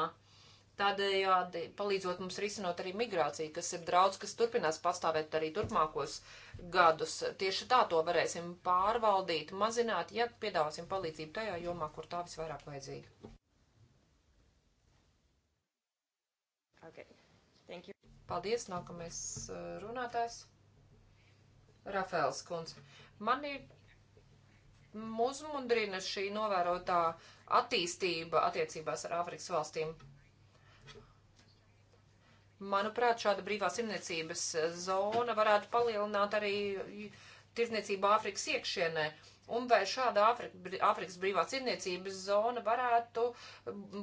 C: Tādējādi palīdzot mums risinot arī migrāciju, kas ir draudz, kas turpinās pastāvēt arī turpmākos gadus. Tieši tā to varēsim pārvaldīt, mazināt, ja piedāvāsim palīdzību tajā jomā, kur tā visvairāk vajadzīga. Okay. Paldies, nākamais eh, runātājs. Rafēls kundz. Mani uzmundrina šī novērotā attīstība attiecībās ar Āfrikas valstīm. Manuprāt, šāda brīvā simniecības zona varētu palielināt arī tirdzniecību Āfrikas iekšienē. Uh, Un vai šāda Āfrikas brīvā cirniecības zona varētu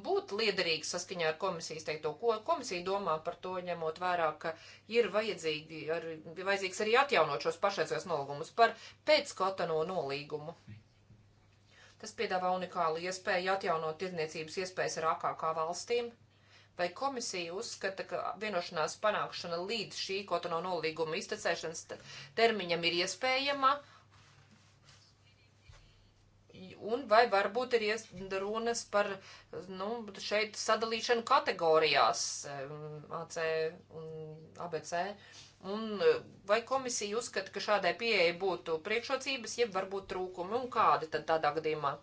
C: būt liederīga saskaņā ar komisijas teikto? Ko komisija domā par to, ņemot vērā, ka ir vajadzīgi ar, vajadzīgs arī atjaunot šos pašreizējos nolīgumus par pēckotano nolīgumu? Tas piedāvā unikālu iespēju atjaunot tirniecības iespējas ar AKK valstīm. Vai komisija uzskata, ka vienošanās panākšana līdz šī kotono nolīguma iztecēšanas termiņam ir iespējama? Uh, Un vai varbūt ir runas par nu, šeit sadalīšanu kategorijās eh, AC un ABC? Un eh, vai komisija uzskata, ka šādai pieeja būtu priekšrocības, jeb varbūt trūkumi un kādi tad tādā gadījumā?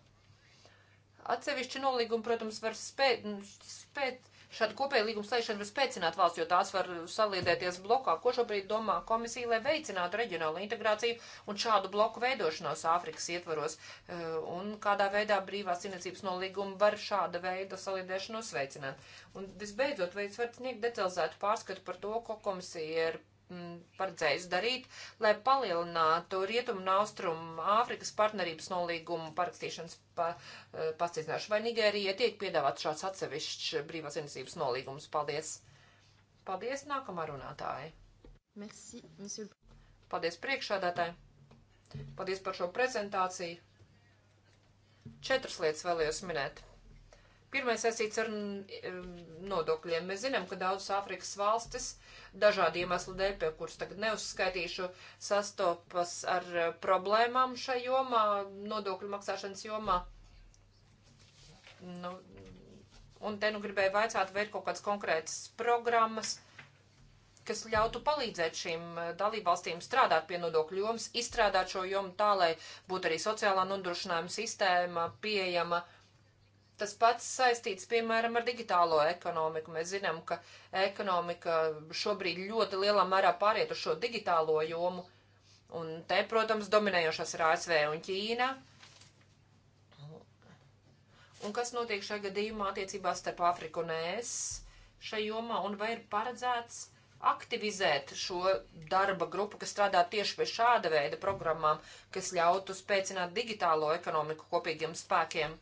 C: Atsevišķi nolīgumi, protams, var spēt, spēt Šādu kopēju līgumu slēgšanu var spēcināt valsts, jo tās var saliedēties blokā, ko šobrīd domā komisija, lai veicinātu reģionālo integrāciju un šādu bloku veidošanos Āfrikas ietvaros. Eh, un kādā veidā brīvās cienniecības nolīguma var šāda veida saliedēšanos veicināt. Un visbeidzot, veids var sniegt detalizētu pārskatu par to, ko komisija ir Mm, paredzējis darīt, lai palielinātu rietumu un austrumu Āfrikas partnerības nolīgumu parakstīšanas pa, eh, pacīcināšanu. Vai Nigērija tiek piedāvāt šāds atsevišķs brīvās vienasības nolīgums? Paldies! Paldies, nākamā runātāja! Merci, monsieur. Paldies priekšādātāji! Paldies par šo prezentāciju! Četras lietas vēlējos minēt. Pirmais saistīts ar nodokļiem. Mēs zinām, ka daudzas Āfrikas valstis dažādu iemeslu dēļ, pie kuras tagad neuzskaitīšu, sastopas ar eh, problēmām šai jomā, nodokļu maksāšanas jomā. Nu, un te nu gribēju vaicāt, vai ir kaut kāds konkrēts programmas, kas ļautu palīdzēt šīm eh, dalībvalstīm strādāt pie nodokļu jomas, izstrādāt šo jomu tā, lai būtu arī sociālā nodrošinājuma sistēma pieejama. Uh, Tas pats saistīts, piemēram, ar digitālo ekonomiku. Mēs zinām, ka ekonomika šobrīd ļoti lielā mērā pāriet uz šo digitālo jomu. Un te, protams, dominējošās ir ASV un Ķīna. Un kas notiek šajā gadījumā attiecībās starp Āfriku un ES šajā jomā? Un vai ir paredzēts aktivizēt šo darba grupu, kas strādā tieši pie šāda veida programmām, kas ļautu spēcināt digitālo ekonomiku kopīgiem spēkiem?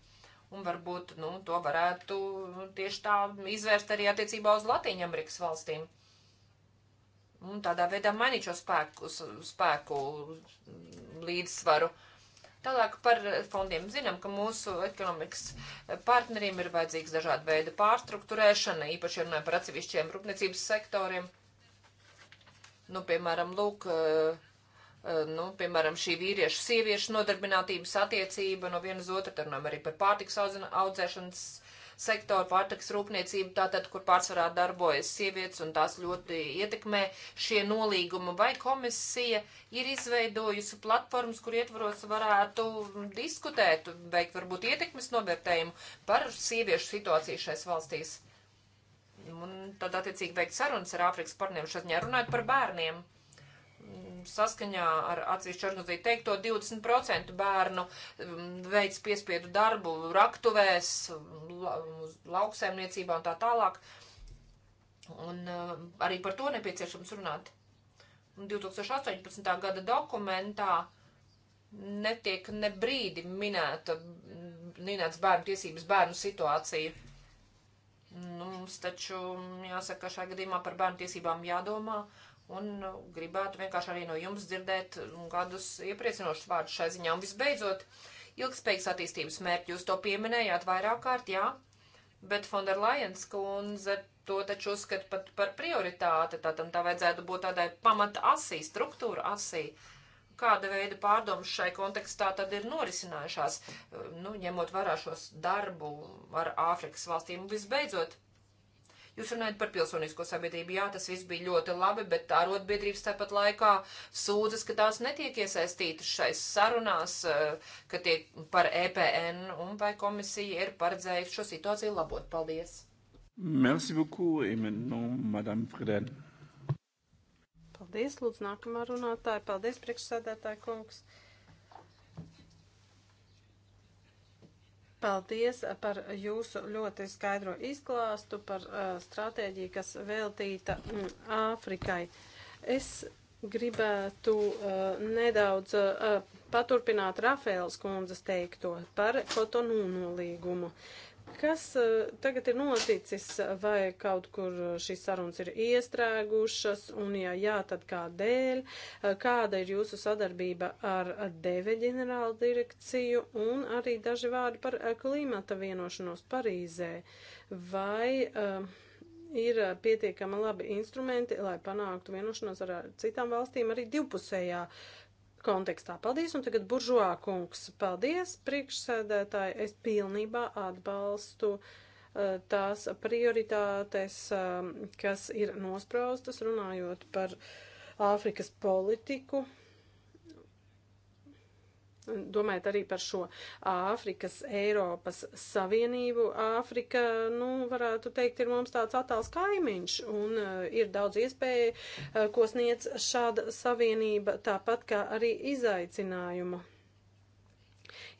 C: Un varbūt nu, to varētu nu, tieši tā izvērst arī attiecībā uz Latvijas-Amerikas valstīm. Un tādā veidā mainīt šo spēku, spēku līdzsvaru. Tālāk par fondiem. Zinām, ka mūsu ekonomikas partneriem ir vajadzīgs dažāda veida pārstruktūrēšana, īpaši runājot par atsevišķiem rūpniecības sektoriem. Nu, piemēram, lūk, uh, Eh, nu, piemēram, šī vīriešu sieviešu nodarbinātības attiecība no vienas otru, tad runājam arī par pārtiks audzēšanas sektoru, pārtiks rūpniecību, tātad, kur pārsvarā darbojas sievietes un tās ļoti ietekmē šie nolīgumi, vai komisija ir izveidojusi platformas, kur ietvaros varētu diskutēt, veikt varbūt ietekmes novērtējumu par sieviešu situāciju šais valstīs. Un tad, attiecīgi, veikt sarunas ar Āfrikas partneriem, šeit runājot par bērniem saskaņā ar atsevišķu organizāciju teikto 20% bērnu um, veids piespiedu darbu raktuvēs, la, lauksēmniecībā un tā tālāk. Un uh, arī par to nepieciešams runāt. 2018. gada dokumentā netiek ne brīdi minēta, minēts bērnu tiesības, bērnu situācija. Nu, mums taču jāsaka, ka šajā gadījumā par bērnu tiesībām jādomā. Uh, Un nu, gribētu vienkārši arī no jums dzirdēt kādus nu, iepriecinošus vārdus šai ziņā. Un visbeidzot, ilgspējīgas attīstības mērķi jūs to pieminējāt vairāk kārt, jā, bet Fonderlajens kundze to taču uzskata pat par prioritāti, tātad tā vajadzētu būt tādai pamata asī, struktūra asī. Kāda veida pārdomas šai kontekstā tad ir norisinājušās, nu, ņemot vērā šos darbu ar Āfrikas valstīm? Visbeidzot, Jūs runājat par pilsonisko sabiedrību. Jā, tas viss bija ļoti labi, bet arotbiedrības tāpat laikā sūdzas, ka tās netiek iesaistītas šais sarunās, eh, ka tiek par EPN un vai komisija ir paredzējusi šo situāciju labot. Paldies!
B: Merci beaucoup, et maintenant, Madame Freden.
C: Paldies, lūdzu, nākamā
A: runātāja. Paldies, priekšsēdētāja kungs. Uh, Paldies par jūsu ļoti skaidro izklāstu par uh, stratēģiju, kas veltīta Āfrikai. Es gribētu uh, nedaudz uh, paturpināt Rafēlas kundzes teikto par kotonu nolīgumu. Uh, Kas uh, tagad ir noticis, vai kaut kur eh, šīs sarunas ir iestrēgušas, un ja jā, tad kādēļ, eh, kāda ir jūsu sadarbība ar DV ģenerāla direkciju, un arī daži vārdi par klimata vienošanos Parīzē, vai uh, ir pietiekama labi instrumenti, lai panāktu vienošanos ar citām valstīm arī divpusējā kontekstā. Paldies, un tagad buržuā kungs. Paldies, priekšsēdētāji, es pilnībā atbalstu uh, tās prioritātes, um, kas ir nospraustas runājot par Āfrikas politiku domājat arī par šo Āfrikas, Eiropas Savienību. Āfrika, nu, varētu teikt, ir mums tāds attāls kaimiņš un eh, ir daudz iespēju, eh, ko sniedz šāda savienība, tāpat kā arī izaicinājuma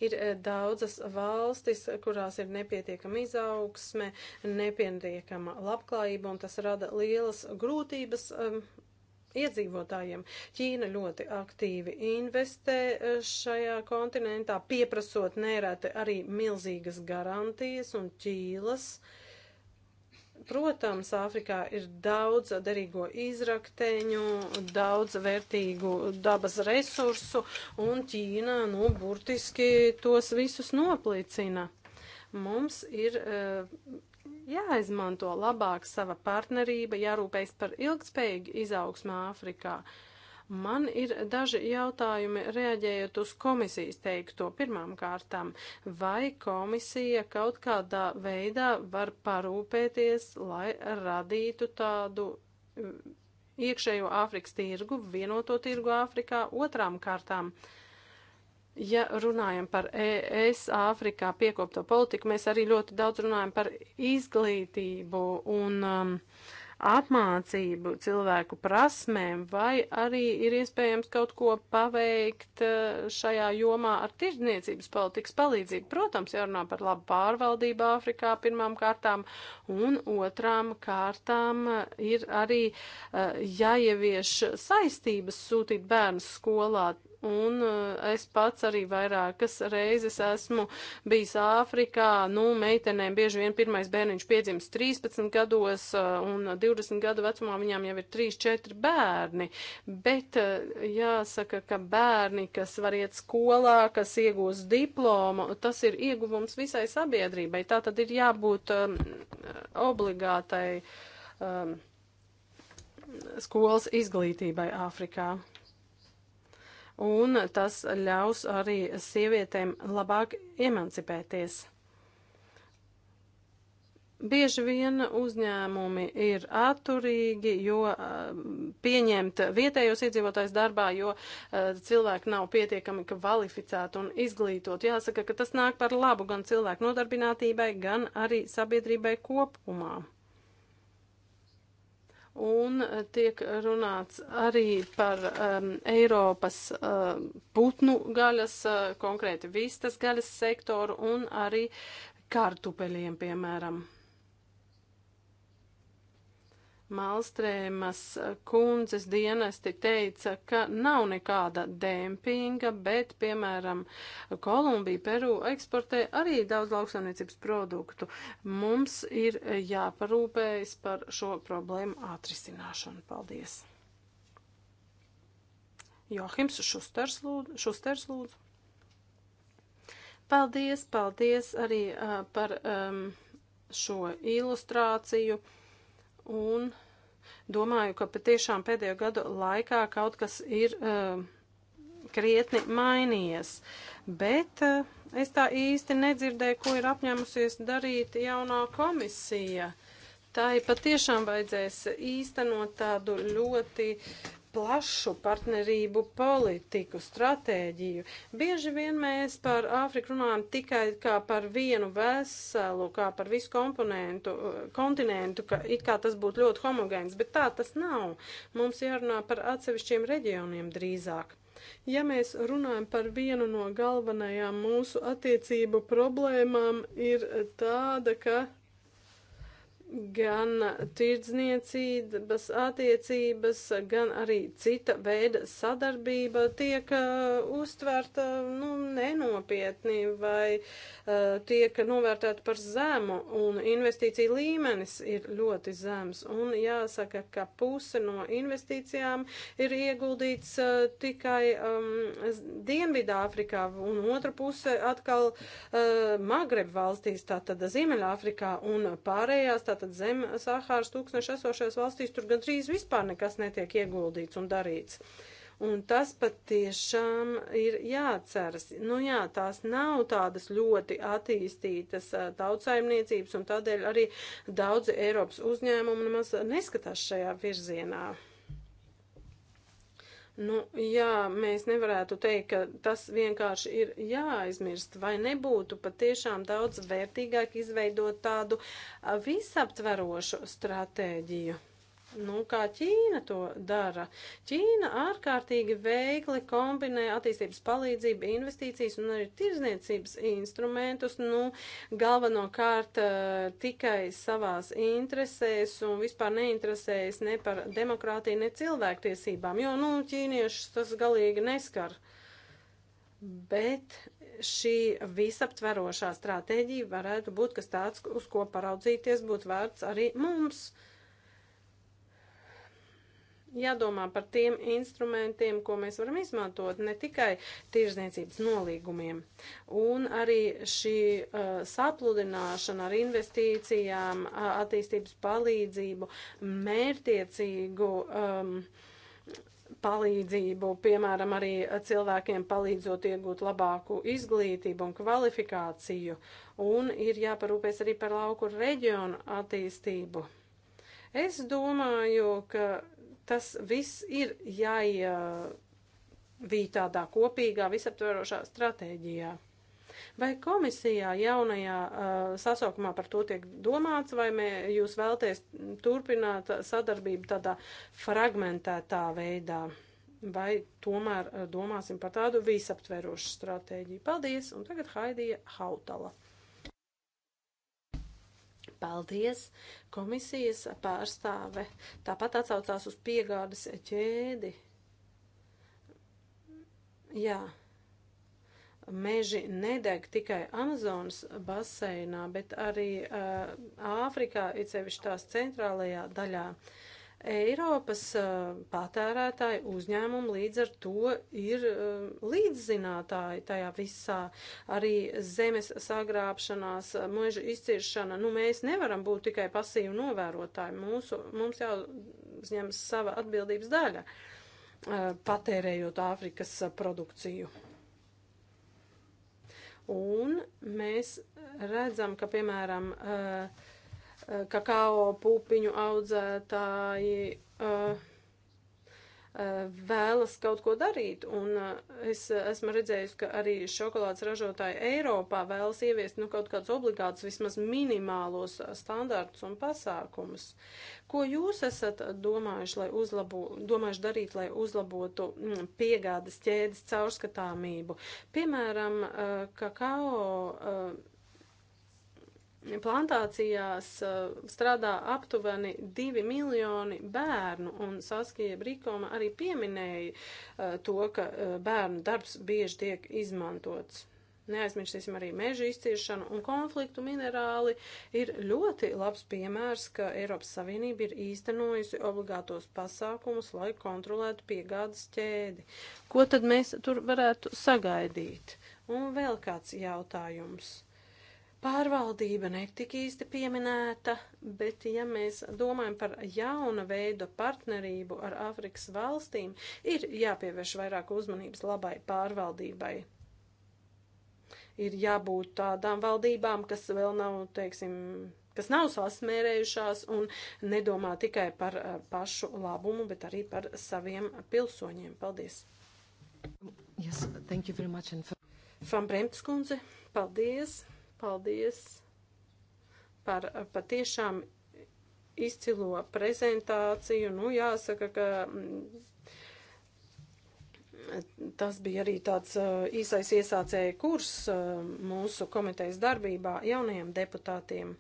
A: ir eh, daudzas valstis, kurās ir nepietiekama izaugsme, nepietiekama labklājība, un tas rada lielas grūtības ehm, iedzīvotājiem. Ķīna ļoti aktīvi investē e, šajā kontinentā, pieprasot nereti arī milzīgas garantijas un ķīlas. Protams, Āfrikā ir daudz derīgo izrakteņu, daudz vērtīgu dabas resursu, un Ķīna, nu, burtiski tos visus noplicina. Mums ir uh, jāizmanto labāk sava partnerība, jārūpējas par ilgspējīgu izaugsmu Āfrikā. Man ir daži jautājumi reaģējot uz komisijas teikto pirmām kārtām. Vai komisija kaut kādā veidā var parūpēties, lai radītu tādu uh, iekšējo Āfrikas tirgu, vienoto tirgu Āfrikā otrām kārtām? Uh, ja runājam par ES Āfrikā piekopto politiku, mēs arī ļoti daudz runājam par izglītību un um, apmācību cilvēku prasmēm, vai arī ir iespējams kaut ko paveikt uh, šajā jomā ar tirdzniecības politikas palīdzību. Protams, jārunā par labu pārvaldību Āfrikā pirmām kārtām, un otrām kārtām uh, ir arī uh, jāievieš saistības sūtīt bērnus skolā Un eh, es pats arī vairākas reizes esmu bijis Āfrikā. Nu, meitenēm bieži vien pirmais bērniņš piedzims 13 gados, eh, un 20 gadu vecumā viņām jau ir 3-4 bērni. Bet eh, jāsaka, ka bērni, kas var iet skolā, kas iegūs diplomu, tas ir ieguvums visai sabiedrībai. Tā tad ir jābūt um, obligātai um, skolas izglītībai Āfrikā un tas ļaus arī sievietēm labāk emancipēties. Bieži vien uzņēmumi ir atturīgi, jo eh, pieņemt vietējos iedzīvotājs darbā, jo eh, cilvēki nav pietiekami kvalificēti un izglītot. Jāsaka, ka tas nāk par labu gan cilvēku nodarbinātībai, gan arī sabiedrībai kopumā. Un eh, tiek runāts arī par um, Eiropas um, putnu gaļas, uh, konkrēti vistas gaļas sektoru un arī kartupeļiem, piemēram. Malstrēmas kundzes dienesti teica, ka nav nekāda dempinga, bet, piemēram, Kolumbija, Peru eksportē arī daudz lauksaimniecības produktu. Mums ir jāparūpējas par šo problēmu atrisināšanu. Paldies! Johims Šusters lūdzu. Šusters lūdzu. Paldies, paldies arī uh, par um, šo ilustrāciju. Uh, Un domāju, ka patiešām pēdējo gadu laikā kaut kas ir uh, krietni mainījies. Bet uh, es tā īsti nedzirdēju, ko ir apņēmusies darīt jaunā komisija. Tā ir patiešām vajadzēs īstenot tādu ļoti uh, plašu partnerību politiku, stratēģiju. Bieži vien mēs par Āfriku runājam tikai kā par vienu veselu, kā par visu komponentu, kontinentu, ka it kā tas būtu ļoti homogēns, bet tā tas nav. Mums jārunā par atsevišķiem reģioniem drīzāk. Ja mēs runājam par vienu no galvenajām mūsu attiecību problēmām, ir tāda, ka gan tirdzniecības attiecības, gan arī cita veida sadarbība tiek uh, uztverta nu, nenopietni vai uh, Eh, tiek novērtēta par zemu un investīcija līmenis ir ļoti zems. Un jāsaka, ka puse no investīcijām ir ieguldīts uh, tikai um, Dienvidāfrikā un otra puse atkal uh, Magreb valstīs, tātad Ziemeļāfrikā un pārējās, tātad zem Sahāras tūkstneša esošajās valstīs, tur gan trīs vispār nekas netiek ieguldīts un darīts. Uh, Un tas pat tiešām ir jāatceras. Nu jā, tās nav tādas ļoti attīstītas tautsaimniecības, un tādēļ arī daudzi Eiropas uzņēmumi nemaz neskatās šajā virzienā. Nu, jā, mēs nevarētu teikt, ka tas vienkārši ir jāaizmirst, vai nebūtu patiešām daudz vērtīgāk izveidot tādu visaptverošu stratēģiju nu, kā Ķīna to dara. Ķīna ārkārtīgi veikli kombinē attīstības palīdzību, investīcijas un arī tirzniecības instrumentus, nu, galvenokārt eh, tikai savās interesēs un vispār neinteresējas ne par demokrātiju, ne cilvēktiesībām, jo, nu, ķīniešus tas galīgi neskar. Bet šī visaptverošā stratēģija varētu būt kas tāds, uz ko paraudzīties būtu vērts arī mums. Uh, jādomā par tiem instrumentiem, ko mēs varam izmantot, ne tikai tirzniecības nolīgumiem. Un arī šī uh, sapludināšana ar investīcijām, uh, attīstības palīdzību, mērtiecīgu. Um, palīdzību, piemēram, arī cilvēkiem palīdzot iegūt labāku izglītību un kvalifikāciju, un ir jāparūpēs arī par lauku reģionu attīstību. Es domāju, ka Tas viss ir jāievīt tādā kopīgā, visaptverošā stratēģijā. Vai komisijā jaunajā uh, sasaukumā par to tiek domāts, vai mē, jūs vēlties turpināt sadarbību tādā fragmentētā veidā, vai tomēr uh, domāsim par tādu visaptverošu stratēģiju? Paldies, un tagad Haidija Hautala. Paldies! Komisijas pārstāve tāpat atsaucās uz piegādes ķēdi. Jā meži nedeg tikai Amazonas baseinā, bet arī uh, Āfrikā, it sevišķi tās centrālajā daļā. Eiropas patērētāji uzņēmumi līdz ar to ir līdzzinātāji tajā visā. Arī zemes sagrābšanās, mūža izciršana, nu mēs nevaram būt tikai pasīvi novērotāji. Mūsu, mums jau uzņemas sava atbildības daļa patērējot Āfrikas produkciju. Un mēs redzam, ka, piemēram, uh, Eh, kakao pupiņu audzētāji eh, eh, vēlas kaut ko darīt, un es esmu redzējusi, ka arī šokolādes ražotāji Eiropā vēlas ieviest nu, kaut kādus obligātus, vismaz minimālos standārtus un pasākumus. Ko jūs esat domājuši, lai uzlabo, domājuši darīt, lai uzlabotu mm, piegādes ķēdes caurskatāmību? Piemēram, kakao plantācijās strādā aptuveni 2 miljoni bērnu, un Saskija Brikoma arī pieminēja to, ka bērnu darbs bieži tiek izmantots. Neaizmirsīsim arī meža izciršanu un konfliktu minerāli ir ļoti labs piemērs, ka Eiropas Savienība ir īstenojusi obligātos pasākumus, lai kontrolētu piegādes ķēdi. Ko tad mēs tur varētu sagaidīt? Un vēl kāds jautājums. Pārvaldība netika īsti pieminēta, bet ja mēs domājam par jauna veida partnerību ar Āfrikas valstīm, ir jāpievērš vairāk uzmanības labai pārvaldībai. Ir jābūt tādām valdībām, kas vēl nav, teiksim, kas nav sasmērējušās un nedomā tikai par eh, pašu labumu, bet arī par saviem pilsoņiem. Paldies!
C: Yes, thank you very much. And...
A: Fan Bremtskundze, paldies! Paldies par patiešām izcilo prezentāciju. Nu, jāsaka, ka mm, tas bija arī tāds uh, īsais iesācēja kurs uh, mūsu komitejas darbībā jaunajiem deputātiem.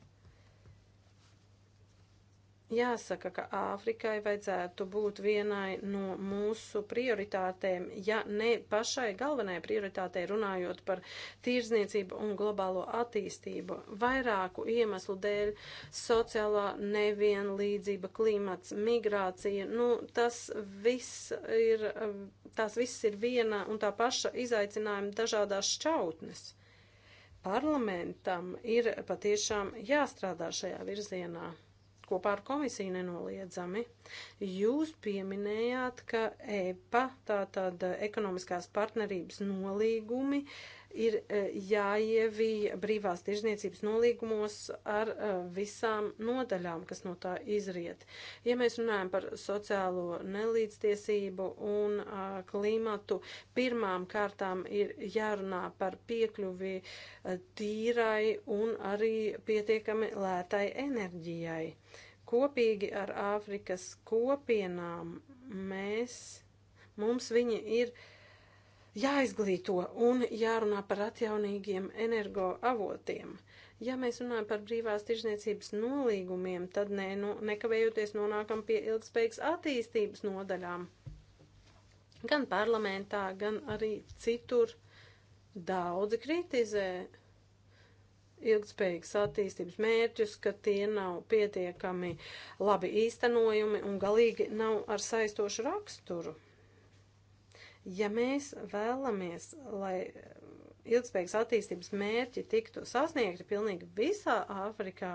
A: Jāsaka, ka Āfrikai vajadzētu būt vienai no mūsu prioritātēm, ja ne pašai galvenajai prioritātei runājot par tirzniecību un globālo attīstību. Vairāku iemeslu dēļ - sociālā nevienlīdzība, klimats, migrācija, nu, tas viss ir, tās viss ir viena un tā paša izaicinājuma dažādās šķautnes. Parlamentam ir patiešām jāstrādā šajā virzienā kopā ar komisiju nenoliedzami. Jūs pieminējāt, ka EPA, tātad ekonomiskās partnerības nolīgumi, uh, ir e, jāievīja brīvās tirzniecības nolīgumos ar e, visām nodaļām, kas no tā izriet. Ja mēs runājam par sociālo nelīdztiesību un klimatu, pirmām kārtām ir jārunā par piekļuvi e, tīrai un arī pietiekami lētai enerģijai. Kopīgi ar Āfrikas kopienām mēs, mums viņi ir uh, jāizglīto un jārunā par atjaunīgiem energoavotiem. Ja mēs runājam par brīvās tirzniecības nolīgumiem, tad ne, nu, nekavējoties nonākam pie ilgspējīgas attīstības nodaļām. Gan parlamentā, gan arī citur daudzi kritizē ilgspējīgas attīstības mērķus, ka tie nav pietiekami labi īstenojumi un galīgi nav ar saistošu raksturu. Ja mēs vēlamies, lai ilgspējīgas attīstības mērķi tiktu sasniegti pilnīgi visā Āfrikā,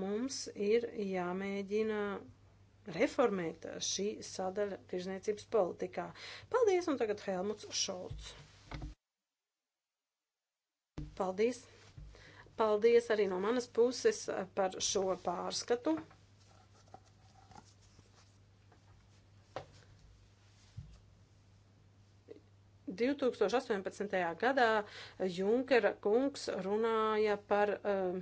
A: mums ir jāmēģina reformēt šī sadaļa tirzniecības politikā. Paldies, un tagad Helmuts Šolts. Paldies! Paldies arī no manas puses par šo pārskatu. 2018. gadā Junkera kungs runāja par um,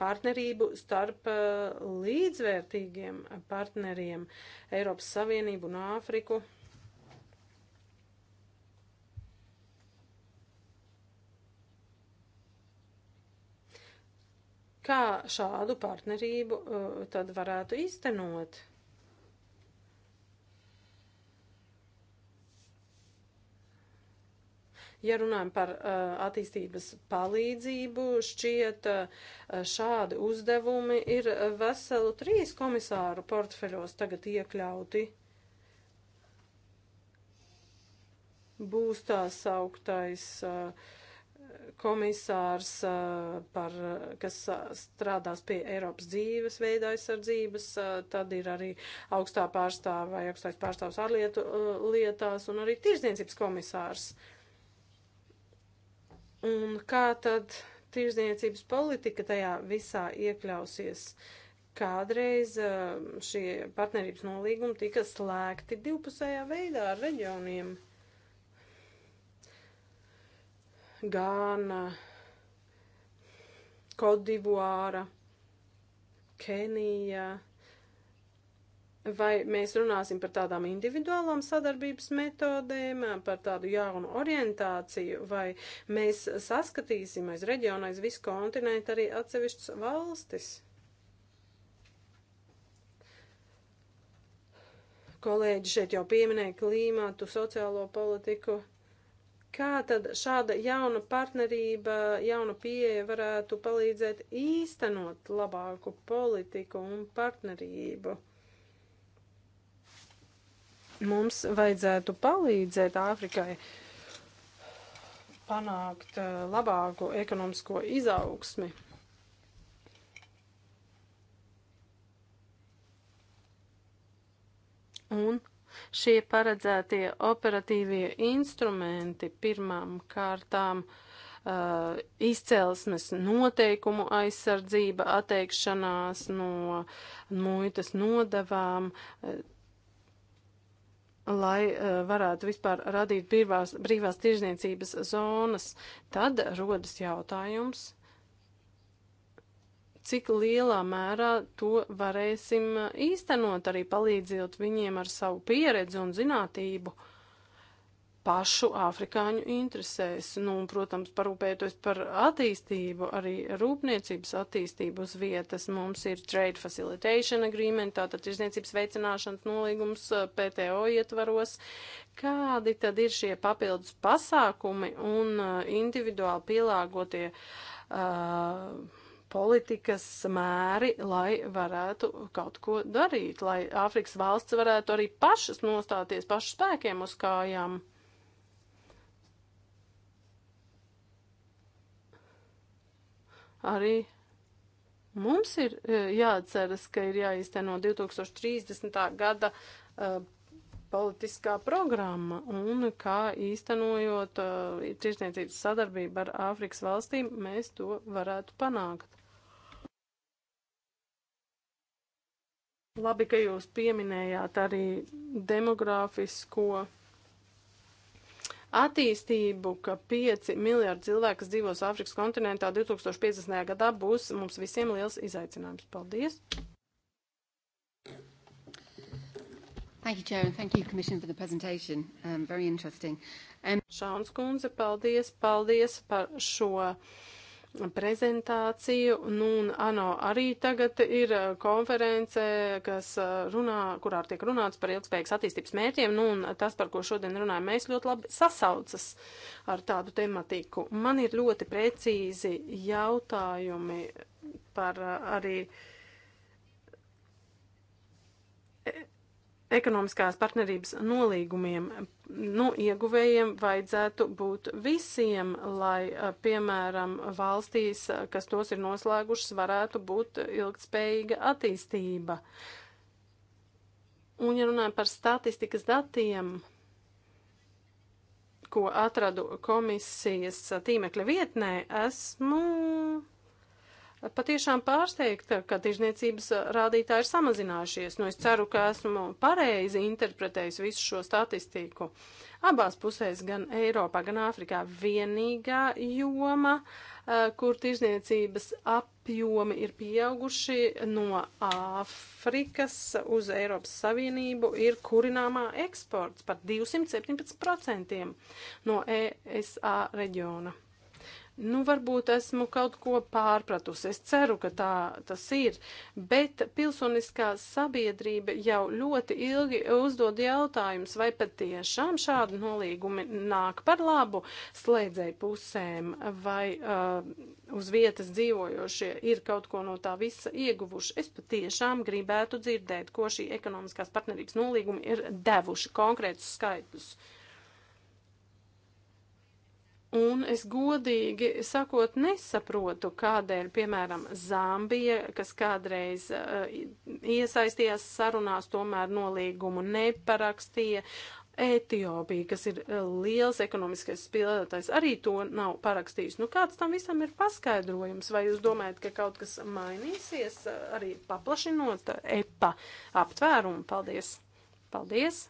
A: partnerību starp uh, līdzvērtīgiem partneriem Eiropas Savienību un Āfriku. Kā šādu partnerību uh, tad varētu iztenot? Ja runājam par uh, attīstības palīdzību, šķiet uh, šādi uzdevumi ir uh, veselu trīs komisāru portfeļos tagad iekļauti. Būs tā sauktais. Uh, komisārs, uh, par, uh, kas strādās pie Eiropas dzīves veida aizsardzības, tad ir arī augstā pārstāva vai augstais pārstāvs ārlietu lietās un arī tirzniecības komisārs. Uh, Un kā tad tirzniecības politika tajā visā iekļausies? Kādreiz um, šie partnerības nolīgumi tika slēgti divpusējā veidā ar reģioniem. Gāna, Kodivāra, Kenija. Vai mēs runāsim par tādām individuālām sadarbības metodēm, par tādu jaunu orientāciju, vai mēs saskatīsim aiz reģiona, aiz visu kontinentu arī atsevišķas valstis? Kolēģi šeit jau pieminēja klīmātu, sociālo politiku. Kā tad šāda jauna partnerība, jauna pieeja varētu palīdzēt īstenot labāku politiku un partnerību? Mums vajadzētu palīdzēt Āfrikai panākt eh, labāku ekonomisko izaugsmi. Un šie paredzētie operatīvie instrumenti pirmām kārtām uh, izcelsmes noteikumu aizsardzība, atteikšanās no muitas nodavām, uh, eh, lai eh, varētu vispār radīt brīvās, brīvās tirzniecības zonas, tad rodas jautājums, cik lielā mērā to varēsim eh, īstenot, arī palīdzot viņiem ar savu pieredzi un zinātību pašu afrikāņu interesēs. Nu, un, protams, parūpētos par attīstību, arī rūpniecības attīstību uz vietas. Mums ir Trade Facilitation Agreement, tātad tirzniecības veicināšanas nolīgums eh, PTO ietvaros. Kādi tad ir šie papildus pasākumi un eh, individuāli pielāgotie uh, politikas mēri, lai varētu kaut ko darīt, lai Āfrikas valsts varētu arī pašas nostāties pašu spēkiem uz kājām? arī mums ir e, jāatceras, ka ir jāizteno 2030. gada uh, politiskā programma un kā īstenojot uh, tirsniecības sadarbību ar Āfrikas valstīm, mēs to varētu panākt. Labi, ka jūs pieminējāt arī demogrāfisko attīstību, ka 5 miljārdi cilvēku, kas dzīvos Āfrikas kontinentā 2050. gadā, būs mums visiem liels izaicinājums. Paldies!
C: Thank you, Chair, and thank you, Commission, for the
A: presentation. Um, very interesting. Um... Šauns kundze, paldies, paldies par šo prezentāciju. Nu, un ANO arī tagad ir uh, konference, kas uh, runā, kurā tiek runāts par ilgspējīgas attīstības mērķiem. Nu, un tas, par ko šodien runājam, mēs ļoti labi sasaucas ar tādu tematiku. Man ir ļoti precīzi jautājumi par uh, arī e, ekonomiskās partnerības nolīgumiem nu, ieguvējiem vajadzētu būt visiem, lai, piemēram, valstīs, kas tos ir noslēgušas, varētu būt ilgtspējīga attīstība. Un, ja runājam par statistikas datiem, ko atradu komisijas tīmekļa vietnē, esmu patiešām pārsteigta, ka tirzniecības rādītāji ir samazinājušies. Nu, es ceru, ka esmu pareizi interpretējis visu šo statistiku. Abās pusēs, gan Eiropā, gan Āfrikā, vienīgā joma, eh, kur tirzniecības apjomi ir pieauguši no Āfrikas uz Eiropas Savienību, ir kurināmā eksports par 217% no ESA reģiona. Nu, varbūt esmu kaut ko pārpratusi. Es ceru, ka tā tas ir. Bet pilsoniskā sabiedrība jau ļoti ilgi uzdod jautājumus, vai patiešām šādi nolīgumi nāk par labu slēdzēju pusēm, vai uh, uz vietas dzīvojošie ir kaut ko no tā visa ieguvuši. Es patiešām gribētu dzirdēt, ko šī ekonomiskās partnerības nolīgumi ir devuši konkrētus skaitļus. Uh, Un es godīgi sakot nesaprotu, kādēļ, piemēram, Zāmbija, kas kādreiz uh, iesaistījās sarunās, tomēr nolīgumu neparakstīja, Etiopija, kas ir eh, liels ekonomiskais spēlētājs, arī to nav parakstījis. Nu, kāds tam visam ir paskaidrojums? Vai jūs domājat, ka kaut kas mainīsies, eh, arī paplašinot EPA aptvērumu? Paldies! Paldies!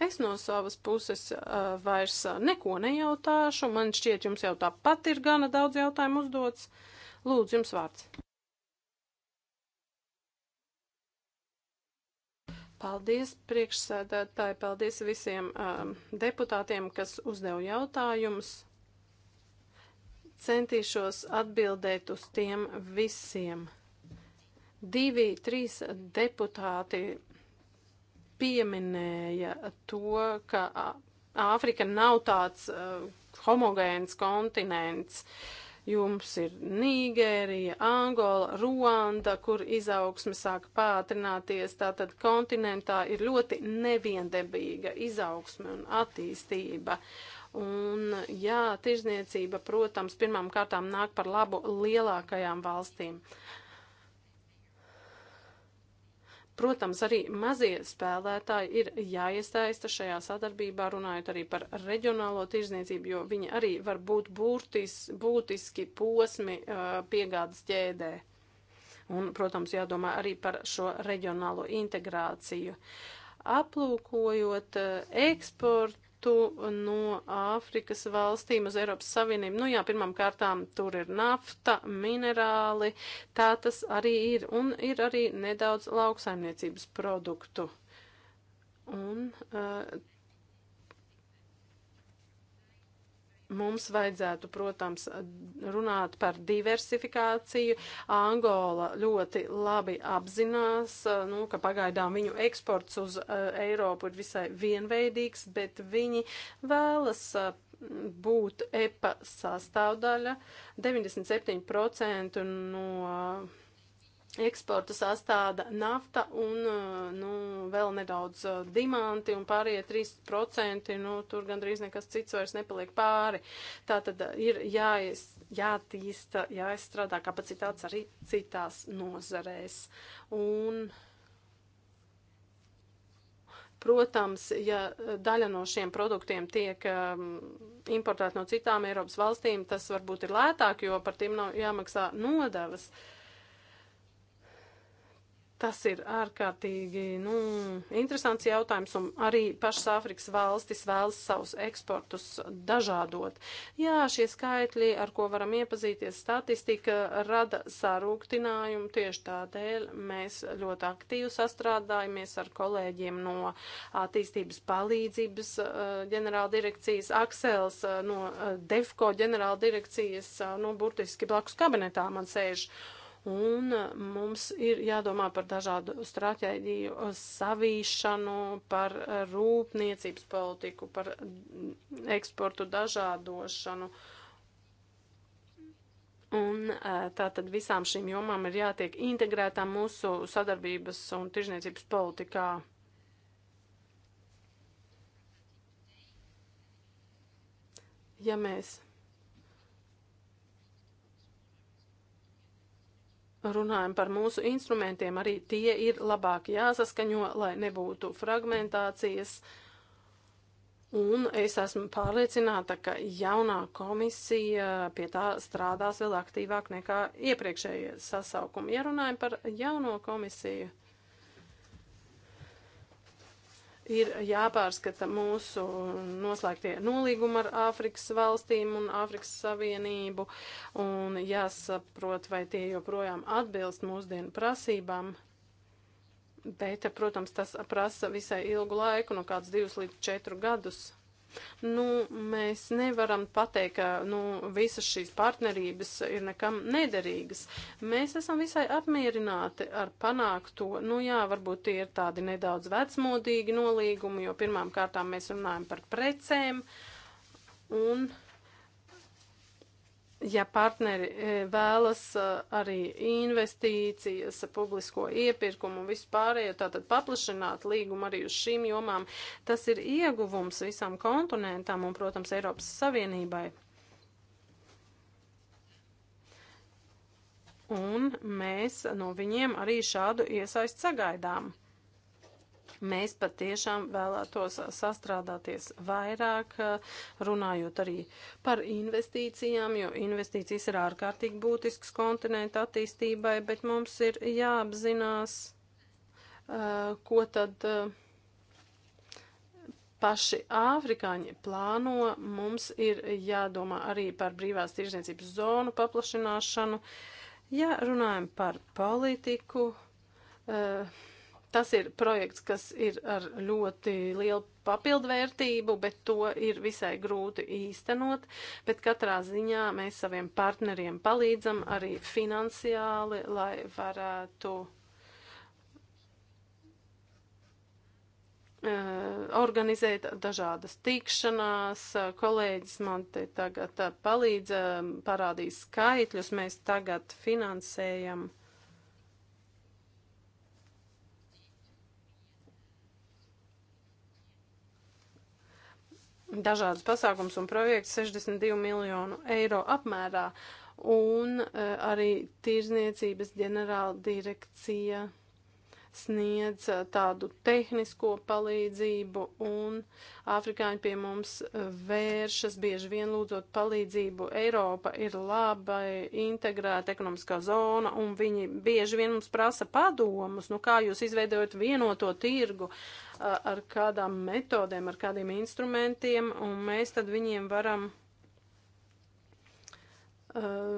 A: Es no savas puses uh, vairs neko nejautāšu. Man šķiet, jums jau tāpat ir gana daudz jautājumu uzdots. Lūdzu, jums vārds. Paldies priekšsēdētāji, paldies visiem um, deputātiem, kas uzdeva jautājumus. Centīšos atbildēt uz tiem visiem. Divi, trīs deputāti pieminēja to, ka Āfrika nav tāds uh, homogēns kontinents. Jums ir Nīgērija, Angola, Ruanda, kur izaugsme sāk pātrināties. Tātad kontinentā ir ļoti neviendebīga izaugsme un attīstība. Un, jā, tirzniecība, protams, pirmām kārtām nāk par labu lielākajām valstīm. Protams, arī mazie spēlētāji ir jāiesaista šajā sadarbībā, runājot arī par reģionālo tirzniecību, jo viņi arī var būt būtis, būtiski posmi piegādes ķēdē. Un, protams, jādomā arī par šo reģionālo integrāciju. Aplūkojot eksportu, naftu no nu, Āfrikas valstīm uz Eiropas Savienību. Nu jā, pirmām kārtām tur ir nafta, minerāli, tā tas arī ir, un ir arī nedaudz lauksaimniecības produktu. Un uh, Mums vajadzētu, protams, runāt par diversifikāciju. Angola ļoti labi apzinās, nu, ka pagaidām viņu eksports uz eh, Eiropu ir visai vienveidīgs, bet viņi vēlas eh, būt EPA sastāvdaļa. 97% no eksporta sastāda nafta un eh, nu, vēl nedaudz eh, dimanti un pārējie 3%, nu, tur gandrīz nekas cits vairs nepaliek pāri. Tā tad eh, ir jāies, jātīsta, jāizstrādā kapacitātes arī citās nozarēs. Un, protams, ja daļa no šiem produktiem tiek um, importēta no citām Eiropas valstīm, tas varbūt ir lētāk, jo par tiem nav jāmaksā nodevas. Uh, Tas ir ārkārtīgi nu, interesants jautājums, un arī pašas Āfrikas valstis vēlas savus eksportus dažādot. Jā, šie skaitļi, ar ko varam iepazīties, statistika rada sarūktinājumu. Tieši tādēļ mēs ļoti aktīvi sastrādājamies ar kolēģiem no attīstības palīdzības uh, ģenerāldirekcijas, Aksels uh, no uh, DEFCO ģenerāldirekcijas, nu, burtiski blakus kabinetā man sēž. Uh, Un eh, mums ir jādomā par dažādu stratēģiju eh, savīšanu, par eh, rūpniecības politiku, par mm, eksportu dažādošanu. Un tātad visām šīm jomām ir jātiek integrētām mūsu sadarbības un tirzniecības politikā. Ja mēs runājam par mūsu instrumentiem, arī tie ir labāk jāsaskaņo, lai nebūtu fragmentācijas. Un es esmu pārliecināta, ka jaunā komisija pie tā strādās vēl aktīvāk nekā iepriekšējie sasaukumi. Ja runājam par jauno komisiju, uh, ir jāpārskata mūsu noslēgtie nolīgumi ar Āfrikas valstīm un Āfrikas Savienību un jāsaprot, vai tie joprojām atbilst mūsdienu prasībām. Bet, protams, tas prasa visai ilgu laiku, no kāds divus līdz četru gadus. Nu, mēs nevaram pateikt, ka nu, visas šīs partnerības ir nekam nederīgas. Mēs esam visai apmierināti ar panākto. Nu jā, varbūt tie ir tādi nedaudz vecmodīgi nolīgumi, jo pirmām kārtām mēs runājam par precēm un. Uh, ja partneri e, vēlas e, arī investīcijas, publisko iepirkumu un vispārējo, tātad paplašināt līgumu arī uz šīm jomām, tas ir ieguvums visam kontinentam un, protams, Eiropas Savienībai. Un mēs no viņiem arī šādu iesaistu sagaidām. Mēs patiešām vēlētos sastrādāties vairāk, runājot arī par investīcijām, jo investīcijas ir ārkārtīgi būtisks kontinentu attīstībai, bet mums ir jāapzinās, ko tad paši āfrikāņi plāno. Mums ir jādomā arī par brīvās tirzniecības zonu paplašināšanu. Ja runājam par politiku, uh, Tas ir projekts, kas ir ar ļoti lielu papildvērtību, bet to ir visai grūti īstenot. Bet katrā ziņā mēs saviem partneriem palīdzam arī finansiāli, lai varētu uh, organizēt dažādas tikšanās. Kolēģis man te tagad eh, palīdz, eh, parādīs skaitļus. Mēs tagad finansējam dažādas pasākums un projekts 62 miljonu eiro apmērā un uh, arī tirzniecības ģenerāla direkcija sniedz e, tādu tehnisko palīdzību, un afrikāņi pie mums e, vēršas, bieži vien lūdzot palīdzību. Eiropa ir laba, integrēta ekonomiskā zona, un viņi bieži vien mums prasa padomus, nu kā jūs izveidojat vienoto tirgu. Uh, ar kādām metodēm, ar kādiem instrumentiem, un mēs tad viņiem varam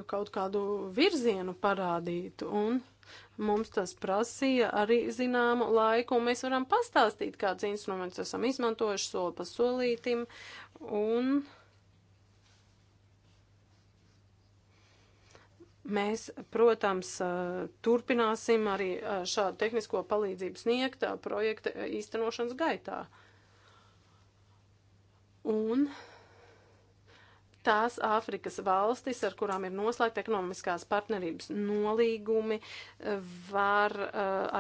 A: kaut kādu virzienu parādīt. Un mums tas prasīja arī zināmu laiku, un mēs varam pastāstīt, kāds instruments esam izmantojuši soli pa solītim. Un Mēs, protams, turpināsim arī šādu tehnisko palīdzību sniegt projekta īstenošanas gaitā. Un tās Āfrikas valstis, ar kurām ir noslēgta ekonomiskās partnerības nolīgumi, var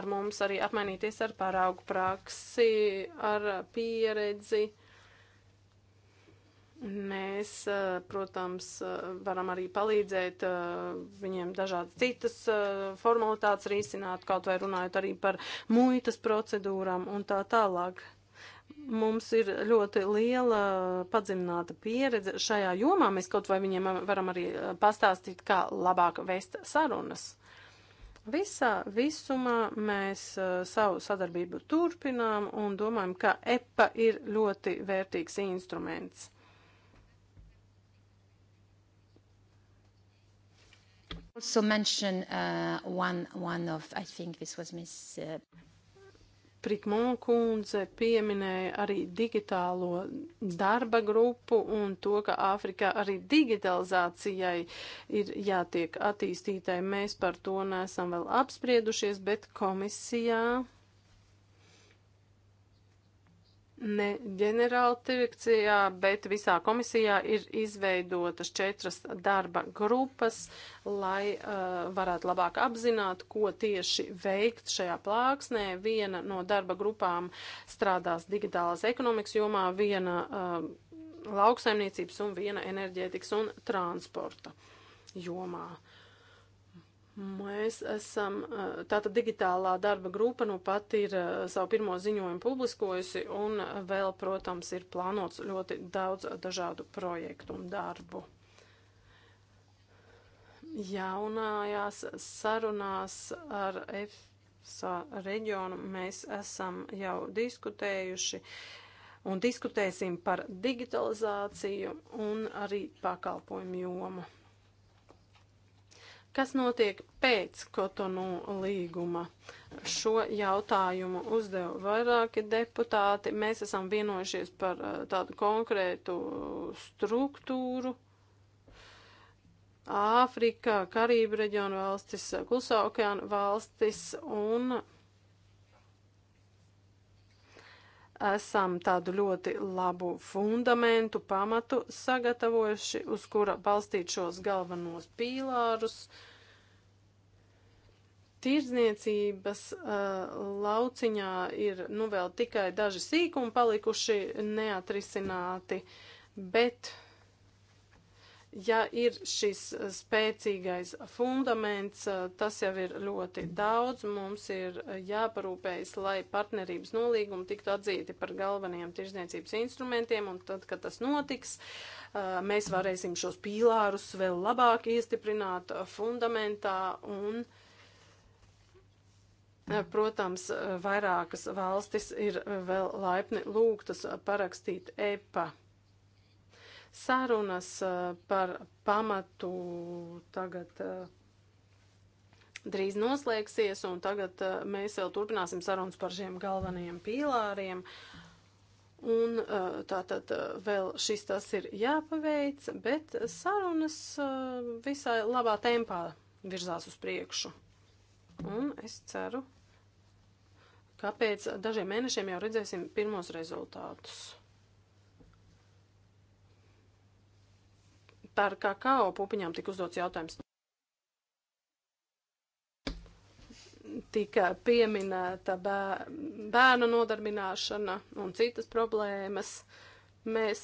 A: ar mums arī apmainīties ar paraugu praksi, ar pieredzi Mēs, eh, protams, eh, varam arī palīdzēt eh, viņiem dažādas citas formalitātes risināt, kaut vai runājot arī par muitas procedūrām un tā tālāk. Mums ir ļoti liela padziļināta pieredze šajā jomā. Mēs kaut vai viņiem varam arī pastāstīt, kā labāk vest sarunas. Visā visumā mēs uh, savu sadarbību turpinām un domājam, ka EPA ir ļoti vērtīgs instruments.
C: also mention uh,
A: one, one of, I think this was Miss. Uh... Prikmūn kundze pieminēja arī digitālo darba grupu un to, ka Āfrikā arī digitalizācijai ir jātiek attīstītai. Mēs par to nesam vēl apspriedušies, bet komisijā ne ģenerāla direkcijā, bet visā komisijā ir izveidotas četras darba grupas, lai uh, varētu labāk apzināt, ko tieši veikt šajā plāksnē. Viena no darba grupām strādās digitālās ekonomikas jomā, viena uh, lauksaimniecības un viena enerģētikas un transporta jomā. Uh, Mēs esam, tātad digitālā darba grupa nu pat ir savu pirmo ziņojumu publiskojusi un vēl, protams, ir plānots ļoti daudz dažādu projektu un darbu. Jaunājās sarunās ar EFSA reģionu mēs esam jau diskutējuši un diskutēsim par digitalizāciju un arī pakalpojumu jomu Kas notiek pēc Kotonu līguma? Šo jautājumu uzdeva vairāki deputāti. Mēs esam vienojušies par uh, tādu konkrētu struktūru. Āfrika, Karību reģionu valstis, Klusā okeāna valstis un esam tādu ļoti labu fundamentu, pamatu sagatavojuši, uz kura balstīt šos galvenos pīlārus. Tirdzniecības uh, lauciņā ir nu vēl tikai daži sīkumi palikuši neatrisināti, bet uh, Ja ir šis spēcīgais fundaments, eh, tas jau ir ļoti daudz. Mums ir jāparūpējas, lai partnerības nolīgumi tiktu atzīti par galvenajiem tirzniecības instrumentiem, un tad, kad tas notiks, eh, mēs varēsim šos pīlārus vēl labāk iestiprināt eh, fundamentā un. Protams, vairākas valstis ir vēl laipni lūgtas parakstīt EPA. Sarunas eh, par pamatu tagad eh, drīz noslēgsies, un tagad eh, mēs vēl turpināsim sarunas par šiem galvenajiem pīlāriem. Un tātad vēl šis tas ir jāpaveic, bet sarunas visai labā tempā virzās uz priekšu. Un es ceru, ka pēc dažiem mēnešiem jau redzēsim pirmos rezultātus. Par kakao pupiņām tika uzdots jautājums. Tika pieminēta bērnu nodarbināšana un citas problēmas. Mēs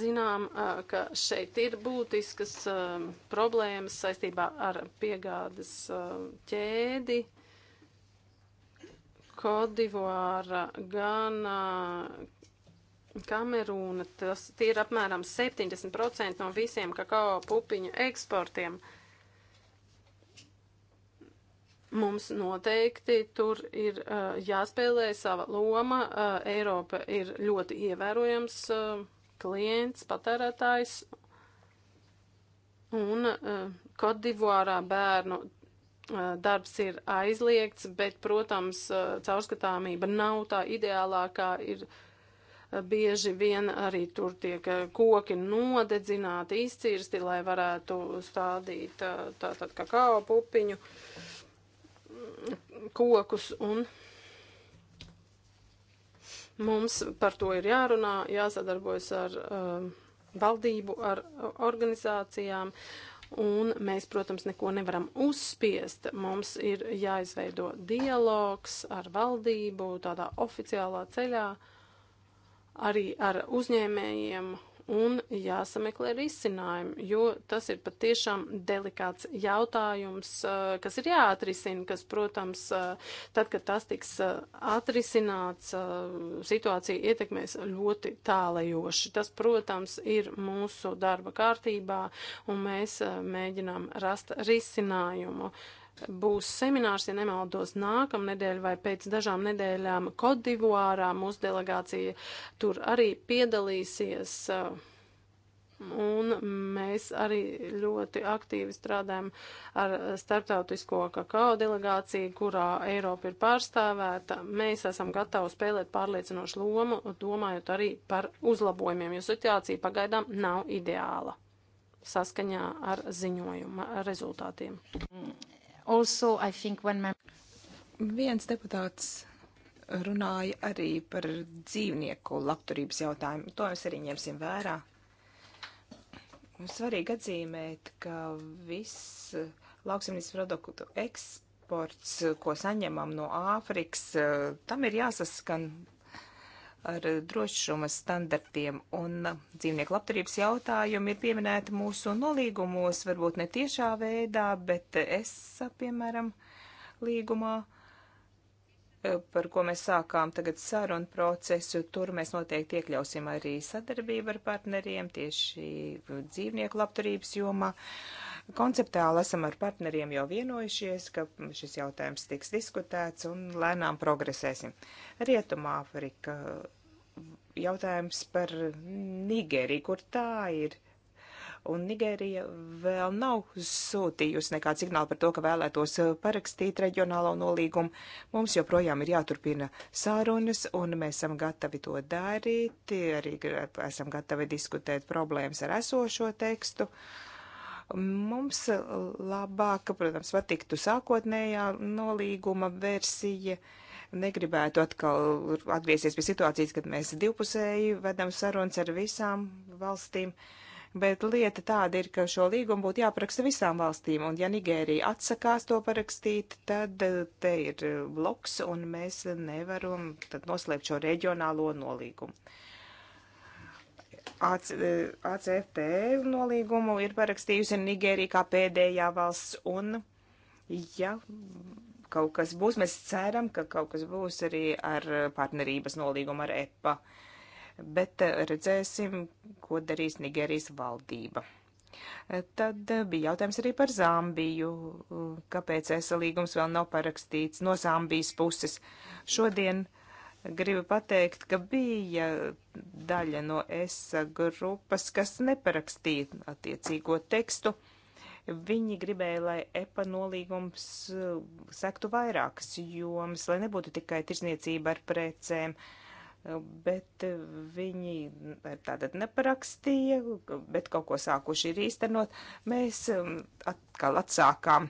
A: zinām, ka šeit ir būtiskas problēmas saistībā ar piegādes ķēdi. Kodivāra, Gana, Kamerūna, tas tie ir apmēram 70% no visiem kakao pupiņu eksportiem. Mums noteikti tur ir uh, jāspēlē sava loma. Uh, Eiropa ir ļoti ievērojams uh, klients, patērētājs. Un uh, Kodivuārā bērnu darbs ir aizliegts, bet, protams, caurskatāmība nav tā ideālākā ir. Uh, Bieži vien arī tur tiek eh, koki nodedzināti, izcirsti, lai varētu stādīt eh, tātad tā, kakao pupiņu mm, kokus un mums par to ir jārunā, jāsadarbojas ar uh, valdību, ar organizācijām, un mēs, protams, neko nevaram uzspiest. Mums ir jāizveido dialogs ar valdību tādā oficiālā ceļā. Uh, arī ar uzņēmējiem un jāsameklē risinājumi, jo tas ir patiešām delikāts jautājums, eh, kas ir jāatrisina, kas, protams, eh, tad, kad tas tiks eh, atrisināts, situācija ietekmēs ļoti tālajoši. Tas, protams, ir mūsu darba kārtībā, un mēs mēģinām rast risinājumu. Uh, būs seminārs, ja nemaldos, nākamnedēļ vai pēc dažām nedēļām Kodivārā. Mūsu delegācija tur arī piedalīsies. Un mēs arī ļoti aktīvi strādājam ar starptautisko kakao delegāciju, kurā Eiropa ir pārstāvēta. Mēs esam gatavi spēlēt pārliecinošu lomu, domājot arī par uzlabojumiem, jo situācija pagaidām nav ideāla saskaņā ar ziņojuma rezultātiem. Mm.
B: Also, I think when my... Viens deputāts runāja arī par dzīvnieku labturības jautājumu. To mēs arī ņemsim vērā. Svarīgi atzīmēt, ka viss lauksimnības produktu eksports, ko saņemam no Āfrikas, tam ir jāsaskan ar drošuma standartiem un uh, dzīvnieku labturības jautājumi ir pieminēti mūsu nolīgumos, varbūt ne tiešā veidā, bet es, piemēram, līgumā, uh, par ko mēs sākām tagad sarunu procesu, tur mēs noteikti iekļausim arī sadarbību ar partneriem tieši dzīvnieku labturības jomā. Uh, Konceptuāli esam ar partneriem jau vienojušies, ka šis jautājums tiks diskutēts un lēnām progresēsim. Rietumāfrika jautājums par Nigēriju, kur tā ir un Nigērija vēl nav sūtījusi nekādu signālu par to, ka vēlētos parakstīt reģionālo nolīgumu. Mums joprojām ir jāturpina sārunas, un mēs esam gatavi to darīt, arī esam gatavi diskutēt problēmas ar esošo tekstu. Uh, Mums labāk, protams, patiktu sākotnējā nolīguma versija. Negribētu atkal atgriezties pie situācijas, kad mēs divpusēji vedam sarunas ar visām valstīm bet lieta tāda ir, ka šo līgumu būtu jāparaksta visām valstīm, un ja Nigērija atsakās to parakstīt, tad eh, te ir bloks, un mēs nevaram tad noslēpt šo reģionālo nolīgumu. ACP nolīgumu ir parakstījusi Nigērija kā pēdējā valsts, un ja kaut kas būs, mēs ceram, ka kaut kas būs arī ar partnerības nolīgumu ar EPA, bet eh, redzēsim, ko darīs Nigērijas valdība. Eh, tad eh, bija jautājums arī par Zambiju. Kāpēc ESA līgums vēl nav parakstīts no Zambijas puses? Šodien uh, gribu pateikt, ka bija daļa no ESA grupas, kas neparakstīja attiecīgo tekstu. Viņi gribēja, lai EPA nolīgums uh, sektu vairākas jomas, lai nebūtu tikai tirzniecība ar precēm. Uh, bet eh, viņi eh, tātad neparakstīja, bet kaut ko sākuši ir īstenot. Mēs um, atkal atsākām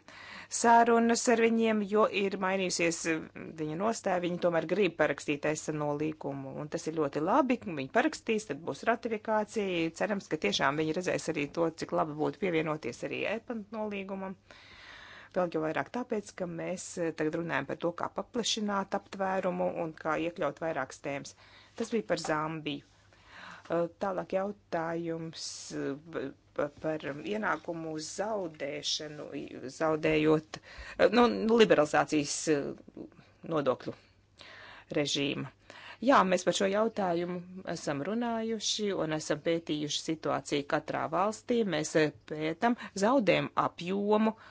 B: sārunas ar viņiem, jo ir mainījusies eh, viņa nostāja, viņi tomēr grib parakstīt aizsano līkumu, un tas ir ļoti labi, viņi parakstīs, tad būs ratifikācija, cerams, ka tiešām viņi redzēs arī to, cik labi būtu pievienoties arī EPA nolīgumam. No vēl jau vairāk tāpēc, ka mēs eh, tagad runājam par to, kā paplašināt aptvērumu un kā iekļaut vairākas tēmas. Tas bija par Zambiju. Eh, tālāk jautājums eh, par ienākumu zaudēšanu, zaudējot nu, liberalizācijas nodokļu režīmu. Jā, mēs par šo jautājumu esam runājuši un esam pētījuši situāciju katrā valstī. Mēs pētam zaudējumu apjomu. Uh,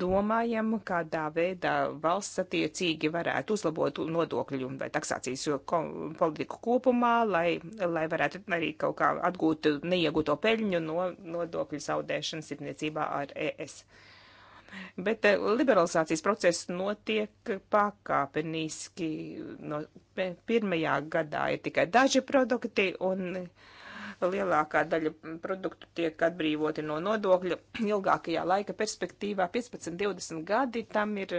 B: domājam, kādā veidā valsts attiecīgi varētu uzlabot nodokļu vai taksācijas politiku kopumā, lai, lai varētu arī kaut kā atgūt neiegūto peļņu no nodokļu zaudēšanas sirdniecībā ar ES. Bet eh, liberalizācijas process notiek pakāpeniski. No pirmajā gadā ir tikai daži produkti, un lielākā daļa produktu tiek atbrīvoti no nodokļa ilgākajā laika perspektīvā, 15-20 gadi, tam ir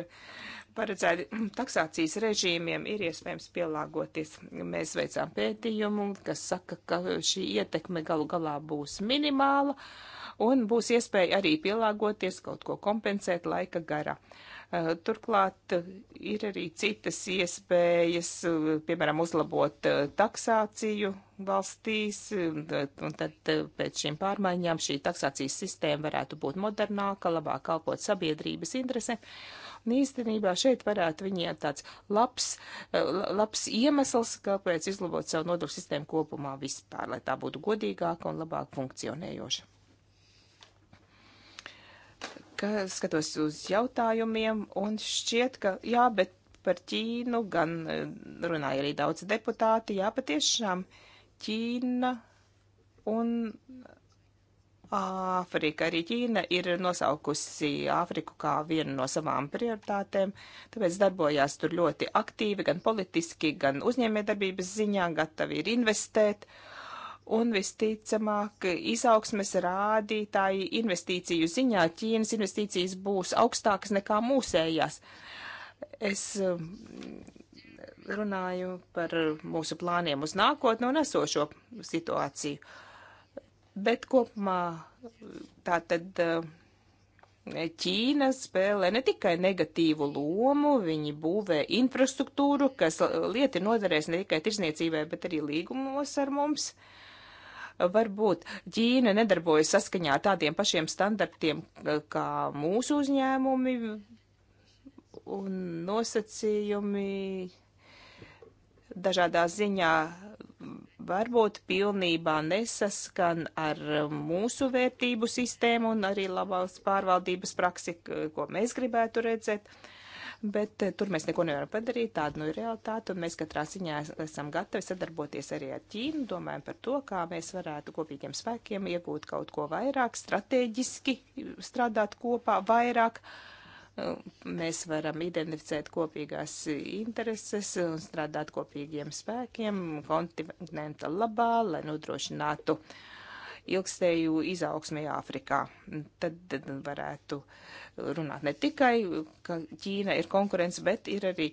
B: paredzēti taksācijas režīmiem, ir iespējams pielāgoties. Mēs veicām pētījumu, kas saka, ka šī ietekme galu galā būs minimāla un būs iespēja arī pielāgoties, kaut ko kompensēt laika garā. Eh, turklāt eh, ir arī citas iespējas, eh, piemēram, uzlabot taksāciju valstīs, un tad pēc šīm pārmaiņām šī taksācijas sistēma varētu būt modernāka, labāk kalpot sabiedrības interesēm. Un īstenībā šeit varētu viņiem tāds labs, labs iemesls, kāpēc izlabot savu nodokļu sistēmu kopumā vispār, lai tā būtu godīgāka un labāk funkcionējoša ka skatos uz jautājumiem un šķiet, ka jā, bet par Ķīnu gan e, runāja arī daudz deputāti. Jā, patiešām Ķīna un Āfrika. Arī Ķīna ir nosaukusi Āfriku kā vienu no savām prioritātēm, tāpēc darbojās tur ļoti aktīvi, gan politiski, gan uzņēmējdarbības ziņā, gatavi ir investēt. Uh, Un visticamāk, izaugsmes rādītāji investīciju ziņā Ķīnas investīcijas būs augstākas nekā mūsējās. Es um, runāju par mūsu plāniem uz nākotnu un esošo situāciju. Bet kopumā tā tad um, Ķīna spēlē ne tikai negatīvu lomu, viņi būvē infrastruktūru, kas lieti noderēs ne tikai tirzniecībai, bet arī līgumos ar mums. Uh, Varbūt Ķīna nedarbojas saskaņā ar tādiem pašiem standartiem kā mūsu uzņēmumi un nosacījumi dažādā ziņā varbūt pilnībā nesaskan ar mūsu vērtību sistēmu un arī labās pārvaldības praksi, ko mēs gribētu redzēt bet eh, tur mēs neko nevaram padarīt, tāda nu ir realitāte, un mēs katrā ziņā esam gatavi sadarboties arī ar Ķīnu, domājam par to, kā mēs varētu kopīgiem spēkiem iegūt kaut ko vairāk, strateģiski strādāt kopā vairāk. Eh, mēs varam identificēt kopīgās intereses un strādāt kopīgiem spēkiem kontinenta labā, lai nodrošinātu uh, ilgstēju izaugsmē Āfrikā. Tad varētu runāt ne tikai, ka Ķīna ir konkurence, bet ir arī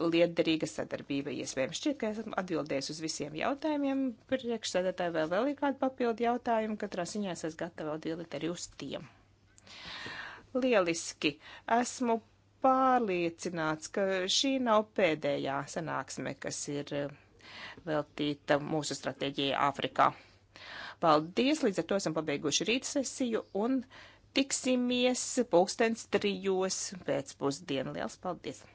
B: liederīga sadarbība iespējams. Šķiet, ka esam atbildējis uz visiem jautājumiem. Priekšsēdētāji vēl, vēl ir kādi papildu jautājumi, katrā ziņā es esmu gatava atbildēt arī uz tiem. Lieliski! Esmu pārliecināts, ka šī nav pēdējā sanāksme, kas ir eh, veltīta mūsu stratēģijai Āfrikā. Paldies, līdz ar to esam pabeiguši rītsesiju un tiksimies pulkstens trijos pēcpusdienu. Liels paldies!